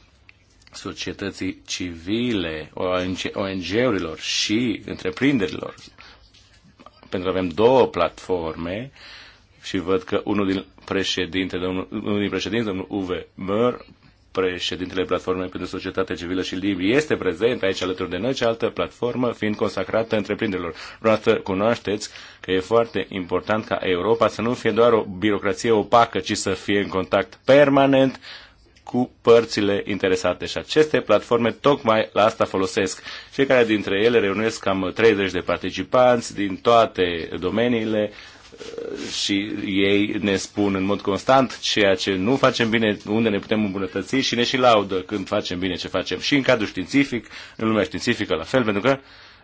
societății civile, ONG-urilor și întreprinderilor pentru că avem două platforme și văd că unul din președinte, domnul, unul din președinte, domnul Uwe Mör, președintele Platformei pentru Societate Civilă și Libri, este prezent aici alături de noi, cealaltă platformă fiind consacrată întreprinderilor. Vreau cunoașteți că e foarte important ca Europa să nu fie doar o birocrație opacă, ci să fie în contact permanent cu părțile interesate și aceste platforme tocmai la asta folosesc. Fiecare dintre ele reunesc cam 30 de participanți din toate domeniile uh, și ei ne spun în mod constant ceea ce nu facem bine, unde ne putem îmbunătăți și ne și laudă când facem bine ce facem. Și în cadrul științific, în lumea științifică la fel, pentru că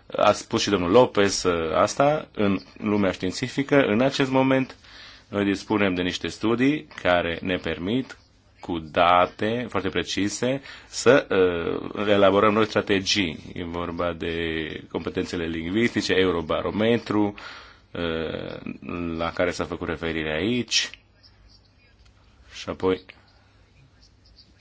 uh, a spus și domnul Lopez uh, asta, în lumea științifică, în acest moment noi dispunem de niște studii care ne permit cu date foarte precise să uh, elaborăm noi strategii. E vorba de competențele lingvistice, eurobarometru, uh, la care s-a făcut referire aici, și apoi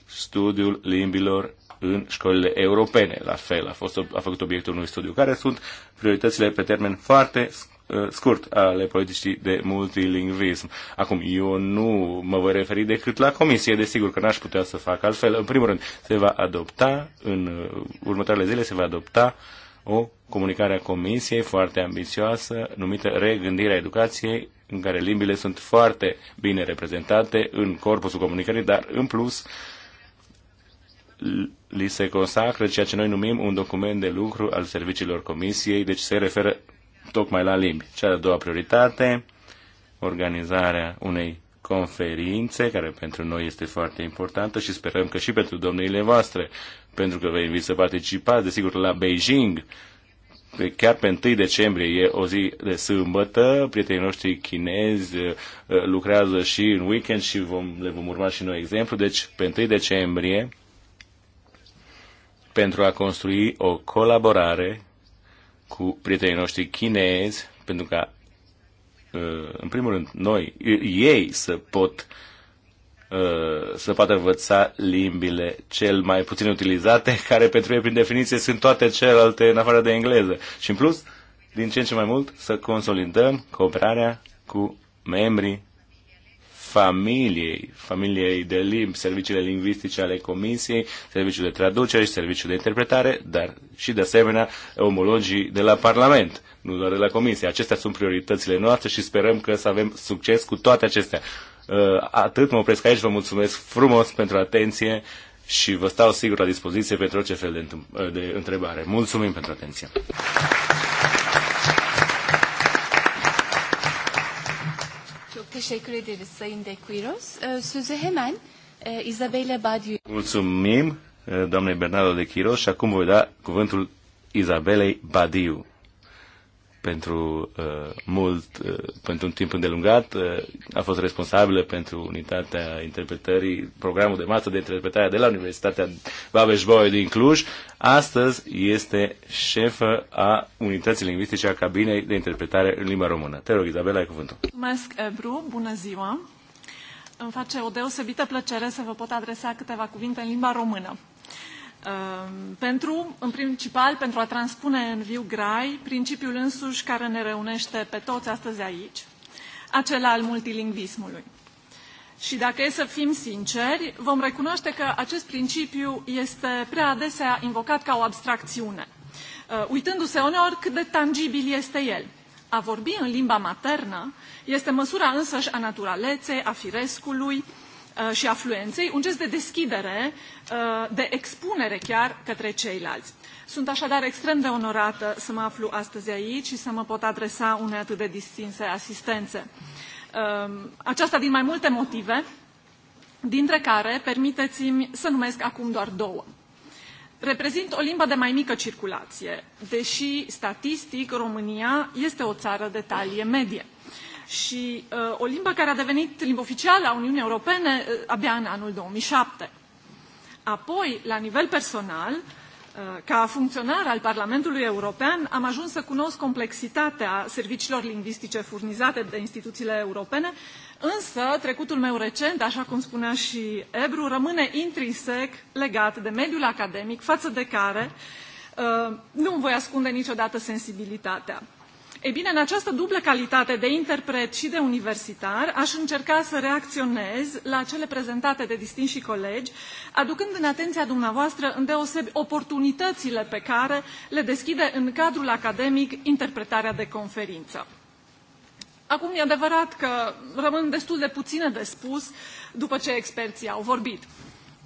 studiul limbilor în școlile europene. La fel, a, fost, a făcut obiectul unui studiu. Care sunt prioritățile pe termen foarte Uh, scurt ale politicii de multilingvism. Acum, eu nu mă voi referi decât la comisie, desigur că n-aș putea să fac altfel. În primul rând, se va adopta, în uh, următoarele zile se va adopta o comunicare a comisiei foarte ambițioasă, numită Regândirea educației, în care limbile sunt foarte bine reprezentate în corpusul comunicării, dar în plus li se consacră ceea ce noi numim un document de lucru al serviciilor comisiei, deci se referă tocmai la limbi, Cea de-a doua prioritate, organizarea unei conferințe, care pentru noi este foarte importantă și sperăm că și pentru domniile voastre, pentru că vă invit să participați, desigur, la Beijing, chiar pe 1 decembrie e o zi de sâmbătă, prietenii noștri chinezi uh, lucrează și în weekend și vom, le vom urma și noi exemplu, deci pe 1 decembrie, pentru a construi o colaborare cu prietenii noștri chinezi, pentru ca, uh, în primul rând, noi, ei să pot uh, să poată învăța limbile cel mai puțin utilizate, care pentru ei, prin definiție, sunt toate celelalte în afară de engleză. Și, în plus, din ce în ce mai mult, să consolidăm cooperarea cu membrii familiei, familiei de limbi, serviciile lingvistice ale comisiei, serviciul de traducere și serviciul de interpretare, dar și de asemenea omologii de la Parlament, nu doar de la comisie. Acestea sunt prioritățile noastre și sperăm că să avem succes cu toate acestea. Uh, atât mă opresc aici, vă mulțumesc frumos pentru atenție și vă stau sigur la dispoziție pentru orice fel de, de întrebare. Mulțumim pentru atenție! teşekkür ederiz Sayın De Quiros. Sözü hemen Isabelle Badiu. Mulțumim, doamnei Bernardo De Quiros, acum voi da cuvântul Isabelei Badiu pentru uh, mult, uh, pentru un timp îndelungat, uh, a fost responsabilă pentru unitatea interpretării, programul de masă de interpretare de la Universitatea babeș bolyai din Cluj. Astăzi este șefă a unității lingvistice a cabinei de interpretare în limba română. Te rog, Izabela, ai cuvântul. Mulțumesc, Ebru, bună ziua! Îmi face o deosebită plăcere să vă pot adresa câteva cuvinte în limba română. Ehm, pentru, în principal, pentru a transpune în viu grai principiul însuși care ne reunește pe toți astăzi aici, acela al multilingvismului. Și dacă e să fim sinceri, vom recunoaște că acest principiu este prea adesea invocat ca o abstracțiune, ehm, uitându-se uneori cât de tangibil este el. A vorbi în limba maternă este măsura însăși a naturaleței, a firescului, Uh, și afluenței, un gest de deschidere, uh, de expunere chiar către ceilalți. Sunt așadar extrem de onorată să mă aflu astăzi aici și să mă pot adresa unei atât de distinse asistențe. Um, aceasta din mai multe motive, dintre care permiteți-mi să numesc acum doar două. Reprezint o limbă de mai mică circulație, deși statistic România este o țară de talie medie și uh, o limbă care a devenit limba oficială a Uniunii Europene uh, abia în anul 2007. Apoi, la nivel personal, uh, ca funcționar al Parlamentului European, am ajuns să cunosc complexitatea serviciilor lingvistice furnizate de instituțiile europene, însă trecutul meu recent, așa cum spunea și Ebru, rămâne intrinsec legat de mediul academic, față de care uh, nu voi ascunde niciodată sensibilitatea. Ei bine, în această dublă calitate de interpret și de universitar, aș încerca să reacționez la cele prezentate de distinși colegi, aducând în atenția dumneavoastră îndeosebi oportunitățile pe care le deschide în cadrul academic interpretarea de conferință. Acum e adevărat că rămân destul de puține de spus după ce experții au vorbit.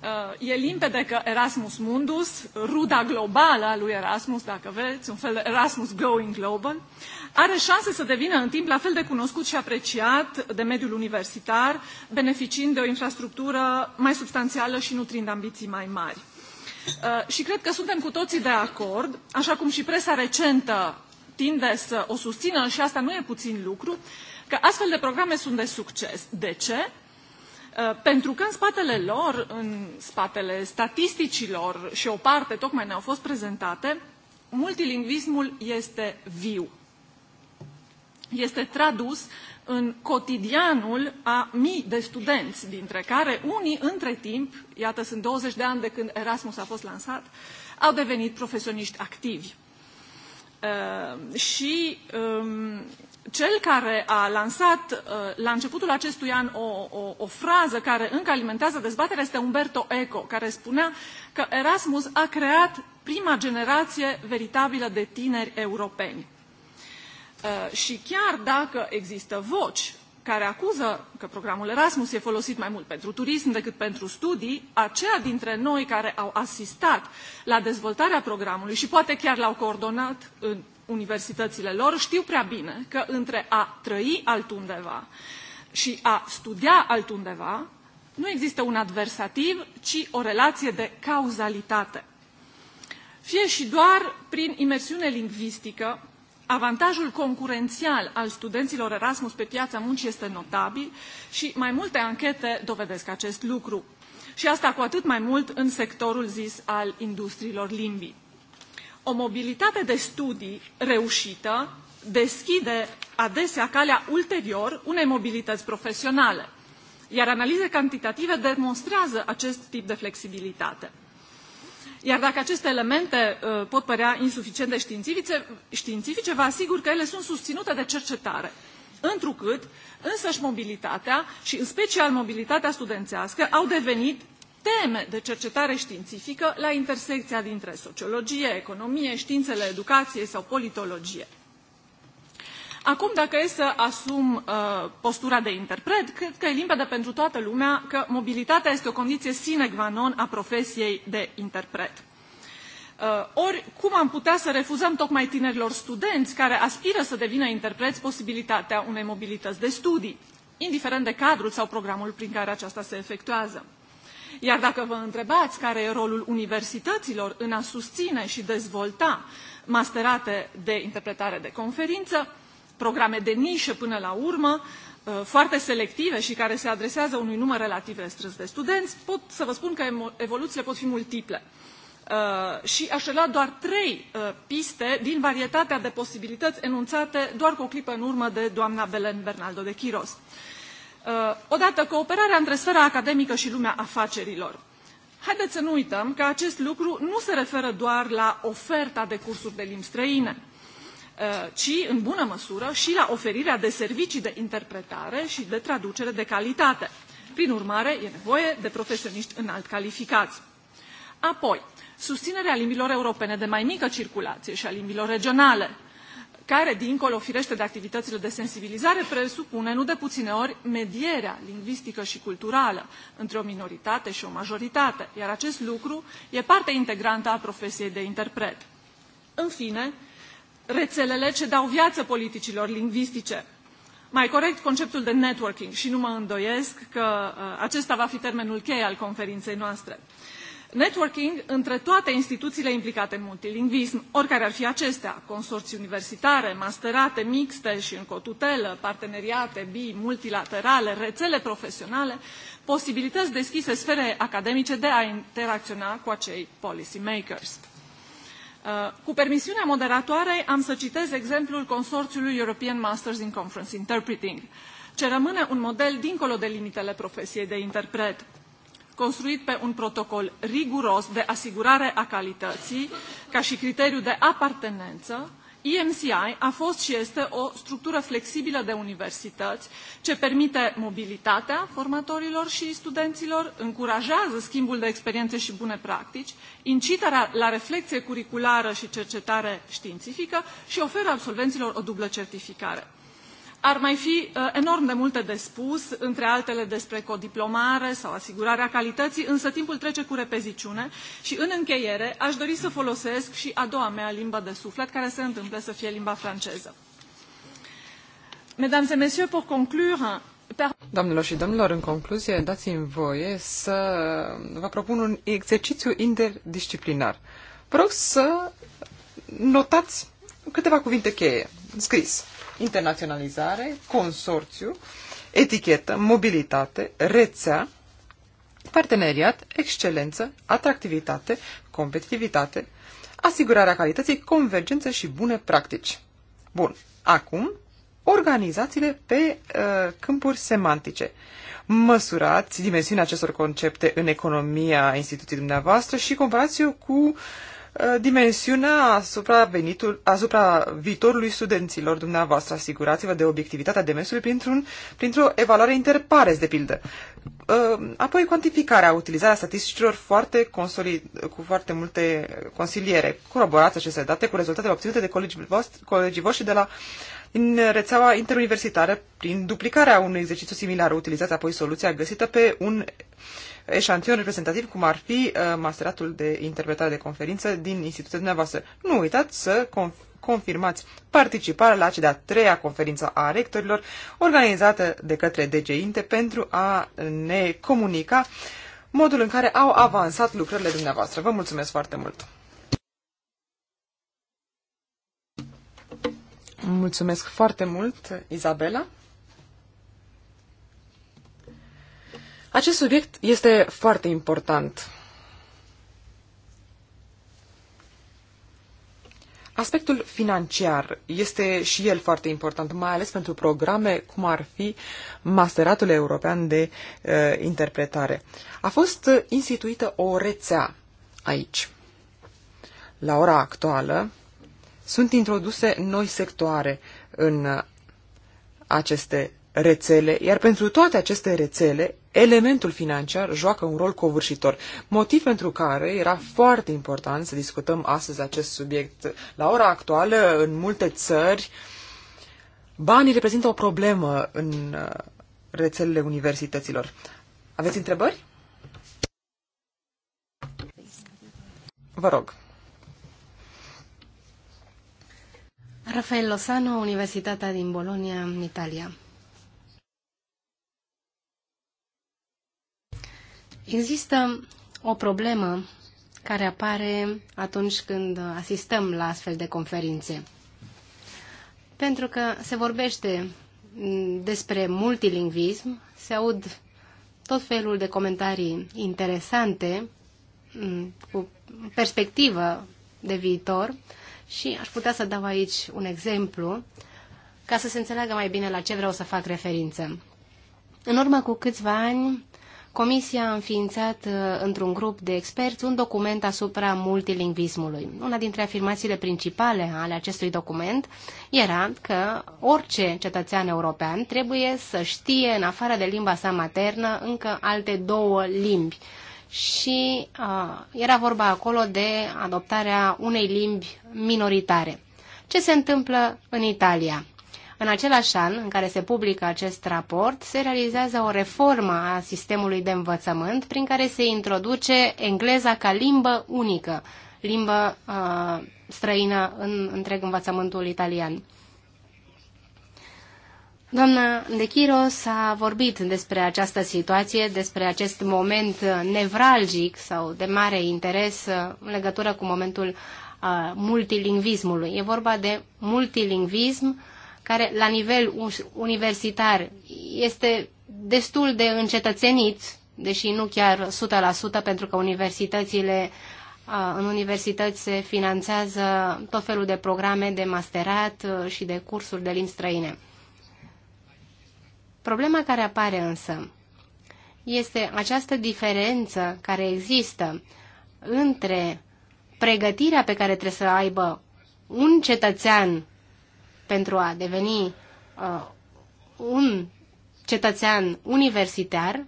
Uh, e limpede că Erasmus Mundus, ruda globală a lui Erasmus, dacă vreți, un fel de Erasmus Going Global, are șanse să devină în timp la fel de cunoscut și apreciat de mediul universitar, beneficiind de o infrastructură mai substanțială și nutrind ambiții mai mari. Uh, și cred că suntem cu toții de acord, așa cum și presa recentă tinde să o susțină, și asta nu e puțin lucru, că astfel de programe sunt de succes. De ce? Uh, pentru că în spatele lor, în spatele statisticilor și o parte tocmai ne-au fost prezentate, multilingvismul este viu. Este tradus în cotidianul a mii de studenți, dintre care unii, între timp, iată, sunt 20 de ani de când Erasmus a fost lansat, au devenit profesioniști activi. Uh, și um, cel care a lansat uh, la începutul acestui an o, o, o frază care încă alimentează dezbaterea este Umberto Eco, care spunea că Erasmus a creat prima generație veritabilă de tineri europeni. Uh, și chiar dacă există voci care acuză că programul Erasmus e folosit mai mult pentru turism decât pentru studii, aceia dintre noi care au asistat la dezvoltarea programului și poate chiar l-au coordonat în universitățile lor știu prea bine că între a trăi altundeva și a studia altundeva nu există un adversativ, ci o relație de cauzalitate. Fie și doar prin imersiune lingvistică, avantajul concurențial al studenților Erasmus pe piața muncii este notabil și mai multe anchete dovedesc acest lucru. Și asta cu atât mai mult în sectorul zis al industriilor limbii. O mobilitate de studii reușită deschide adesea calea ulterior unei mobilități profesionale, iar analize cantitative demonstrează acest tip de flexibilitate. Iar dacă aceste elemente uh, pot părea insuficiente științifice, științifice, vă asigur că ele sunt susținute de cercetare, întrucât însăși mobilitatea și în special mobilitatea studențească au devenit teme de cercetare științifică la intersecția dintre sociologie, economie, științele educației sau politologie. Acum, dacă e să asum uh, postura de interpret, cred că e limpede pentru toată lumea că mobilitatea este o condiție sine qua non a profesiei de interpret. Uh, ori, cum am putea să refuzăm tocmai tinerilor studenți care aspiră să devină interpreți posibilitatea unei mobilități de studii, indiferent de cadrul sau programul prin care aceasta se efectuează? Iar dacă vă întrebați care e rolul universităților în a susține și dezvolta masterate de interpretare de conferință, programe de nișă până la urmă, uh, foarte selective și care se adresează unui număr relativ restrâns de studenți, pot să vă spun că evoluțiile pot fi multiple. Uh, și aș lua doar trei uh, piste din varietatea de posibilități enunțate doar cu o clipă în urmă de doamna Belen Bernaldo de Chiros. Uh, Uh, odată cooperarea între sfera academică și lumea afacerilor. Haideți să nu uităm că acest lucru nu se referă doar la oferta de cursuri de limbi străine, uh, ci, în bună măsură, și la oferirea de servicii de interpretare și de traducere de calitate. Prin urmare, e nevoie de profesioniști înalt calificați. Apoi, susținerea limbilor europene de mai mică circulație și a limbilor regionale, care, dincolo firește de activitățile de sensibilizare, presupune nu de puține ori medierea lingvistică și culturală între o minoritate și o majoritate, iar acest lucru e parte integrantă a profesiei de interpret. În fine, rețelele ce dau viață politicilor lingvistice. Mai corect, conceptul de networking și nu mă îndoiesc că uh, acesta va fi termenul cheie al conferinței noastre networking între toate instituțiile implicate în multilingvism, oricare ar fi acestea, consorții universitare, masterate, mixte și în cotutelă, parteneriate bi, multilaterale, rețele profesionale, posibilități deschise sfere academice de a interacționa cu acei policy makers. Uh, cu permisiunea moderatoarei, am să citez exemplul consorțiului European Masters in Conference Interpreting, ce rămâne un model dincolo de limitele profesiei de interpret construit pe un protocol riguros de asigurare a calității, ca și criteriu de apartenență, EMCI a fost și este o structură flexibilă de universități ce permite mobilitatea formatorilor și studenților, încurajează schimbul de experiențe și bune practici, incitarea la reflexie curriculară și cercetare științifică și oferă absolvenților o dublă certificare. Ar mai fi uh, enorm de multe de spus, între altele despre codiplomare sau asigurarea calității, însă timpul trece cu repeziciune și în încheiere aș dori să folosesc și a doua mea limbă de suflet, care se întâmplă să fie limba franceză. Mesdames et messieurs, pour conclure, Doamnelor și domnilor, în concluzie, dați-mi voie să vă propun un exercițiu interdisciplinar. Vă rog să notați câteva cuvinte cheie, scris internaționalizare, consorțiu, etichetă, mobilitate, rețea, parteneriat, excelență, atractivitate, competitivitate, asigurarea calității, convergență și bune practici. Bun, acum organizațiile pe uh, câmpuri semantice. Măsurați dimensiunea acestor concepte în economia instituției dumneavoastră și comparați-o cu Uh, dimensiunea asupra, venitul, asupra viitorului studenților dumneavoastră. Asigurați-vă de obiectivitatea demersului printr-un, printr evaluare interpares, de pildă. Uh, apoi, cuantificarea, utilizarea statisticilor foarte consolid, cu foarte multe consiliere. Coroborați aceste date cu rezultatele obținute de colegii voștri, colegii voștri de la în rețeaua interuniversitară prin duplicarea unui exercițiu similar. Utilizați apoi soluția găsită pe un uh, eșantion reprezentativ, cum ar fi uh, masteratul de interpretare de conferință din instituția dumneavoastră. Nu uitați să conf- confirmați participarea la cea de-a treia conferință a rectorilor organizată de către DG Inte pentru a ne comunica modul în care au avansat lucrările dumneavoastră. Vă mulțumesc foarte mult! Mulțumesc foarte mult, Izabela. Acest subiect este foarte important. Aspectul financiar este și el foarte important, mai ales pentru programe cum ar fi Masteratul European de uh, Interpretare. A fost uh, instituită o rețea aici. La ora actuală sunt introduse noi sectoare în uh, aceste rețele, iar pentru toate aceste rețele, elementul financiar joacă un rol covârșitor, motiv pentru care era foarte important să discutăm astăzi acest subiect. La ora actuală, în multe țări, banii reprezintă o problemă în uh, rețelele universităților. Aveți întrebări? Vă rog. Rafael Lozano, Universitatea din Bologna, Italia. Există o problemă care apare atunci când asistăm la astfel de conferințe. Pentru că se vorbește despre multilingvism, se aud tot felul de comentarii interesante mm, cu perspectivă de viitor și aș putea să dau aici un exemplu ca să se înțeleagă mai bine la ce vreau să fac referință. În urmă cu câțiva ani Comisia a înființat uh, într-un grup de experți un document asupra multilingvismului. Una dintre afirmațiile principale ale acestui document era că orice cetățean european trebuie să știe, în afară de limba sa maternă, încă alte două limbi. Și uh, era vorba acolo de adoptarea unei limbi minoritare. Ce se întâmplă în Italia? În același an în care se publică acest raport, se realizează o reformă a sistemului de învățământ prin care se introduce engleza ca limbă unică, limbă uh, străină în întreg învățământul italian. Doamna De Chiros a vorbit despre această situație, despre acest moment nevralgic sau de mare interes uh, în legătură cu momentul uh, multilingvismului. E vorba de multilingvism care la nivel universitar este destul de încetățenit, deși nu chiar 100%, pentru că universitățile în universități se finanțează tot felul de programe de masterat și de cursuri de limbi străine. Problema care apare însă este această diferență care există între pregătirea pe care trebuie să aibă un cetățean pentru a deveni uh, un cetățean universitar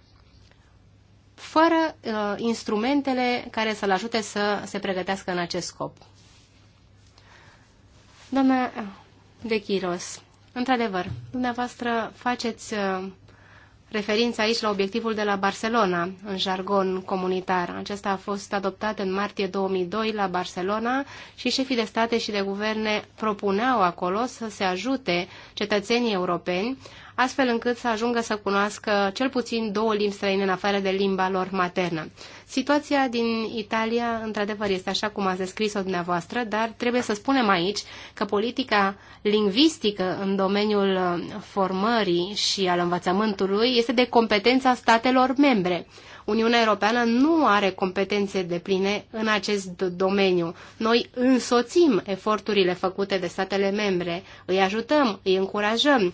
fără uh, instrumentele care să-l ajute să se pregătească în acest scop. Doamna uh, de Chiros, într-adevăr, dumneavoastră faceți uh, referință aici la obiectivul de la Barcelona, în jargon comunitar. Acesta a fost adoptat în martie 2002 la Barcelona și șefii de state și de guverne propuneau acolo să se ajute cetățenii europeni astfel încât să ajungă să cunoască cel puțin două limbi străine în afară de limba lor maternă. Situația din Italia, într-adevăr, este așa cum ați descris-o dumneavoastră, dar trebuie să spunem aici că politica lingvistică în domeniul uh, formării și al învățământului este de competența statelor membre. Uniunea Europeană nu are competențe de pline în acest domeniu. Noi însoțim eforturile făcute de statele membre, îi ajutăm, îi încurajăm,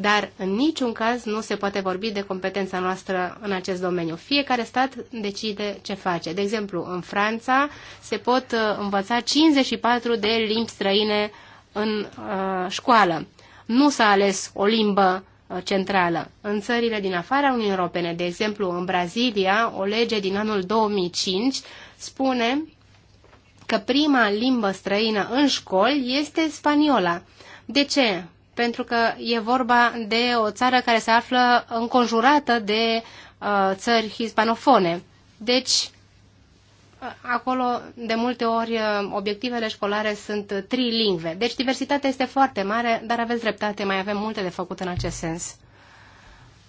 dar în niciun caz nu se poate vorbi de competența noastră în acest domeniu. Fiecare stat decide ce face. De exemplu, în Franța se pot uh, învăța 54 de limbi străine în uh, școală. Nu s-a ales o limbă uh, centrală. În țările din afara Uniunii Europene, de exemplu în Brazilia, o lege din anul 2005 spune că prima limbă străină în școli este spaniola. De ce? pentru că e vorba de o țară care se află înconjurată de uh, țări hispanofone. Deci, uh, acolo, de multe ori, uh, obiectivele școlare sunt trilingve. Deci, diversitatea este foarte mare, dar aveți dreptate, mai avem multe de făcut în acest sens.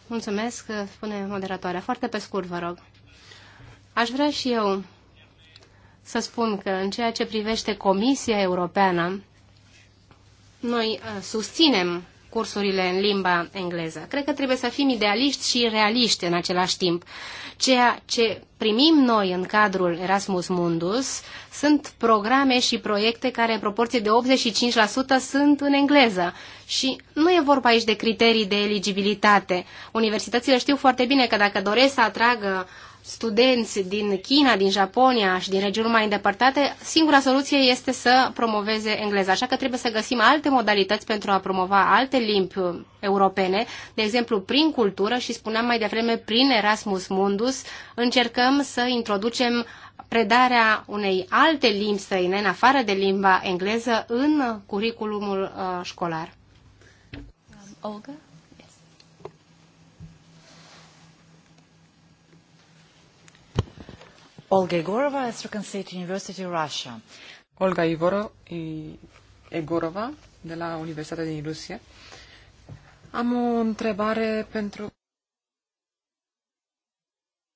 Mulțumesc, uh, spune moderatoarea. Foarte pe scurt, vă rog. Aș vrea și eu să spun că în ceea ce privește Comisia Europeană, noi uh, susținem cursurile în limba engleză. Cred că trebuie să fim idealiști și realiști în același timp. Ceea ce primim noi în cadrul Erasmus Mundus sunt programe și proiecte care în proporție de 85% sunt în engleză. Și nu e vorba aici de criterii de eligibilitate. Universitățile știu foarte bine că dacă doresc să atragă studenți din China, din Japonia și din regiuni mai îndepărtate, singura soluție este să promoveze engleza. Așa că trebuie să găsim alte modalități pentru a promova alte limbi uh, europene, de exemplu prin cultură și spuneam mai devreme prin Erasmus Mundus, încercăm să introducem predarea unei alte limbi străine, în afară de limba engleză, în curriculumul uh, școlar. Olga? Olga Igorova Astrakhan State University, Russia. Olga Igorova, de la Universitatea din Rusia. Am o întrebare pentru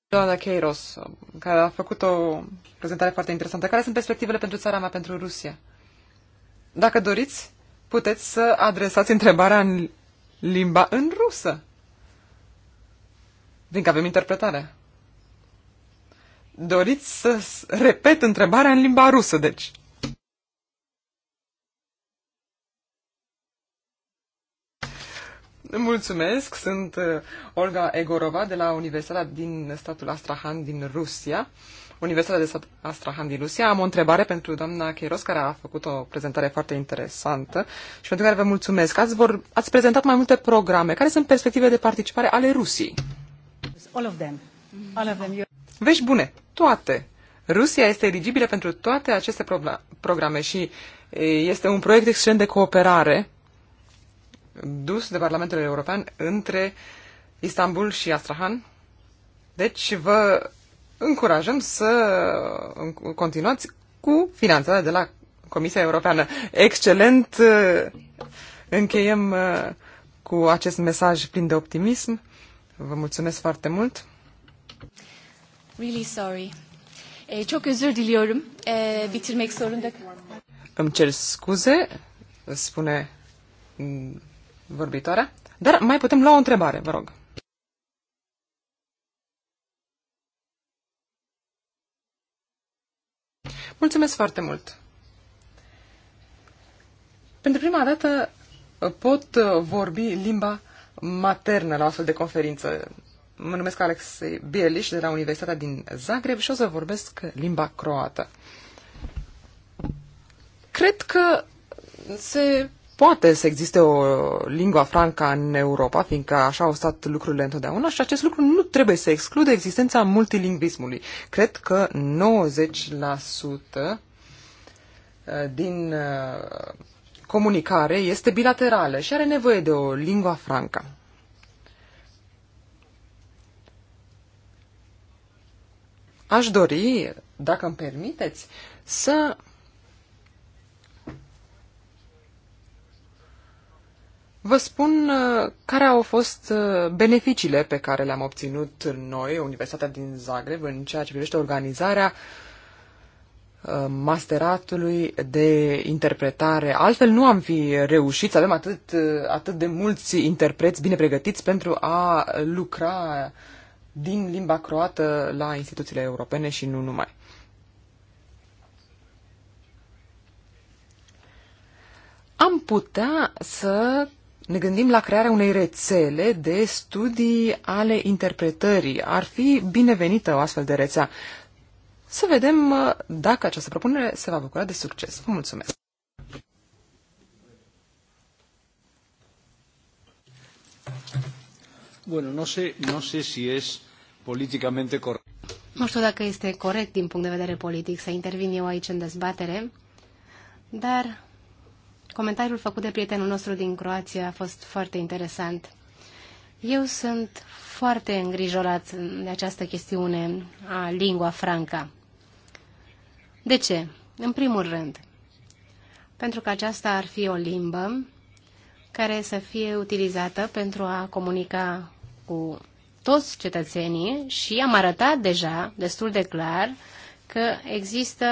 doamna Keiros, care a făcut o prezentare foarte interesantă. Care sunt perspectivele pentru țara mea, pentru Rusia? Dacă doriți, puteți să adresați întrebarea în limba în rusă. că avem interpretare. Doriți să repet întrebarea în limba rusă, deci. Mulțumesc, sunt uh, Olga Egorova de la Universitatea din statul Astrahan din Rusia. Universitatea de stat Astrahan din Rusia. Am o întrebare pentru doamna Cheiros, care a făcut o prezentare foarte interesantă și pentru care vă mulțumesc. Ați, vor, ați prezentat mai multe programe. Care sunt perspective de participare ale Rusiei? All of them. All of them. Vești bune, toate. Rusia este eligibilă pentru toate aceste pro- programe și este un proiect excelent de cooperare dus de Parlamentul European între Istanbul și Astrahan. Deci vă încurajăm să continuați cu finanțarea de la Comisia Europeană. Excelent! Încheiem uh, cu acest mesaj plin de optimism. Vă mulțumesc foarte mult! Really sorry. E, çok özür diliyorum. E, bitirmek zorunda. Îmi cer scuze, spune mm, vorbitoarea, dar mai putem lua o întrebare, vă rog. Mulțumesc foarte mult! Pentru prima dată pot uh, vorbi limba maternă la o astfel de conferință. Mă numesc Alex Bieliș de la Universitatea din Zagreb și o să vorbesc limba croată. Cred că se poate să existe o lingua franca în Europa, fiindcă așa au stat lucrurile întotdeauna și acest lucru nu trebuie să exclude existența multilingvismului. Cred că 90% uh, din uh, comunicare este bilaterală și are nevoie de o lingua franca. Aș dori, dacă îmi permiteți, să Vă spun uh, care au fost uh, beneficiile pe care le-am obținut noi, Universitatea din Zagreb, în ceea ce privește organizarea uh, masteratului de interpretare. Altfel nu am fi reușit să avem atât, atât de mulți interpreți bine pregătiți pentru a lucra din limba croată la instituțiile europene și nu numai. Am putea să ne gândim la crearea unei rețele de studii ale interpretării. Ar fi binevenită o astfel de rețea. Să vedem uh, dacă această propunere se va bucura de succes. Vă mulțumesc! Bueno, no sé, no sé si es politicamente corect. Nu știu dacă este corect din punct de vedere politic să intervin eu aici în dezbatere, dar comentariul făcut de prietenul nostru din Croația a fost foarte interesant. Eu sunt foarte îngrijorat de această chestiune a lingua franca. De ce? În primul rând, pentru că aceasta ar fi o limbă care să fie utilizată pentru a comunica cu toți cetățenii și am arătat deja destul de clar că există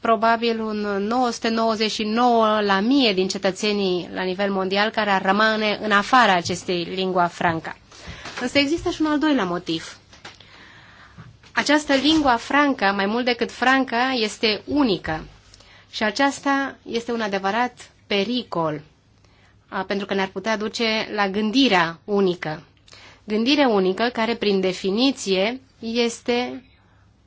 probabil un 999 la mie din cetățenii la nivel mondial care ar rămâne în afara acestei lingua franca. Însă există și un al doilea motiv. Această lingua franca, mai mult decât franca, este unică și aceasta este un adevărat pericol pentru că ne-ar putea duce la gândirea unică. Gândire unică care, prin definiție, este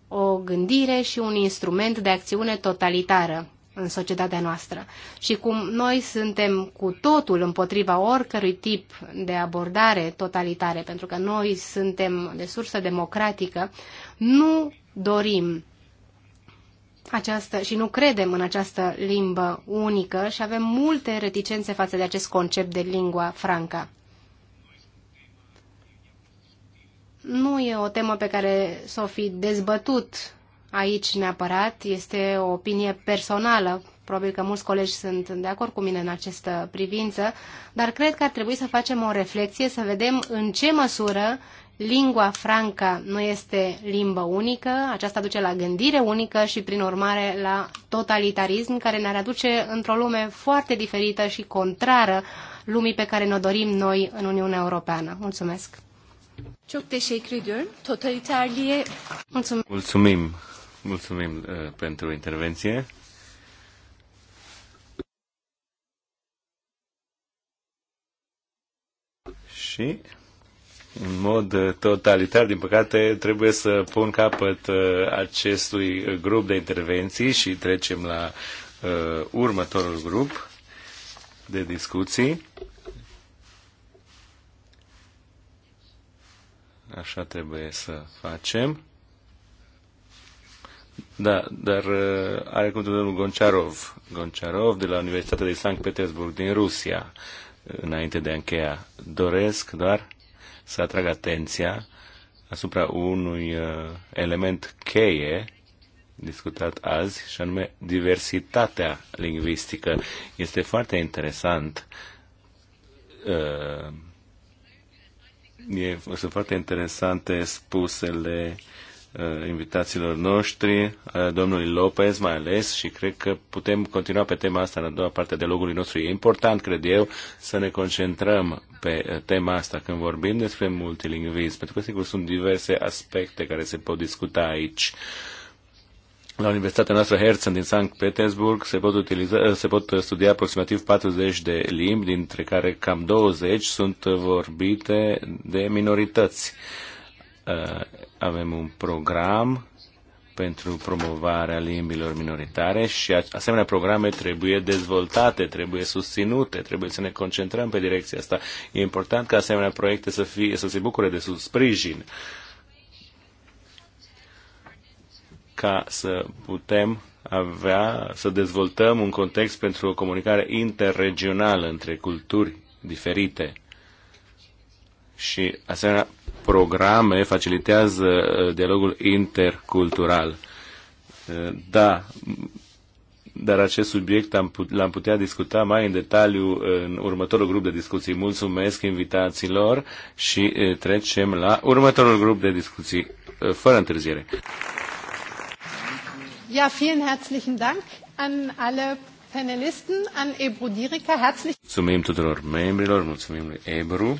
o gândire și un instrument de acțiune totalitară în societatea noastră. Și cum noi suntem cu totul împotriva oricărui tip de abordare totalitare, pentru că noi suntem de sursă democratică, nu dorim această, și nu credem în această limbă unică și avem multe reticențe față de acest concept de lingua franca. Nu e o temă pe care s-o fi dezbătut aici neapărat, este o opinie personală. Probabil că mulți colegi sunt de acord cu mine în această privință, dar cred că ar trebui să facem o reflexie, să vedem în ce măsură lingua franca nu este limbă unică, aceasta duce la gândire unică și, prin urmare, la totalitarism, care ne-ar aduce într-o lume foarte diferită și contrară lumii pe care ne-o dorim noi în Uniunea Europeană. Mulțumesc! Çok teşekkür ediyorum. Totaliterliğe... Mulțumim. Mulțumim. Mulțumim uh, pentru intervenție. Și în mod uh, totalitar, din păcate, trebuie să pun capăt uh, acestui grup de intervenții și trecem la uh, următorul grup de discuții. Așa trebuie să facem. Da, dar uh, are cuvântul domnul Goncharov, Goncharov de la Universitatea de Sankt Petersburg din Rusia, înainte de a încheia. Doresc doar să atrag atenția asupra unui uh, element cheie discutat azi, și anume diversitatea lingvistică. Este foarte interesant. Uh, e, sunt foarte interesante spusele uh, Uh, invitațiilor noștri, uh, domnului Lopez mai ales și cred că putem continua pe tema asta în a doua parte de logului nostru. E important, cred eu, să ne concentrăm pe uh, tema asta când vorbim despre multilingvism, pentru că sigur sunt diverse aspecte care se pot discuta aici. La Universitatea noastră Herzen din Sankt Petersburg se pot, utiliza, se pot studia aproximativ 40 de limbi, dintre care cam 20 sunt vorbite de minorități avem un program pentru promovarea limbilor minoritare și asemenea programe trebuie dezvoltate, trebuie susținute, trebuie să ne concentrăm pe direcția asta. E important ca asemenea proiecte să, fie, să se bucure de sprijin ca să putem avea, să dezvoltăm un context pentru o comunicare interregională între culturi diferite. Și asemenea programe facilitează uh, dialogul intercultural. Uh, da, dar acest subiect l-am putea discuta mai în detaliu în următorul grup de discuții. Mulțumesc invitațiilor și uh, trecem la următorul grup de discuții, fără întârziere. Ja, vielen herzlichen Dank an alle panelisten, an Ebru Dirica. Herzlich. Mulțumim tuturor membrilor, mulțumim lui Ebru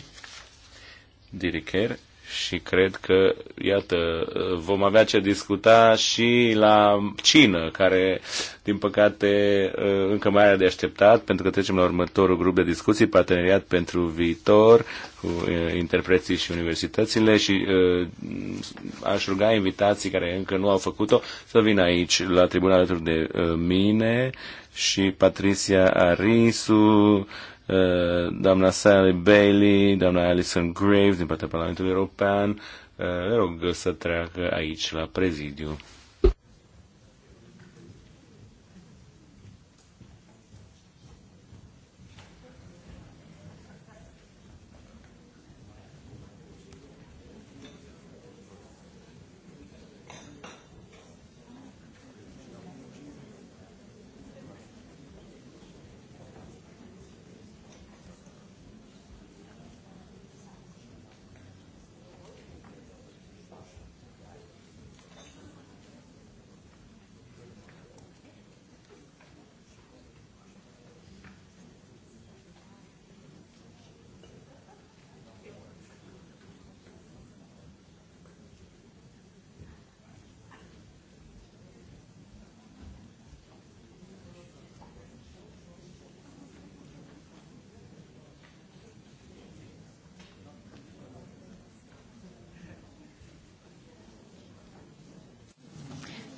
Diricher și cred că, iată, vom avea ce discuta și la cină, care, din păcate, încă mai are de așteptat, pentru că trecem la următorul grup de discuții, parteneriat pentru viitor, cu interpreții și universitățile și aș ruga invitații care încă nu au făcut-o să vină aici, la tribuna alături de mine și Patricia Arisu, Eh, doamna Sally Bailey, doamna Alison Graves din partea Parlamentului European, eh, le rog să treacă aici la prezidiu.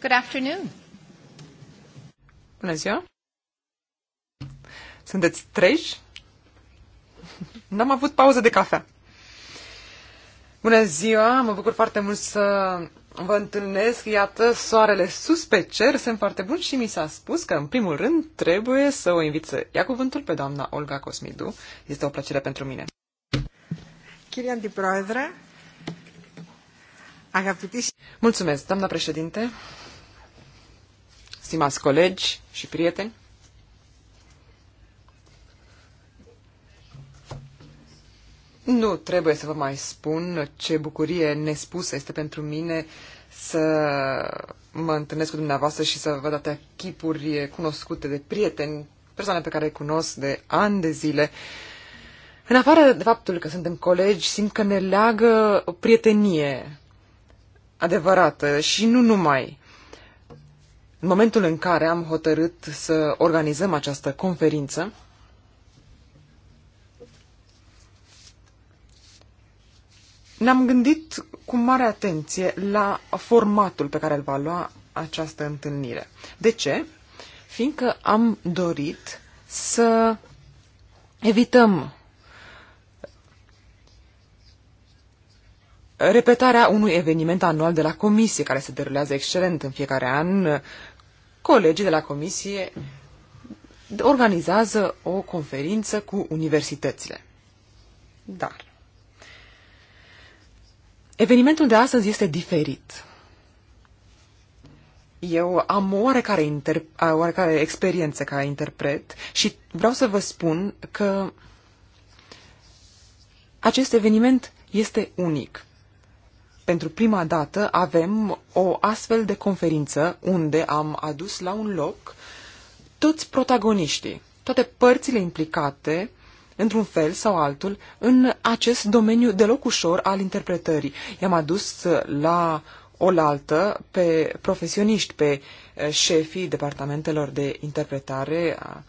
Good afternoon. Bună ziua. Sunteți treji? N-am avut pauză de cafea. Bună ziua, mă bucur foarte mult să vă întâlnesc. Iată, soarele sus pe cer, sunt foarte bun și mi s-a spus că, în primul rând, trebuie să o invit să ia cuvântul pe doamna Olga Cosmidu. Este o plăcere pentru mine. Chiria Antiproedre, Mulțumesc, doamna președinte, stimați colegi și prieteni. Nu trebuie să vă mai spun ce bucurie nespusă este pentru mine să mă întâlnesc cu dumneavoastră și să văd atâtea chipuri cunoscute de prieteni, persoane pe care le cunosc de ani de zile. În afară de faptul că suntem colegi, simt că ne leagă o prietenie adevărată și nu numai. În momentul în care am hotărât să organizăm această conferință, ne-am gândit cu mare atenție la formatul pe care îl va lua această întâlnire. De ce? Fiindcă am dorit să evităm repetarea unui eveniment anual de la comisie, care se derulează excelent în fiecare an, colegii de la comisie organizează o conferință cu universitățile. Dar evenimentul de astăzi este diferit. Eu am oarecare, inter... oarecare experiență ca interpret și vreau să vă spun că acest eveniment este unic pentru prima dată avem o astfel de conferință unde am adus la un loc toți protagoniștii, toate părțile implicate, într-un fel sau altul, în acest domeniu deloc ușor al interpretării. I-am adus la oaltă pe profesioniști, pe eh, șefii departamentelor de interpretare, a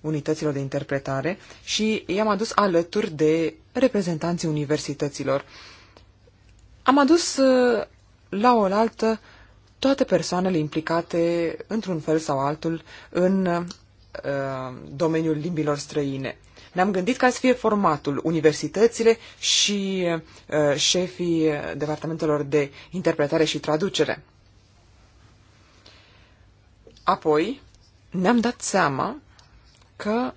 unităților de interpretare și i-am adus alături de reprezentanții universităților am adus uh, la oaltă toate persoanele implicate într-un fel sau altul în uh, domeniul limbilor străine. Ne-am gândit ca să fie formatul universitățile și uh, șefii departamentelor de interpretare și traducere. Apoi ne-am dat seama că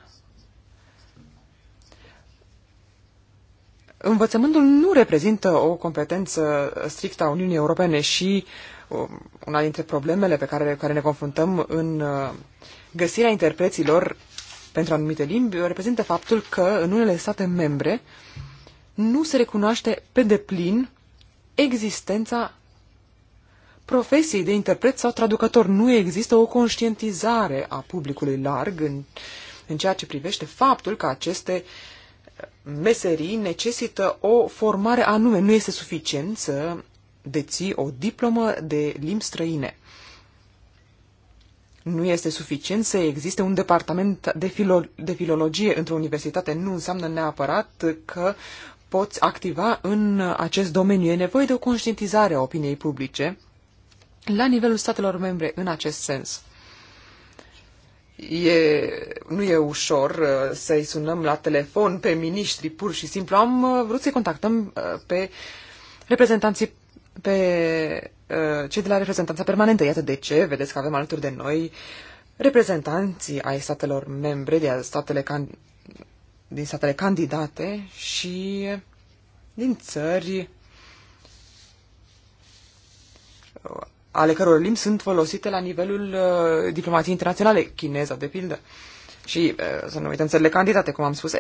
învățământul nu reprezintă o competență strictă a Uniunii Europene și um, una dintre problemele pe care, care ne confruntăm în uh, găsirea interpreților pentru anumite limbi reprezintă faptul că în unele state membre nu se recunoaște pe deplin existența profesiei de interpret sau traducător. Nu există o conștientizare a publicului larg în, în ceea ce privește faptul că aceste uh, meserii necesită o formare anume. Nu este suficient să deții o diplomă de limbi străine. Nu este suficient să existe un departament de, filo- de filologie într-o universitate. Nu înseamnă neapărat că poți activa în acest domeniu. E nevoie de o conștientizare a opiniei publice la nivelul statelor membre în acest sens. E, nu e ușor uh, să-i sunăm la telefon pe miniștri, pur și simplu. Am uh, vrut să-i contactăm uh, pe reprezentanții, pe cei de la reprezentanța permanentă. Iată de ce, vedeți că avem alături de noi reprezentanții ai statelor membre, de statele can- din statele candidate și din țări ale căror limbi sunt folosite la nivelul uh, diplomației internaționale, chineza, de pildă. Și uh, să nu uităm țările candidate, cum am spus.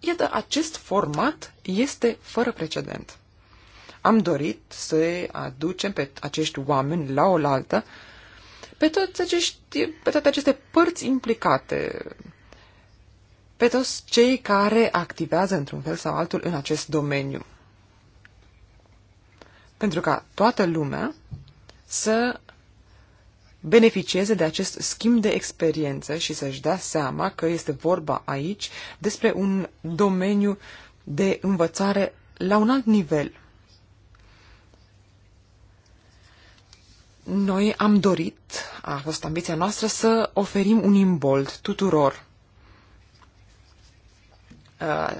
Iată, acest format este fără precedent. Am dorit să aducem pe acești oameni la oaltă, pe, toți acești, pe toate aceste părți implicate, pe toți cei care activează într-un fel sau altul în acest domeniu. Pentru ca toată lumea să beneficieze de acest schimb de experiență și să-și dea seama că este vorba aici despre un domeniu de învățare la un alt nivel. Noi am dorit, a fost ambiția noastră, să oferim un imbold tuturor. Uh,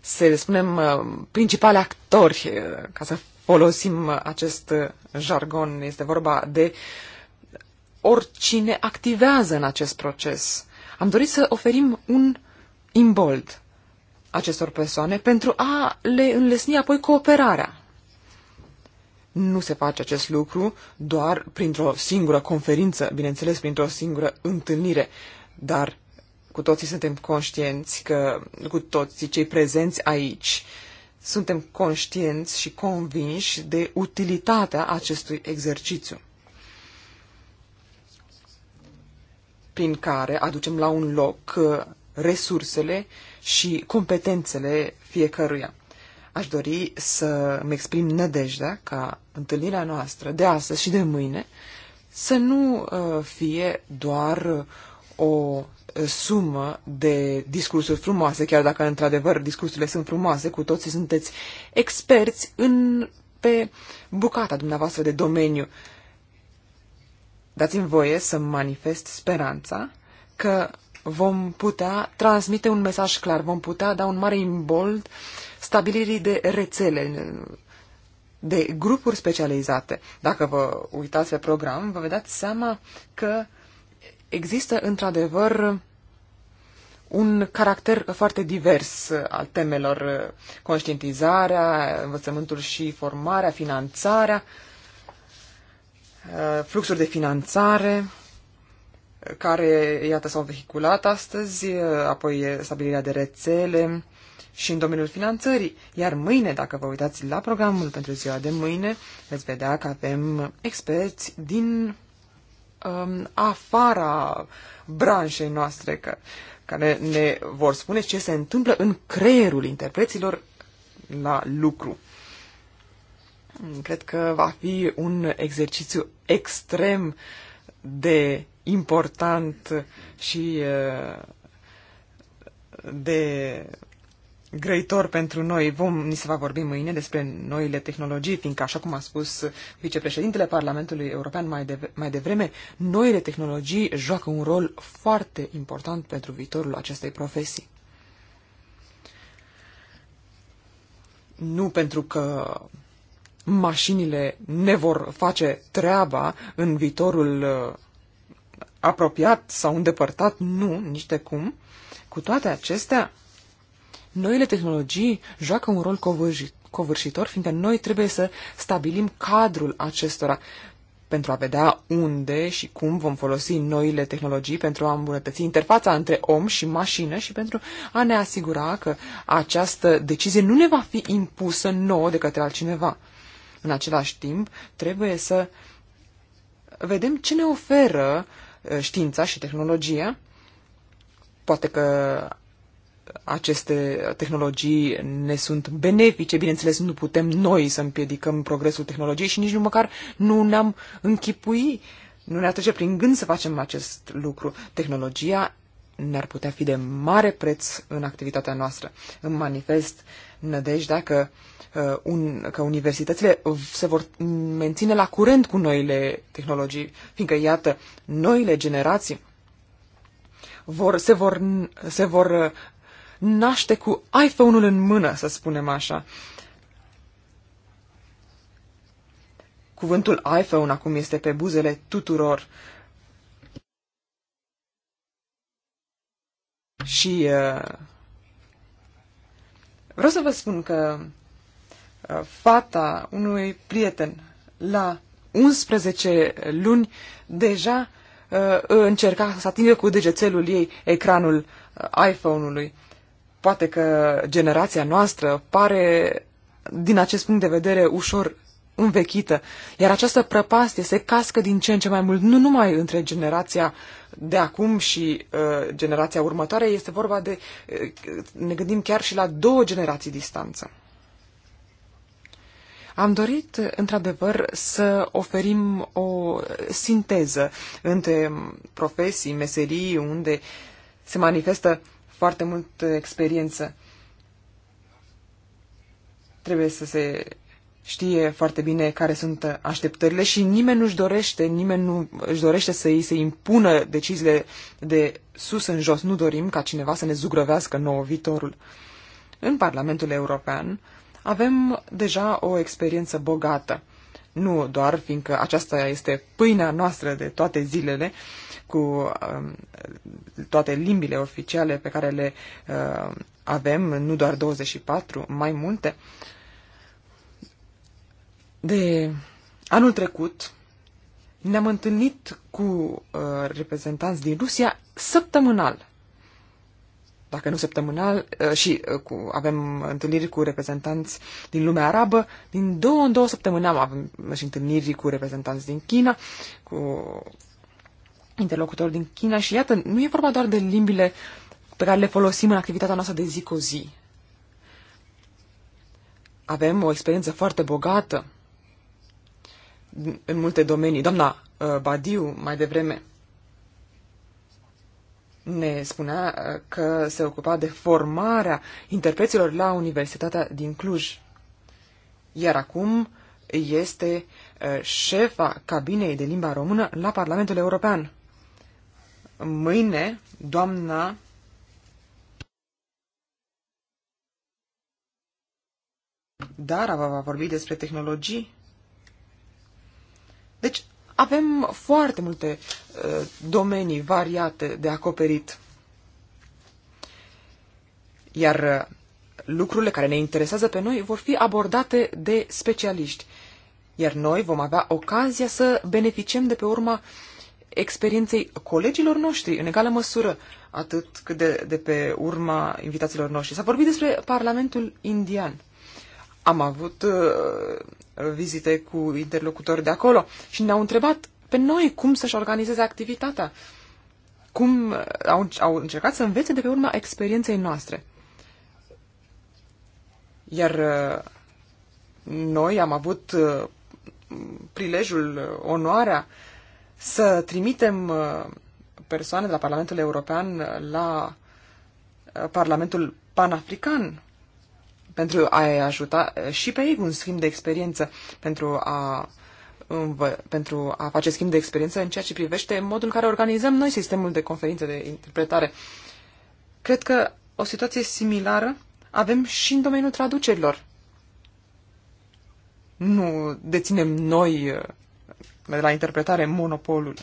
să le spunem uh, principale actori, uh, ca să folosim acest jargon, este vorba de oricine activează în acest proces. Am dorit să oferim un imbold acestor persoane pentru a le înlesni apoi cooperarea. Nu se face acest lucru doar printr-o singură conferință, bineînțeles printr-o singură întâlnire, dar cu toții suntem conștienți că cu toții cei prezenți aici uh, suntem conștienți și convinși de utilitatea acestui exercițiu, prin care aducem la un loc uh, resursele și competențele fiecăruia. Aș dori să mă exprim nădejdea ca întâlnirea noastră de astăzi și de mâine să nu uh, fie doar o Uh, sumă de discursuri frumoase, chiar dacă într-adevăr discursurile sunt frumoase, cu toții sunteți experți în, pe bucata dumneavoastră de domeniu. Dați-mi voie să manifest speranța că vom putea transmite un mesaj clar, vom putea da un mare imbold stabilirii de rețele, de grupuri specializate. Dacă vă uitați pe program, vă vedeți seama că există într-adevăr un caracter foarte divers al temelor, conștientizarea, învățământul și formarea, finanțarea, fluxuri de finanțare, care, iată, s-au vehiculat astăzi, apoi stabilirea de rețele și în domeniul finanțării. Iar mâine, dacă vă uitați la programul pentru ziua de mâine, veți vedea că avem experți din um, afara branșei noastre, că, care ne vor spune ce se întâmplă în creierul interpreților la lucru. Cred că va fi un exercițiu extrem de important și uh, de grăitor pentru noi. Vom, ni se va vorbi mâine despre noile tehnologii, fiindcă, așa cum a spus vicepreședintele Parlamentului European mai, de, mai devreme, noile tehnologii joacă un rol foarte important pentru viitorul acestei profesii. Nu pentru că mașinile ne vor face treaba în viitorul uh, apropiat sau îndepărtat, nu, nici de cum. Cu toate acestea, noile tehnologii joacă un rol covârșitor, fiindcă noi trebuie să stabilim cadrul acestora pentru a vedea unde și cum vom folosi noile tehnologii pentru a îmbunătăți interfața între om și mașină și pentru a ne asigura că această decizie nu ne va fi impusă nouă de către altcineva. În același timp, trebuie să vedem ce ne oferă uh, știința și tehnologia. Poate că aceste tehnologii ne sunt benefice. Bineînțeles, nu putem noi să împiedicăm progresul tehnologiei și nici nu măcar nu ne-am închipui, nu ne-a trece prin gând să facem acest lucru. Tehnologia ne-ar putea fi de mare preț în activitatea noastră. În manifest nădejdea că, uh, un, că universitățile se vor menține la curent cu noile tehnologii, fiindcă, iată, noile generații vor, se, vor, se vor naște cu iPhone-ul în mână, să spunem așa. Cuvântul iPhone acum este pe buzele tuturor. Și uh, vreau să vă spun că uh, fata unui prieten la 11 luni deja uh, încerca să atingă cu degețelul ei ecranul uh, iPhone-ului. Uh, Poate că generația noastră pare, din acest punct de vedere, ușor învechită, iar această prăpastie se cască din ce în ce mai mult, nu numai între generația de acum și uh, generația următoare, este vorba de, uh, ne gândim chiar și la două generații distanță. Am dorit, într-adevăr, să oferim o sinteză între profesii, meserii, unde se manifestă foarte multă uh, experiență. Trebuie să se știe foarte bine care sunt uh, așteptările și nimeni nu-și dorește, nimeni nu își dorește să îi se impună deciziile de sus în jos. Nu dorim ca cineva să ne zugrăvească nouă viitorul. În Parlamentul European avem deja o experiență bogată nu doar fiindcă aceasta este pâinea noastră de toate zilele, cu um, toate limbile oficiale pe care le uh, avem, nu doar 24, mai multe. De anul trecut ne-am întâlnit cu uh, reprezentanți din Rusia săptămânal dacă nu săptămânal, uh, și uh, cu, avem întâlniri cu reprezentanți din lumea arabă. Din două în două săptămâni avem și întâlniri cu reprezentanți din China, cu interlocutori din China și iată, nu e vorba doar de limbile pe care le folosim în activitatea noastră de zi cu zi. Avem o experiență foarte bogată în multe domenii. Doamna uh, Badiu, mai devreme, ne spunea uh, că se ocupa de formarea interpreților la Universitatea din Cluj. Iar acum este uh, șefa cabinei de limba română la Parlamentul European. Mâine, doamna Dara vă va vorbi despre tehnologii. Deci, avem foarte multe uh, domenii variate de acoperit. Iar uh, lucrurile care ne interesează pe noi vor fi abordate de specialiști. Iar noi vom avea ocazia să beneficiem de pe urma experienței colegilor noștri, în egală măsură, atât cât de, de pe urma invitațiilor noștri. S-a vorbit despre Parlamentul Indian am avut uh, vizite cu interlocutori de acolo și ne-au întrebat pe noi cum să-și organizeze activitatea. Cum uh, au, au încercat să învețe de pe urma experienței noastre. Iar uh, noi am avut uh, prilejul, uh, onoarea să trimitem uh, persoane de la Parlamentul European la Parlamentul Panafrican pentru a-i ajuta și pe ei un schimb de experiență, pentru a, pentru a face schimb de experiență în ceea ce privește modul în care organizăm noi sistemul de conferințe de interpretare. Cred că o situație similară avem și în domeniul traducerilor. Nu deținem noi de la interpretare monopolul.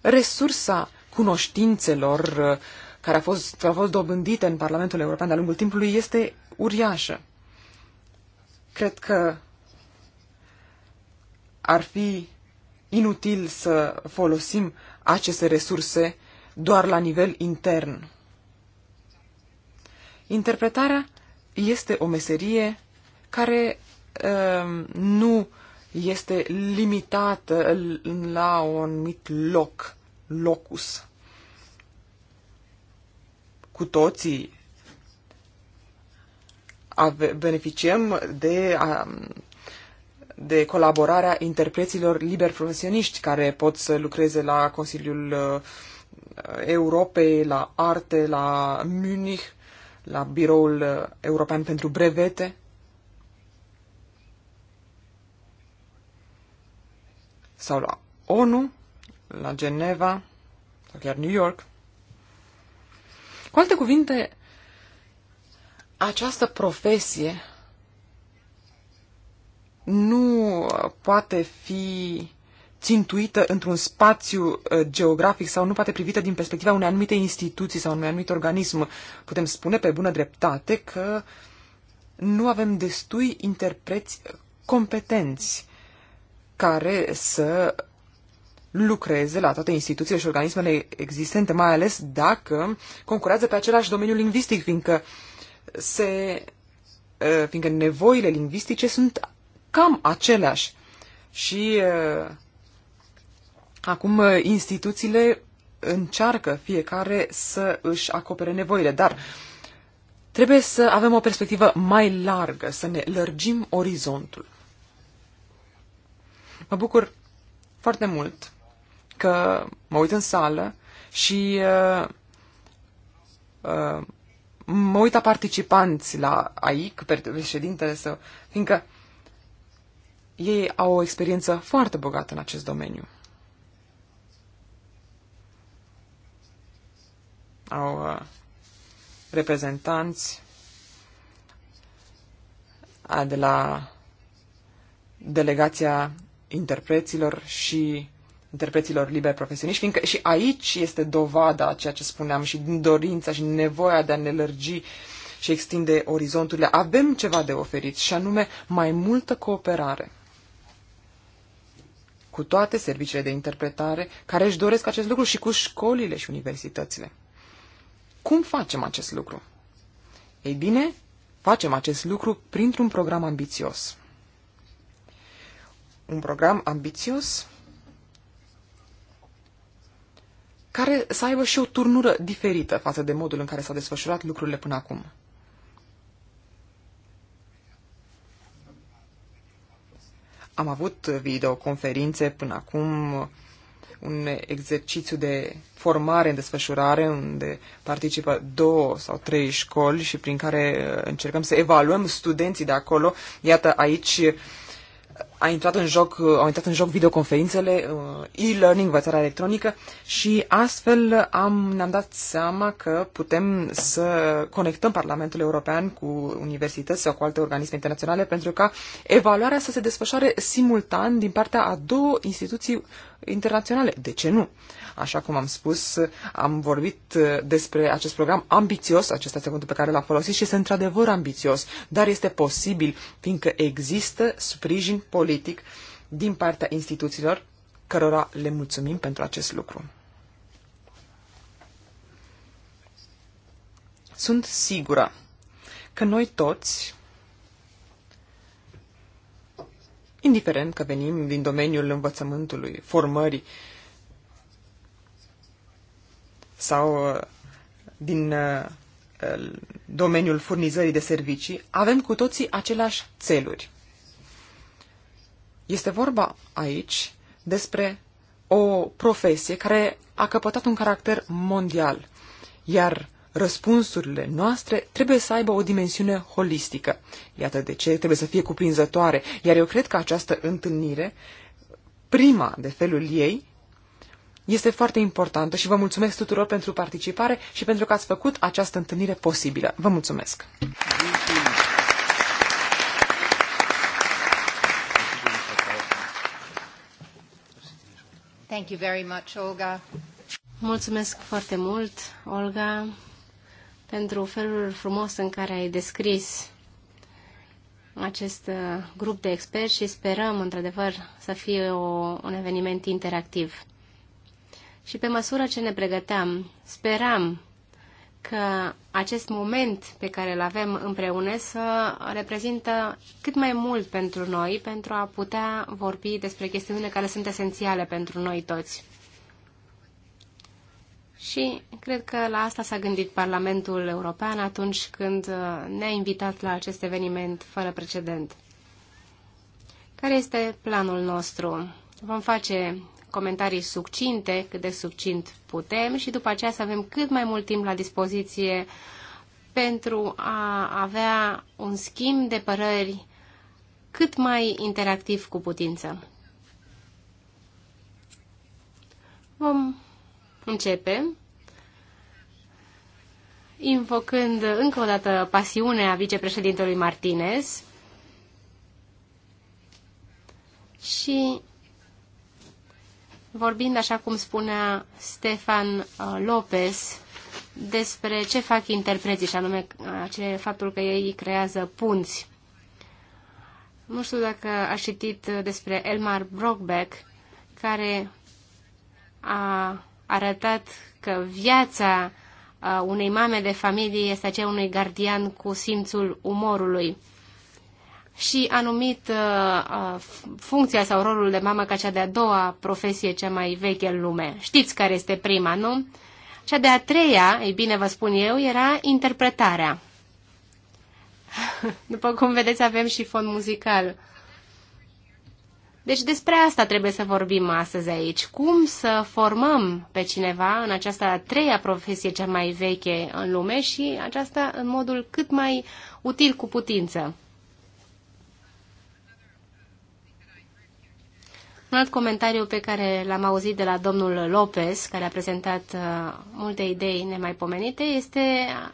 Resursa cunoștințelor care a fost, care a fost dobândită în Parlamentul European de-a lungul timpului este uriașă. Cred că ar fi inutil să folosim aceste resurse doar la nivel intern. Interpretarea este o meserie care uh, nu este limitată la un mic loc, locus cu toții ave, beneficiem de, a, de colaborarea interpreților liber profesioniști care pot să lucreze la Consiliul uh, Europei, la Arte, la Munich, la Biroul uh, European pentru Brevete. sau la ONU, la Geneva sau chiar New York. Cu alte cuvinte, această profesie nu poate fi țintuită într-un spațiu uh, geografic sau nu poate privită din perspectiva unei anumite instituții sau unui anumit organism. Putem spune pe bună dreptate că nu avem destui interpreți uh, competenți care să lucreze la toate instituțiile și organismele existente, mai ales dacă concurează pe același domeniu lingvistic, fiindcă, se, fiindcă nevoile lingvistice sunt cam aceleași. Și acum instituțiile încearcă fiecare să își acopere nevoile, dar trebuie să avem o perspectivă mai largă, să ne lărgim orizontul. Mă bucur foarte mult că mă uit în sală și uh, uh, mă uit la participanți la AIC, președintele său, fiindcă ei au o experiență foarte bogată în acest domeniu. Au uh, reprezentanți de la delegația interpreților și interpreților liberi profesioniști, fiindcă și aici este dovada a ceea ce spuneam și din dorința și nevoia de a ne lărgi și extinde orizonturile. Avem ceva de oferit și anume mai multă cooperare cu toate serviciile de interpretare care își doresc acest lucru și cu școlile și universitățile. Cum facem acest lucru? Ei bine, facem acest lucru printr-un program ambițios. Un program ambițios care să aibă și o turnură diferită față de modul în care s-au desfășurat lucrurile până acum. Am avut videoconferințe până acum, un exercițiu de formare în desfășurare unde participă două sau trei școli și prin care uh, încercăm să evaluăm studenții de acolo. Iată, aici a intrat în joc, au intrat în joc videoconferințele, uh, e-learning, învățarea electronică și astfel am, ne-am dat seama că putem să conectăm Parlamentul European cu universități sau cu alte organisme internaționale pentru ca evaluarea să se desfășoare simultan din partea a două instituții internaționale. De ce nu? Așa cum am spus, am vorbit uh, despre acest program ambițios, acesta este cuvântul pe care l-am folosit și este într-adevăr ambițios, dar este posibil, fiindcă există sprijin politic din partea instituțiilor cărora le mulțumim pentru acest lucru. Sunt sigură că noi toți indiferent că venim din domeniul învățământului, formării sau uh, din uh, domeniul furnizării de servicii, avem cu toții aceleași țeluri. Este vorba aici despre o profesie care a căpătat un caracter mondial, iar răspunsurile noastre trebuie să aibă o dimensiune holistică. Iată de ce trebuie să fie cuprinzătoare, iar eu cred că această întâlnire, prima de felul ei, este foarte importantă și vă mulțumesc tuturor pentru participare și pentru că ați făcut această întâlnire posibilă. Vă mulțumesc! Thank you very much, Olga. Mulțumesc foarte mult, Olga pentru felul frumos în care ai descris acest uh, grup de experți și sperăm, într-adevăr, să fie o, un eveniment interactiv. Și pe măsură ce ne pregăteam, speram că acest moment pe care îl avem împreună să reprezintă cât mai mult pentru noi, pentru a putea vorbi despre chestiunile care sunt esențiale pentru noi toți. Și cred că la asta s-a gândit Parlamentul European atunci când uh, ne-a invitat la acest eveniment fără precedent. Care este planul nostru? Vom face comentarii succinte, cât de succint putem și după aceea să avem cât mai mult timp la dispoziție pentru a avea un schimb de părări cât mai interactiv cu putință. Vom Începem invocând încă o dată pasiunea vicepreședintelui Martinez și vorbind, așa cum spunea Stefan uh, Lopez, despre ce fac interpreții, și anume uh, ce faptul că ei creează punți. Nu știu dacă a citit despre Elmar Brockbeck, care a arătat că viața uh, unei mame de familie este aceea unui gardian cu simțul umorului și a numit uh, uh, funcția sau rolul de mamă ca cea de-a doua profesie cea mai veche în lume. Știți care este prima, nu? Cea de-a treia, ei bine vă spun eu, era interpretarea. După cum vedeți, avem și fond muzical. Deci despre asta trebuie să vorbim astăzi aici. Cum să formăm pe cineva în această a treia profesie cea mai veche în lume și aceasta în modul cât mai util cu putință. Un alt comentariu pe care l-am auzit de la domnul Lopez, care a prezentat uh, multe idei nemaipomenite, este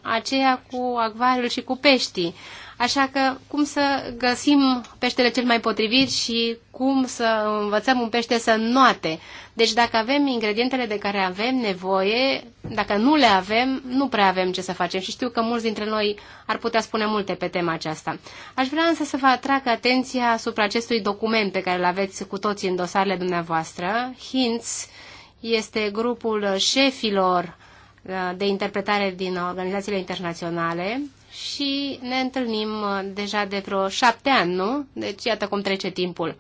aceea cu acvariul și cu peștii. Așa că cum să găsim peștele cel mai potrivit și cum să învățăm un pește să noate. Deci dacă avem ingredientele de care avem nevoie, dacă nu le avem, nu prea avem ce să facem și știu că mulți dintre noi ar putea spune multe pe tema aceasta. Aș vrea însă să vă atrag atenția asupra acestui document pe care îl aveți cu toții în dosarele dumneavoastră. HINTS este grupul șefilor uh, de interpretare din organizațiile internaționale și ne întâlnim uh, deja de vreo șapte ani, nu? Deci iată cum trece timpul.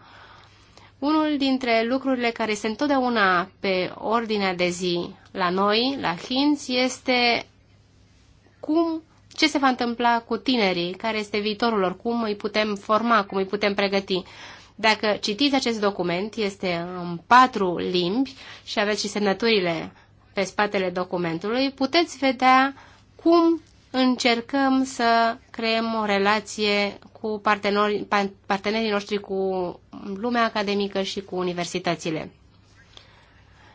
Unul dintre lucrurile care este întotdeauna pe ordinea de zi la noi, la Hinz, este cum, ce se va întâmpla cu tinerii, care este viitorul lor, cum îi putem forma, cum îi putem pregăti. Dacă citiți acest document, este în patru limbi și aveți și semnăturile pe spatele documentului, puteți vedea cum încercăm să creăm o relație cu partenerii noștri, cu lumea academică și cu universitățile.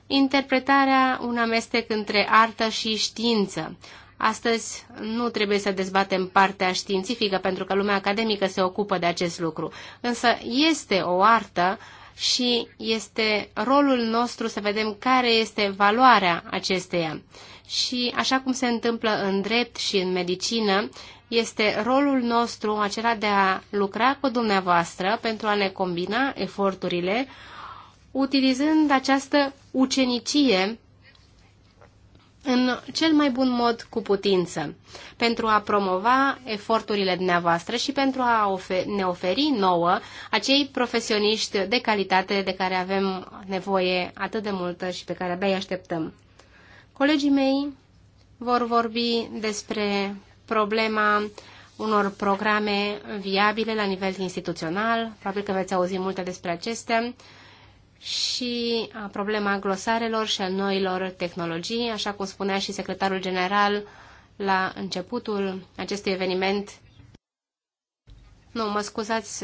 Interpretarea, un amestec între artă și știință. Astăzi nu trebuie să dezbatem partea științifică, pentru că lumea academică se ocupă de acest lucru. Însă este o artă și este rolul nostru să vedem care este valoarea acesteia și, așa cum se întâmplă în drept și în medicină, este rolul nostru acela de a lucra cu dumneavoastră pentru a ne combina eforturile, utilizând această ucenicie în cel mai bun mod cu putință, pentru a promova eforturile dumneavoastră și pentru a ne oferi nouă acei profesioniști de calitate de care avem nevoie atât de multă și pe care abia îi așteptăm. Colegii mei vor vorbi despre problema unor programe viabile la nivel instituțional, probabil că veți auzi multe despre acestea, și a problema glosarelor și a noilor tehnologii, așa cum spunea și secretarul general la începutul acestui eveniment. Nu, mă scuzați,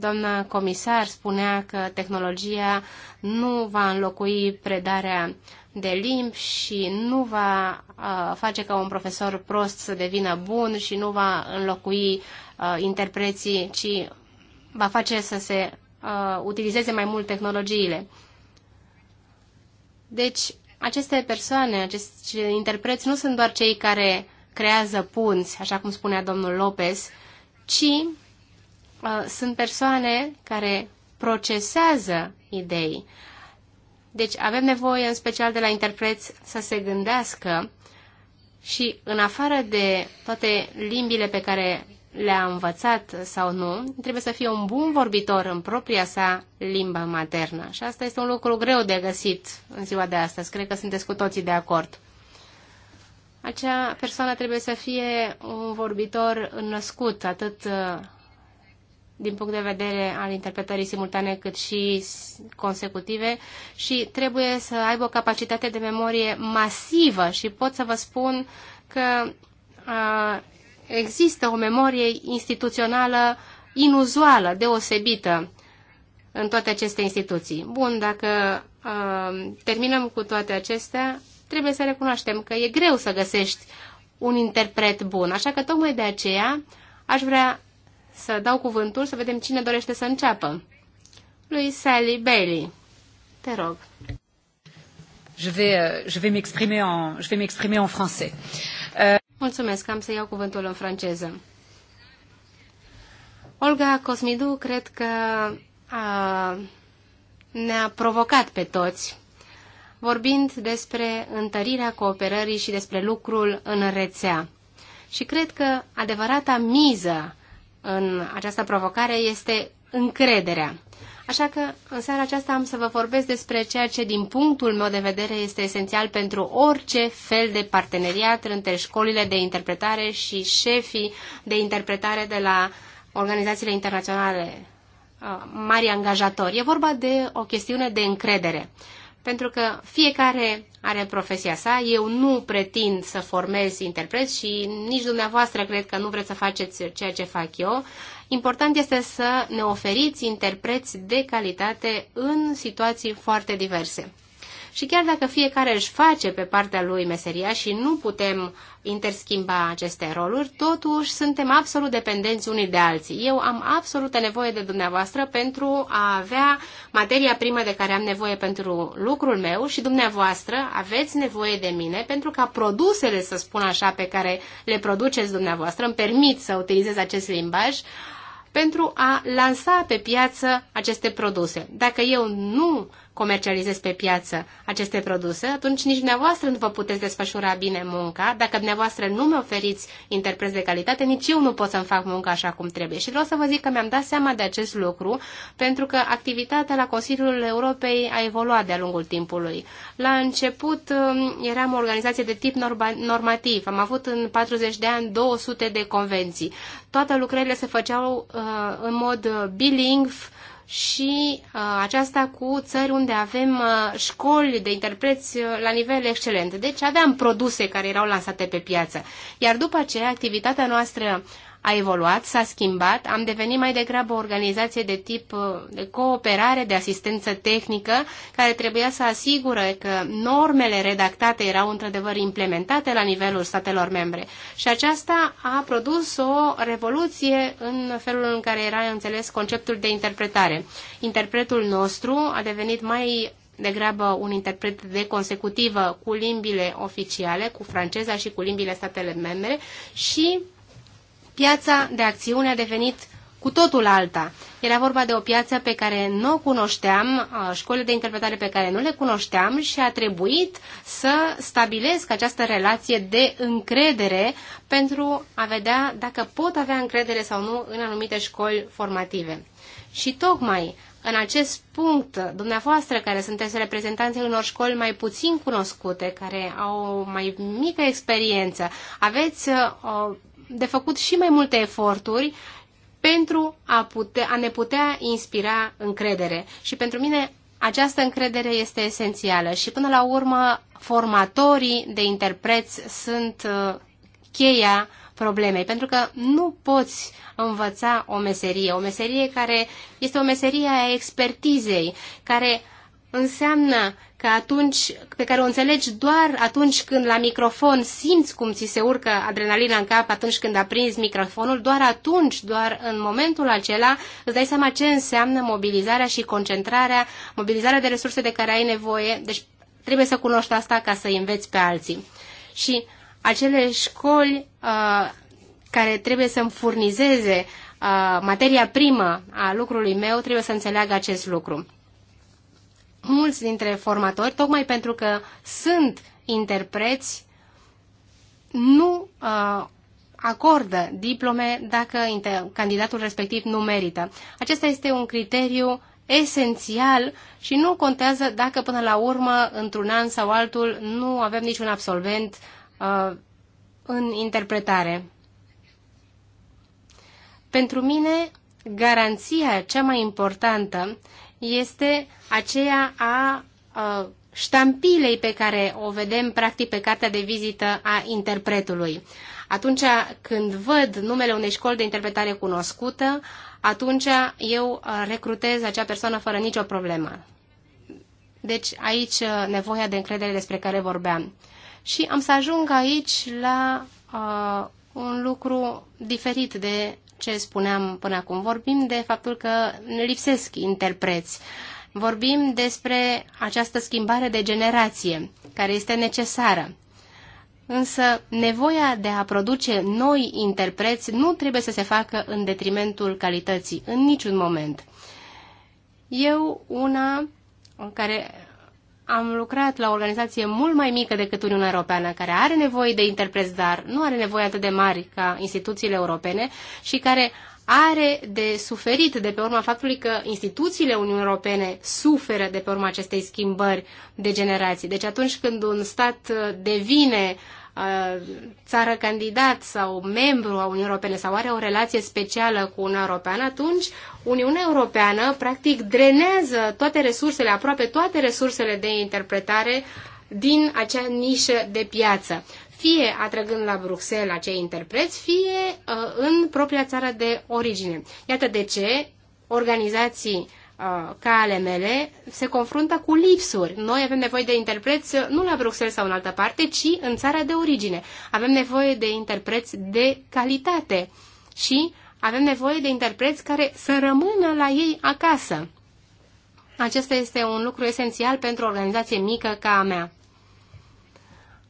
Doamna comisar spunea că tehnologia nu va înlocui predarea de limb și nu va uh, face ca un profesor prost să devină bun și nu va înlocui uh, interpreții, ci va face să se uh, utilizeze mai mult tehnologiile. Deci, aceste persoane, acești interpreți nu sunt doar cei care creează punți, așa cum spunea domnul Lopez, ci Uh, sunt persoane care procesează idei. Deci avem nevoie în special de la interpreți să se gândească și în afară de toate limbile pe care le-a învățat sau nu, trebuie să fie un bun vorbitor în propria sa limbă maternă. Și asta este un lucru greu de găsit în ziua de astăzi. Cred că sunteți cu toții de acord. Acea persoană trebuie să fie un vorbitor născut atât uh, din punct de vedere al interpretării simultane cât și consecutive și trebuie să aibă o capacitate de memorie masivă și pot să vă spun că a, există o memorie instituțională inuzuală, deosebită în toate aceste instituții. Bun, dacă a, terminăm cu toate acestea, trebuie să recunoaștem că e greu să găsești un interpret bun, așa că tocmai de aceea aș vrea să dau cuvântul, să vedem cine dorește să înceapă. Lui Sally Bailey. Te rog. Je vais, euh, je vais m'exprimer en, je vais m'exprimer en français. Euh, Mulțumesc, am să iau cuvântul în franceză. Olga Cosmidu, cred că a, ne-a provocat pe toți vorbind despre întărirea cooperării și despre lucrul în rețea. Și cred că adevărata miză în această provocare este încrederea. Așa că în seara aceasta am să vă vorbesc despre ceea ce din punctul meu de vedere este esențial pentru orice fel de parteneriat între școlile de interpretare și șefii de interpretare de la organizațiile internaționale uh, mari angajatori. E vorba de o chestiune de încredere pentru că fiecare are profesia sa. Eu nu pretind să formez interpreți și nici dumneavoastră cred că nu vreți să faceți ceea ce fac eu. Important este să ne oferiți interpreți de calitate în situații foarte diverse. Și chiar dacă fiecare își face pe partea lui meseria și nu putem interschimba aceste roluri, totuși suntem absolut dependenți unii de alții. Eu am absolută nevoie de dumneavoastră pentru a avea materia primă de care am nevoie pentru lucrul meu și dumneavoastră aveți nevoie de mine pentru ca produsele, să spun așa, pe care le produceți dumneavoastră, îmi permit să utilizez acest limbaj, pentru a lansa pe piață aceste produse. Dacă eu nu comercializezi pe piață aceste produse, atunci nici dumneavoastră nu vă puteți desfășura bine munca. Dacă dumneavoastră nu mi oferiți interpreți de calitate, nici eu nu pot să-mi fac munca așa cum trebuie. Și vreau să vă zic că mi-am dat seama de acest lucru, pentru că activitatea la Consiliul Europei a evoluat de-a lungul timpului. La început um, eram o organizație de tip normativ. Am avut în 40 de ani 200 de convenții. Toate lucrările se făceau uh, în mod uh, bilingv, și uh, aceasta cu țări unde avem uh, școli de interpreți uh, la nivel excelent. Deci aveam produse care erau lansate pe piață. Iar după aceea, activitatea noastră a evoluat, s-a schimbat, am devenit mai degrabă o organizație de tip uh, de cooperare, de asistență tehnică, care trebuia să asigure că normele redactate erau într-adevăr implementate la nivelul statelor membre. Și aceasta a produs o revoluție în felul în care era înțeles conceptul de interpretare. Interpretul nostru a devenit mai degrabă un interpret de consecutivă cu limbile oficiale, cu franceza și cu limbile statele membre și Piața de acțiune a devenit cu totul alta. Era vorba de o piață pe care nu o cunoșteam, școlile de interpretare pe care nu le cunoșteam și a trebuit să stabilesc această relație de încredere pentru a vedea dacă pot avea încredere sau nu în anumite școli formative. Și tocmai în acest punct, dumneavoastră care sunteți reprezentanții unor școli mai puțin cunoscute, care au o mai mică experiență, aveți o de făcut și mai multe eforturi pentru a, pute, a ne putea inspira încredere. Și pentru mine această încredere este esențială și până la urmă formatorii de interpreți sunt uh, cheia problemei, pentru că nu poți învăța o meserie, o meserie care este o meserie a expertizei, care înseamnă că atunci, pe care o înțelegi doar atunci când la microfon simți cum ți se urcă adrenalina în cap atunci când aprinzi microfonul, doar atunci, doar în momentul acela îți dai seama ce înseamnă mobilizarea și concentrarea, mobilizarea de resurse de care ai nevoie. Deci trebuie să cunoști asta ca să i înveți pe alții. Și acele școli uh, care trebuie să-mi furnizeze uh, materia primă a lucrului meu trebuie să înțeleagă acest lucru mulți dintre formatori, tocmai pentru că sunt interpreți, nu uh, acordă diplome dacă candidatul respectiv nu merită. Acesta este un criteriu esențial și nu contează dacă până la urmă, într-un an sau altul, nu avem niciun absolvent uh, în interpretare. Pentru mine, garanția cea mai importantă este aceea a uh, ștampilei pe care o vedem practic pe cartea de vizită a interpretului. Atunci când văd numele unei școli de interpretare cunoscută, atunci eu uh, recrutez acea persoană fără nicio problemă. Deci aici uh, nevoia de încredere despre care vorbeam. Și am să ajung aici la uh, un lucru diferit de ce spuneam până acum. Vorbim de faptul că ne lipsesc interpreți. Vorbim despre această schimbare de generație care este necesară. Însă nevoia de a produce noi interpreți nu trebuie să se facă în detrimentul calității, în niciun moment. Eu, una care am lucrat la o organizație mult mai mică decât Uniunea Europeană, care are nevoie de interpreți, dar nu are nevoie atât de mari ca instituțiile europene și care are de suferit de pe urma faptului că instituțiile Uniunii Europene suferă de pe urma acestei schimbări de generații. Deci atunci când un stat devine uh, țară candidat sau membru a Uniunii Europene sau are o relație specială cu Uniunea Europeană, atunci Uniunea Europeană practic drenează toate resursele, aproape toate resursele de interpretare din acea nișă de piață fie atrăgând la Bruxelles acei interpreți, fie uh, în propria țară de origine. Iată de ce organizații Uh, ca ale mele se confruntă cu lipsuri. Noi avem nevoie de interpreți uh, nu la Bruxelles sau în altă parte, ci în țara de origine. Avem nevoie de interpreți de calitate și avem nevoie de interpreți care să rămână la ei acasă. Acesta este un lucru esențial pentru o organizație mică ca a mea.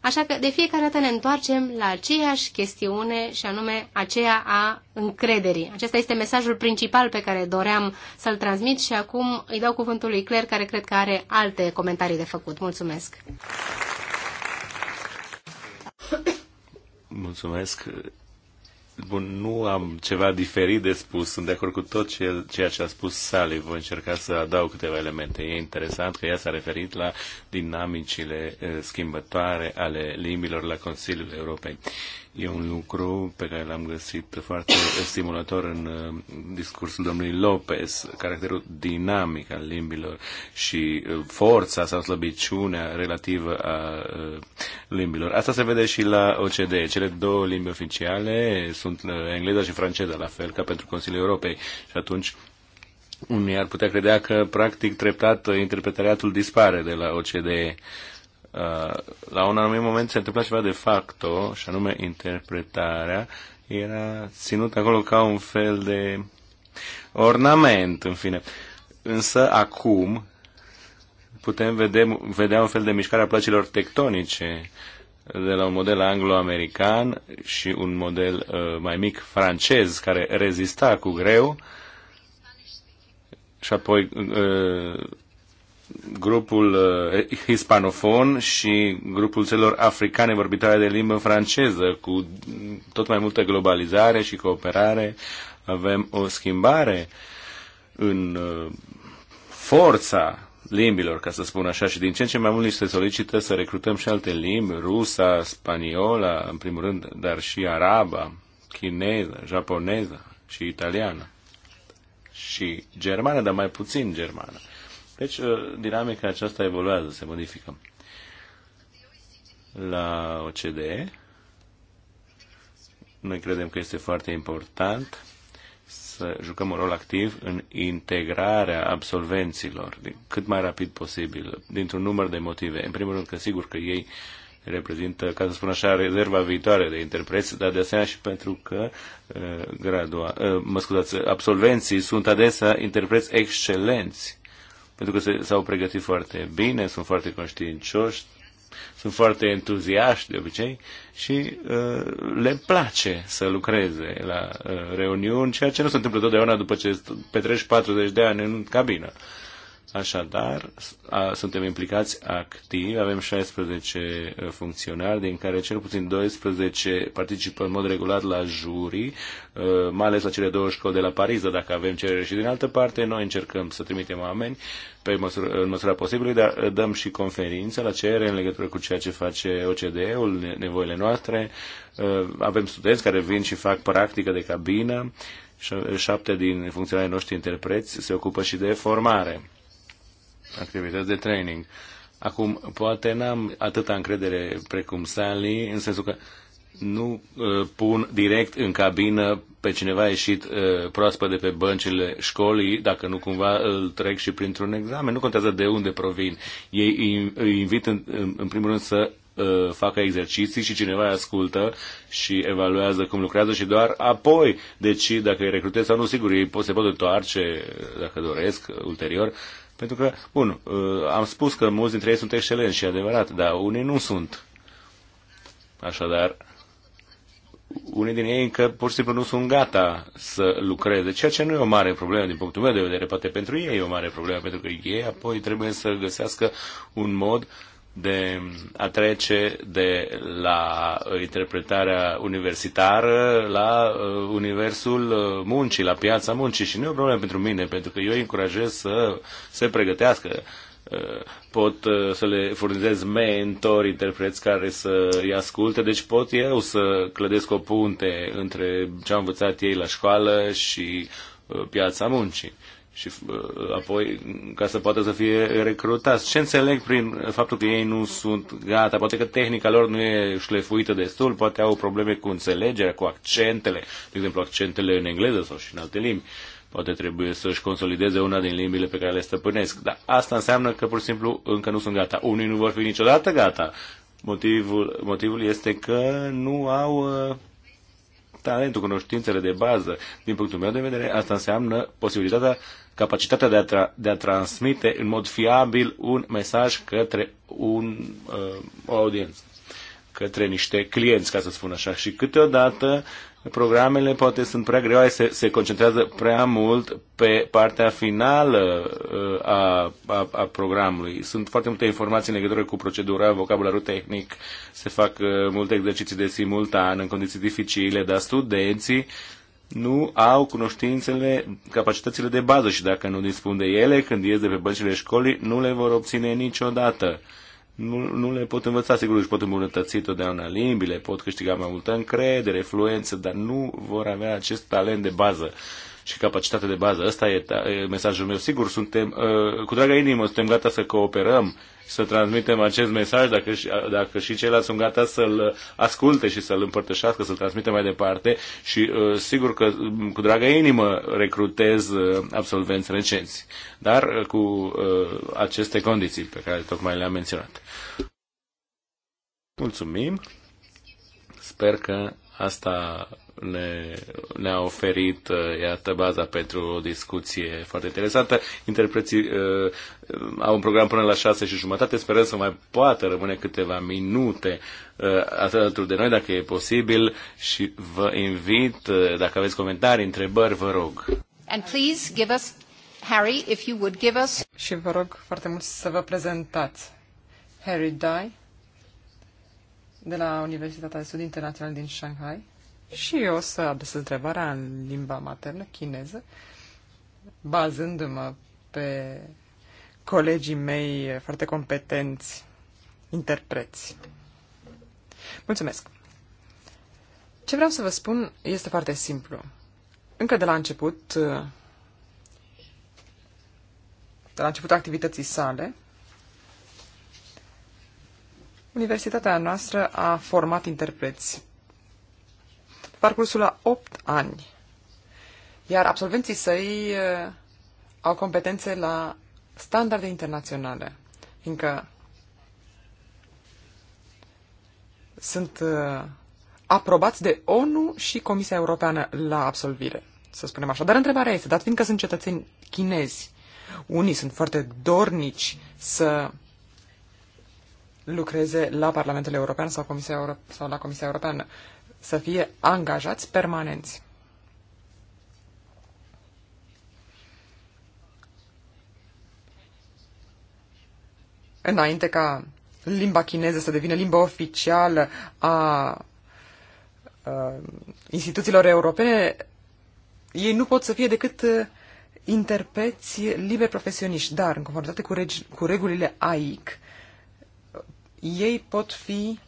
Așa că de fiecare dată ne întoarcem la aceeași chestiune și anume aceea a încrederii. Acesta este mesajul principal pe care doream să-l transmit și acum îi dau cuvântul lui Claire care cred că are alte comentarii de făcut. Mulțumesc! Mulțumesc! Bun, nu am ceva diferit de spus, sunt de acord cu tot ce, ceea ce a spus Sally. Voi încerca să adaug câteva elemente. E interesant că ea s-a referit la dinamicile eh, schimbătoare ale limbilor la Consiliul Europei. E un lucru pe care l-am găsit foarte stimulator în uh, discursul domnului Lopez, caracterul dinamic al limbilor și uh, forța sau slăbiciunea relativă a uh, limbilor. Asta se vede și la OCDE. Cele două limbi oficiale sunt engleza și franceza, la fel ca pentru Consiliul Europei. Și atunci unii ar putea credea că, practic, treptat, interpretariatul dispare de la OCDE. Uh, Uh, la un anumit moment se întâmpla ceva de facto, și anume interpretarea, era ținut acolo ca un fel de ornament, în fine. Însă acum putem vede, vedea un fel de mișcare a plăcilor tectonice de la un model anglo-american și un model uh, mai mic francez care rezista cu greu și apoi uh, grupul eh, hispanofon și grupul celor africane vorbitoare de limbă franceză, cu tot mai multă globalizare și cooperare, avem o schimbare în eh, forța limbilor, ca să spun așa, și din ce în ce mai mult ni se solicită să recrutăm și alte limbi, rusa, spaniola, în primul rând, dar și araba, chineză, japoneză și italiană. Și germană, dar mai puțin germană. Deci, uh, dinamica aceasta evoluează, se modifică. La OCDE, noi credem că este foarte important să jucăm un rol activ în integrarea absolvenților cât mai rapid posibil, dintr-un număr de motive. În primul rând că sigur că ei reprezintă, ca să spun așa, rezerva viitoare de interpreți, dar de asemenea și pentru că uh, gradua, uh, mă scuzați, absolvenții sunt adesea interpreți excelenți pentru că s-au pregătit foarte bine, sunt foarte conștiincioși, sunt foarte entuziaști de obicei și uh, le place să lucreze la uh, reuniuni, ceea ce nu se întâmplă totdeauna după ce petreci 40 de ani în cabină. Uh, Așadar, a, suntem implicați activ, avem 16 uh, funcționari, din care cel puțin 12 participă în mod regulat la jurii, uh, mai ales la cele două școli de la Paris, dar dacă avem cerere și din altă parte, noi încercăm să trimitem oameni pe măsură, în măsura posibilă, dar uh, dăm și conferință la cerere în legătură cu ceea ce face OCDE-ul, nevoile noastre. Avem studenți care vin și fac practică de cabină, șapte din funcționarii noștri interpreți se ocupă și de formare activități de training. Acum, poate n-am atâta încredere precum Stanley, în sensul că nu uh, pun direct în cabină pe cineva ieșit uh, proaspăt de pe băncile școlii, dacă nu cumva îl trec și printr-un examen. Nu contează de unde provin. Ei îi invit în, în, în primul rând să uh, facă exerciții și cineva îi ascultă și evaluează cum lucrează și doar apoi decid dacă îi recrutez sau nu. Sigur, ei pot, se pot întoarce, uh, dacă doresc, uh, ulterior. Uh, pentru că, bun, uh, am spus că mulți dintre ei sunt excelenți și adevărat, dar unii nu sunt. Așadar, unii din ei încă pur și simplu nu sunt gata să lucreze, ceea ce nu e o mare problemă din punctul meu de vedere, poate pentru ei e o mare problemă, pentru că ei apoi trebuie să găsească un mod de a trece de la uh, interpretarea universitară la uh, universul uh, muncii, la piața muncii. Și nu e o problemă pentru mine, pentru că eu îi încurajez să se pregătească. Pot să le furnizez mentori, interpreți care să îi asculte, deci pot eu să clădesc o punte între ce am învățat ei la școală și piața muncii și uh, apoi ca să poată să fie recrutați. Ce înțeleg prin faptul că ei nu sunt gata? Poate că tehnica lor nu e șlefuită destul, poate au probleme cu înțelegerea, cu accentele, de exemplu accentele în engleză sau și în alte limbi. Poate trebuie să-și consolideze una din limbile pe care le stăpânesc. Dar asta înseamnă că pur și simplu încă nu sunt gata. Unii nu vor fi niciodată gata. Motivul, motivul este că nu au uh, talentul, cunoștințele de bază. Din punctul meu de vedere, asta înseamnă posibilitatea, capacitatea de a, tra- de a transmite în mod fiabil un mesaj către un, uh, o audiență, către niște clienți, ca să spun așa. Și câteodată programele poate sunt prea greoaie, se, se concentrează prea mult pe partea finală uh, a, a, a programului. Sunt foarte multe informații în legătură cu procedura, vocabularul tehnic, se fac uh, multe exerciții de simultan în condiții dificile, dar studenții nu au cunoștințele, capacitățile de bază și dacă nu dispun de ele, când ies de pe băncile școlii, nu le vor obține niciodată nu, nu le pot învăța, sigur își pot îmbunătăți totdeauna limbile, pot câștiga mai multă încredere, fluență, dar nu vor avea acest talent de bază și capacitate de bază. Ăsta e, e mesajul meu. Sigur, suntem, uh, cu dragă inimă, suntem gata să cooperăm să transmitem acest mesaj dacă și, dacă și ceilalți sunt gata să-l asculte și să-l împărtășească, să-l transmită mai departe și uh, sigur că mm, cu dragă inimă recrutez uh, absolvenți recenți, dar uh, cu aceste condiții pe care tocmai le-am menționat. Mulțumim! Sper că asta ne, ne-a oferit, uh, iată, baza pentru o discuție foarte interesantă. Interpreții uh, au un program până la șase și jumătate. Sperăm să mai poată rămâne câteva minute uh, alături de noi, dacă e posibil, și vă invit, uh, dacă aveți comentarii, întrebări, vă rog. And please give us, Harry, if you would give us... Și vă rog foarte mult să vă prezentați. Harry Dai, de la Universitatea de Studii Internaționale din Shanghai și eu să adresez întrebarea în limba maternă, chineză, bazându-mă pe colegii mei foarte competenți, interpreți. Mulțumesc! Ce vreau să vă spun este foarte simplu. Încă de la început, de la începutul activității sale, Universitatea noastră a format interpreți parcursul la 8 ani, iar absolvenții săi uh, au competențe la standarde internaționale, fiindcă sunt uh, aprobați de ONU și Comisia Europeană la absolvire, să spunem așa. Dar întrebarea este, dat fiindcă sunt cetățeni chinezi, unii sunt foarte dornici să lucreze la Parlamentul European sau, Comisia Euro- sau la Comisia Europeană, să fie angajați permanenți. Înainte ca limba chineză să devină limba oficială a instituțiilor europene, ei nu pot să fie decât uh, interpreți liberi profesioniști, dar în conformitate cu, regi, cu regulile AIC, ei pot fi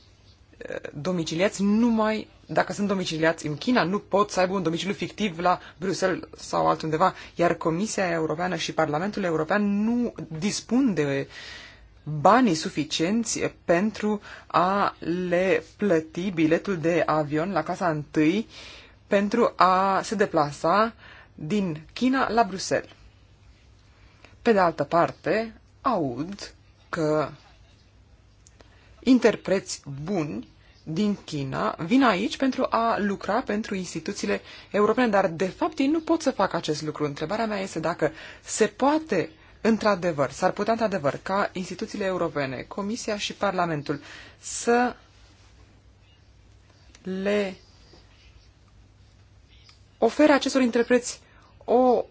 domiciliați numai dacă sunt domiciliați în China, nu pot să aibă un domiciliu fictiv la Bruxelles sau altundeva, iar Comisia Europeană și Parlamentul European nu dispun de banii suficienți pentru a le plăti biletul de avion la casa întâi pentru a se deplasa din China la Bruxelles. Pe de altă parte, aud că interpreți buni din China vin aici pentru a lucra pentru instituțiile europene, dar de fapt ei nu pot să facă acest lucru. Întrebarea mea este dacă se poate într-adevăr, s-ar putea într-adevăr ca instituțiile europene, Comisia și Parlamentul să le ofere acestor interpreți o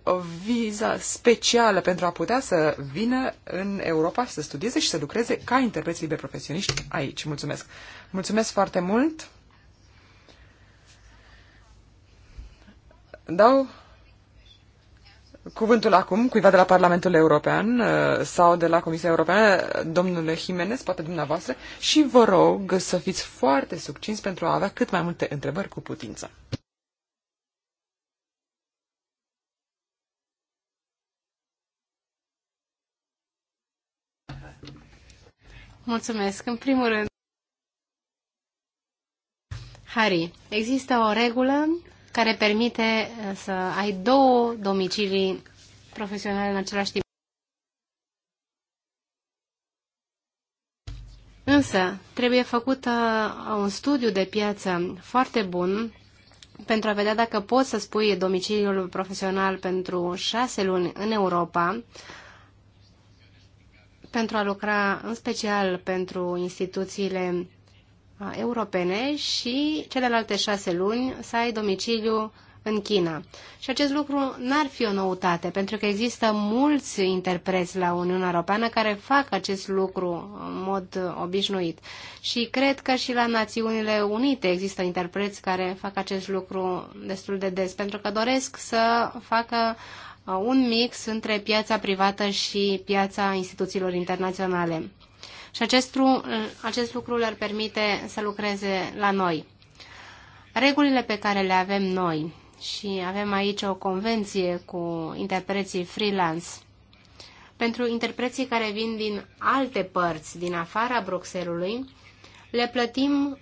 viză specială pentru a putea să vină în Europa și să studieze și să lucreze ca interpreți liberi profesioniști aici. Mulțumesc! Mulțumesc foarte mult! Dau cuvântul acum cuiva de la Parlamentul European uh, sau de la Comisia Europeană, domnule Jimenez, poate dumneavoastră, și vă rog să fiți foarte succinți pentru a avea cât mai multe întrebări cu putință. Mulțumesc. În primul rând, Harry, există o regulă care permite uh, să ai două domicilii profesionale în același timp. Însă, trebuie făcut uh, un studiu de piață foarte bun pentru a vedea dacă poți să spui domiciliul profesional pentru șase luni în Europa, pentru a lucra în special pentru instituțiile europene și celelalte șase luni să ai domiciliu în China. Și acest lucru n-ar fi o noutate, pentru că există mulți interpreți la Uniunea Europeană care fac acest lucru în mod obișnuit. Și cred că și la Națiunile Unite există interpreți care fac acest lucru destul de des, pentru că doresc să facă un mix între piața privată și piața instituțiilor internaționale. Și acest, acest lucru le-ar permite să lucreze la noi. Regulile pe care le avem noi și avem aici o convenție cu interpreții freelance. Pentru interpreții care vin din alte părți, din afara Bruxelului, le plătim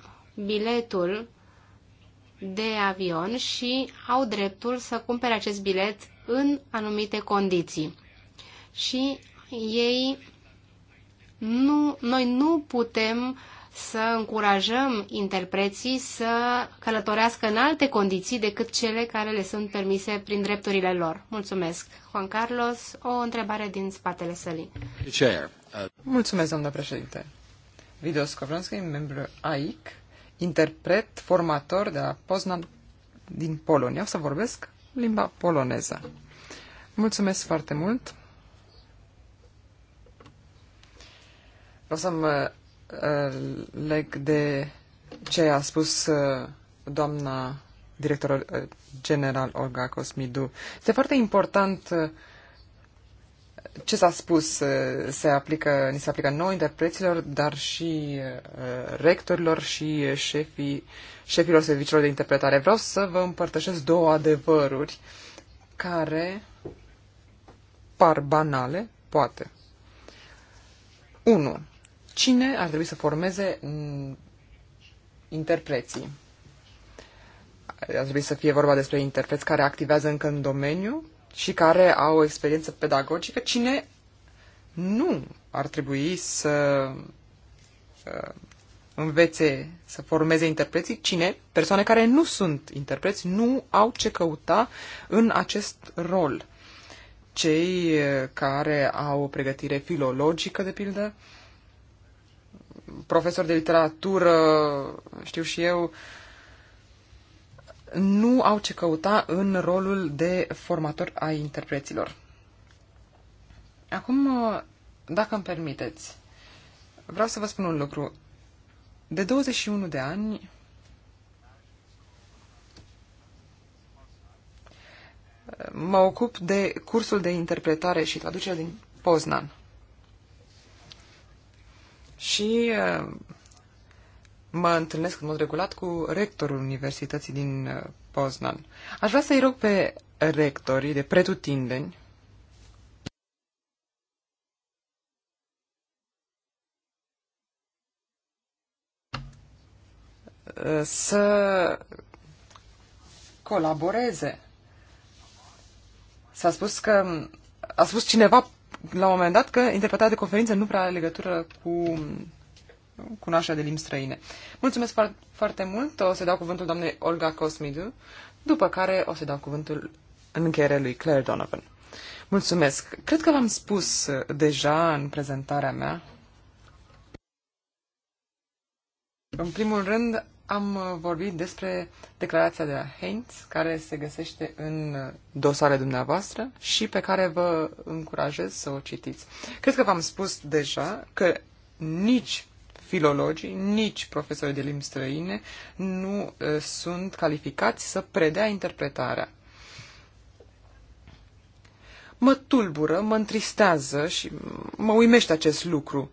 biletul de avion și au dreptul să cumpere acest bilet în anumite condiții. Și ei nu, noi nu putem să încurajăm interpreții să călătorească în alte condiții decât cele care le sunt permise prin drepturile lor. Mulțumesc. Juan Carlos, o întrebare din spatele sălii. Uh, Mulțumesc, domnule președinte. Video Skovronski, membru AIC, interpret, formator de la Poznan din Polonia. O să vorbesc limba poloneză. Mulțumesc foarte mult! Vreau să mă uh, leg de ce a spus uh, doamna director uh, general Olga Cosmidu. Este foarte important ce s-a spus, se aplică, ni se aplică nouă interpreților, dar și rectorilor și șefii uh, șefilor serviciilor de interpretare. Vreau să vă împărtășesc două adevăruri care par banale, poate. 1. Cine ar trebui să formeze interpreții? Ar trebui să fie vorba despre interpreți care activează încă în domeniu și care au o experiență pedagogică. Cine nu ar trebui să uh, învețe, să formeze interpreții, cine? Persoane care nu sunt interpreți, nu au ce căuta în acest rol. Cei eh, care au o pregătire filologică, de pildă, profesori de literatură, știu și eu, nu au ce căuta în rolul de formator a interpreților. Acum, eh, dacă îmi permiteți, vreau să vă spun un lucru. De 21 de ani mă ocup de cursul de interpretare și traducere din Poznan. Și uh, mă întâlnesc în mod regulat cu rectorul Universității din uh, Poznan. Aș vrea să-i rog pe rectorii de pretutindeni să colaboreze. S-a spus că a spus cineva la un moment dat că interpretarea de conferință nu prea are legătură cu cunoașterea de limbi străine. Mulțumesc foarte, foarte mult. O să dau cuvântul doamnei Olga Cosmidu, după care o să dau cuvântul în încheiere lui Claire Donovan. Mulțumesc. Cred că v-am spus deja în prezentarea mea. În primul rând, am vorbit despre declarația de la Heinz, care se găsește în dosare dumneavoastră și pe care vă încurajez să o citiți. Cred că v-am spus deja că nici filologii, nici profesorii de limbi străine nu uh, sunt calificați să predea interpretarea. Mă tulbură, mă întristează și mă uimește acest lucru.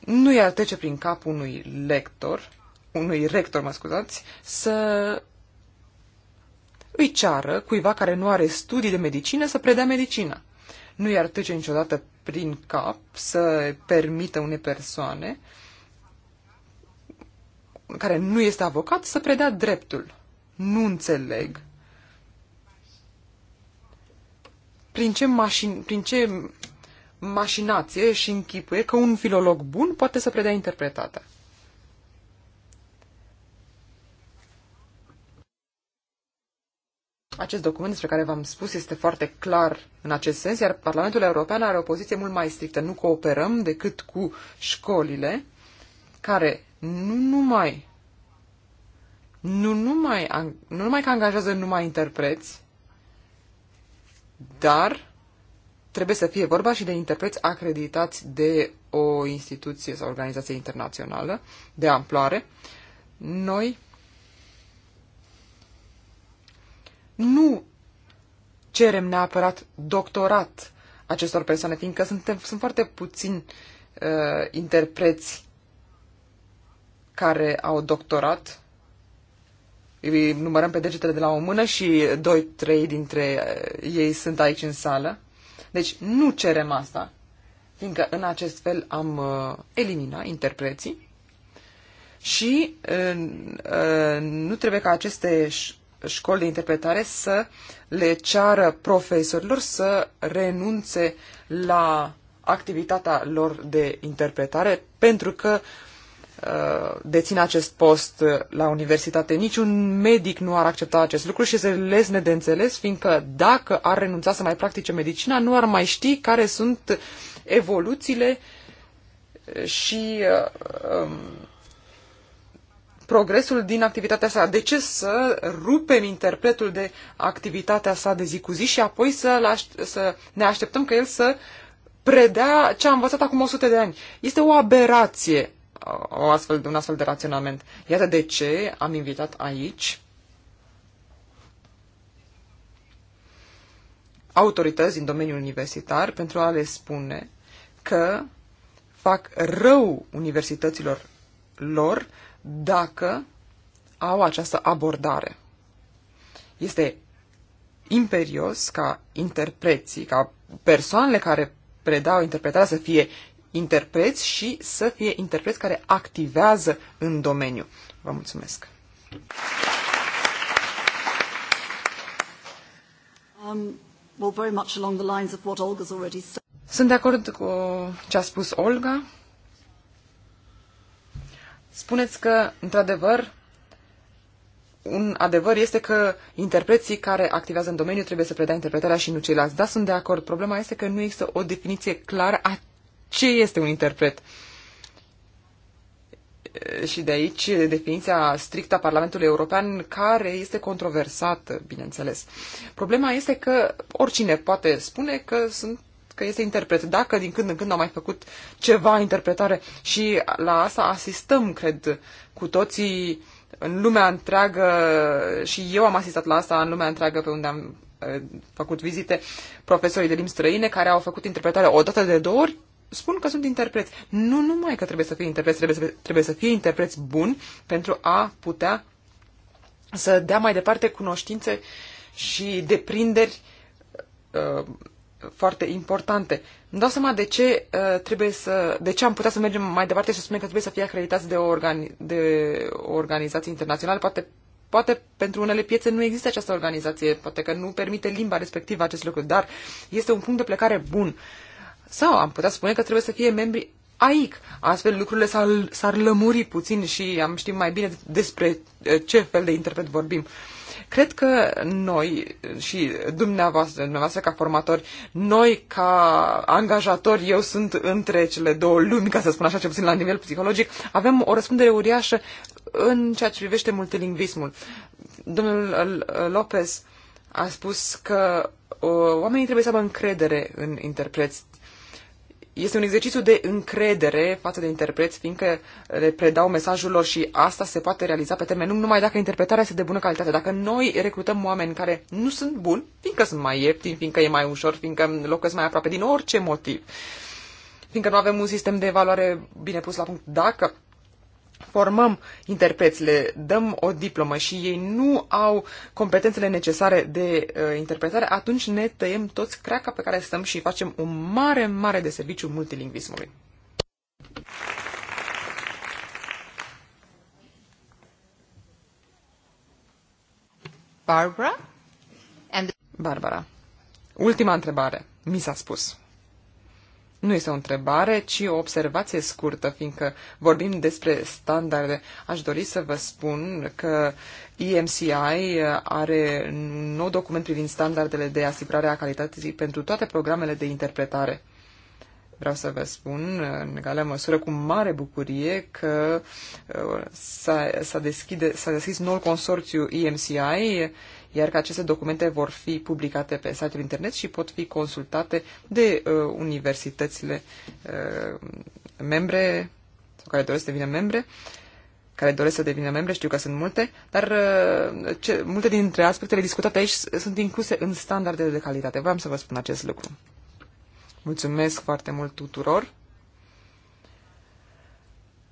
Nu i-ar trece prin cap unui lector unui rector, mă scuzați, să îi ceară cuiva care nu are studii de medicină să predea medicină. Nu i-ar trece niciodată prin cap să permită unei persoane care nu este avocat să predea dreptul. Nu înțeleg prin ce, mașin, prin ce mașinație și închipuie că un filolog bun poate să predea interpretarea. Acest document despre care v-am spus este foarte clar în acest sens, iar Parlamentul European are o poziție mult mai strictă. Nu cooperăm decât cu școlile care nu numai nu numai, nu numai că angajează numai interpreți, dar trebuie să fie vorba și de interpreți acreditați de o instituție sau organizație internațională de amploare. Noi nu cerem neapărat doctorat acestor persoane, fiindcă suntem, sunt foarte puțini uh, interpreți care au doctorat. Îi numărăm pe degetele de la o mână și doi, trei dintre uh, ei sunt aici în sală. Deci nu cerem asta, fiindcă în acest fel am uh, eliminat interpreții și uh, uh, nu trebuie ca aceste școli de interpretare să le ceară profesorilor să renunțe la activitatea lor de interpretare pentru că uh, dețin acest post la universitate. Niciun medic nu ar accepta acest lucru și se lesne de înțeles, fiindcă dacă ar renunța să mai practice medicina, nu ar mai ști care sunt evoluțiile și uh, um, progresul din activitatea sa. De ce să rupem interpretul de activitatea sa de zi cu zi și apoi să, să ne așteptăm că el să predea ce a învățat acum 100 de ani? Este o aberație o astfel, un astfel de raționament. Iată de ce am invitat aici autorități din domeniul universitar pentru a le spune că fac rău universităților lor dacă au această abordare. Este imperios ca interpreții, ca persoanele care predau interpretarea să fie interpreți și să fie interpreți care activează în domeniu. Vă mulțumesc! Um, well, very much along the lines of what Olga's already said. Sunt de acord cu ce a spus Olga spuneți că, într-adevăr, un adevăr este că interpreții care activează în domeniu trebuie să predea interpretarea și nu ceilalți. Da, sunt de acord. Problema este că nu există o definiție clară a ce este un interpret. Și de aici definiția strictă a Parlamentului European, care este controversată, bineînțeles. Problema este că oricine poate spune că sunt că este interpret. Dacă din când în când am mai făcut ceva interpretare și la asta asistăm, cred, cu toții în lumea întreagă și eu am asistat la asta în lumea întreagă pe unde am eh, făcut vizite profesorii de limbi străine care au făcut interpretare o dată de două ori spun că sunt interpreți. Nu numai că trebuie să fie interpreți, trebuie să, trebuie să fie interpreți buni pentru a putea să dea mai departe cunoștințe și deprinderi uh, foarte importante. Îmi dau seama de ce uh, trebuie să, de ce am putea să mergem mai departe și să spunem că trebuie să fie acreditați de o, organi- de o organizație internațională. Poate, poate pentru unele piețe nu există această organizație, poate că nu permite limba respectivă acest lucru, dar este un punct de plecare bun. Sau am putea spune că trebuie să fie membri AIC. Astfel lucrurile s-ar, s-ar lămuri puțin și am ști mai bine despre uh, ce fel de interpret vorbim. Uh, Cred că noi și dumneavoastră, dumneavoastră ca formatori, noi ca angajatori, eu sunt între cele două lumi, ca să spun așa, ce puțin la nivel psihologic, avem o răspundere uriașă în ceea ce privește multilingvismul. Domnul Lopez a spus că uh, oamenii trebuie să aibă încredere în interpreți este un exercițiu de încredere față de interpreți, fiindcă le predau mesajul lor și asta se poate realiza pe termen lung numai dacă interpretarea este de bună calitate. Dacă noi recrutăm oameni care nu sunt buni, fiindcă sunt mai ieftini, fiindcă e mai ușor, fiindcă locuiesc mai aproape, din orice motiv, fiindcă nu avem un sistem de evaluare bine pus la punct, dacă formăm interpreți, le dăm o diplomă și ei nu au competențele necesare de uh, interpretare, atunci ne tăiem toți craca pe care stăm și facem un mare, mare de serviciu multilingvismului. Barbara? And Barbara, ultima întrebare. Mi s-a spus. Nu este o întrebare, ci o observație scurtă, fiindcă vorbim despre standarde. Aș dori să vă spun că EMCI are un nou document privind standardele de asigurare a calității pentru toate programele de interpretare. Vreau să vă spun, în egală măsură, cu mare bucurie, că uh, s-a, deschide, s-a deschis noul consorțiu EMCI iar că aceste documente vor fi publicate pe site-ul internet și pot fi consultate de uh, universitățile uh, membre sau care doresc să devină membre care doresc să devină membre, știu că sunt multe, dar uh, ce, multe dintre aspectele discutate aici sunt incluse în standardele de calitate. Vreau să vă spun acest lucru. Mulțumesc foarte mult tuturor.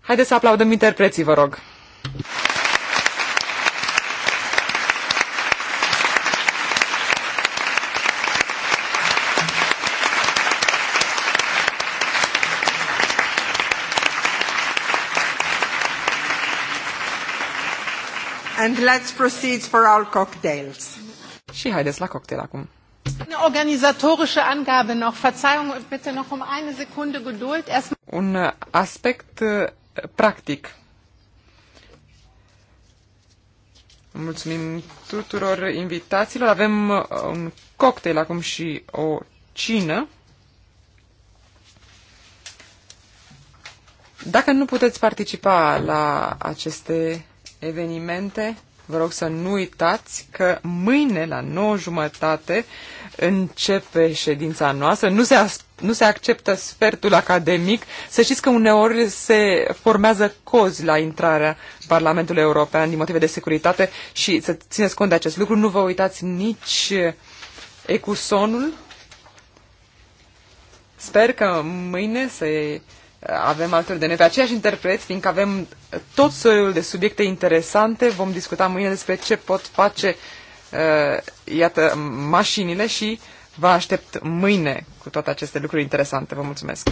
Haideți să aplaudăm interpreții, vă rog. And let's proceed for our cocktails. Și haideți la cocktail acum. Eine organisatorische Angabe noch. Verzeihung, bitte noch um eine Sekunde Geduld. Erst Un uh, aspect uh, practic. Mulțumim tuturor invitațiilor. Avem uh, un cocktail acum și o cină. Dacă nu puteți participa la aceste evenimente, vă rog să nu uitați că mâine la 9 jumătate începe ședința noastră. Nu se, nu se acceptă sfertul academic. Să știți că uneori se formează cozi la intrarea Parlamentului European din motive de securitate și să țineți cont de acest lucru. Nu vă uitați nici ecusonul. Sper că mâine se avem alături de noi pe aceiași interpreți, fiindcă avem tot soiul de subiecte interesante. Vom discuta mâine despre ce pot face, uh, iată, mașinile și vă aștept mâine cu toate aceste lucruri interesante. Vă mulțumesc!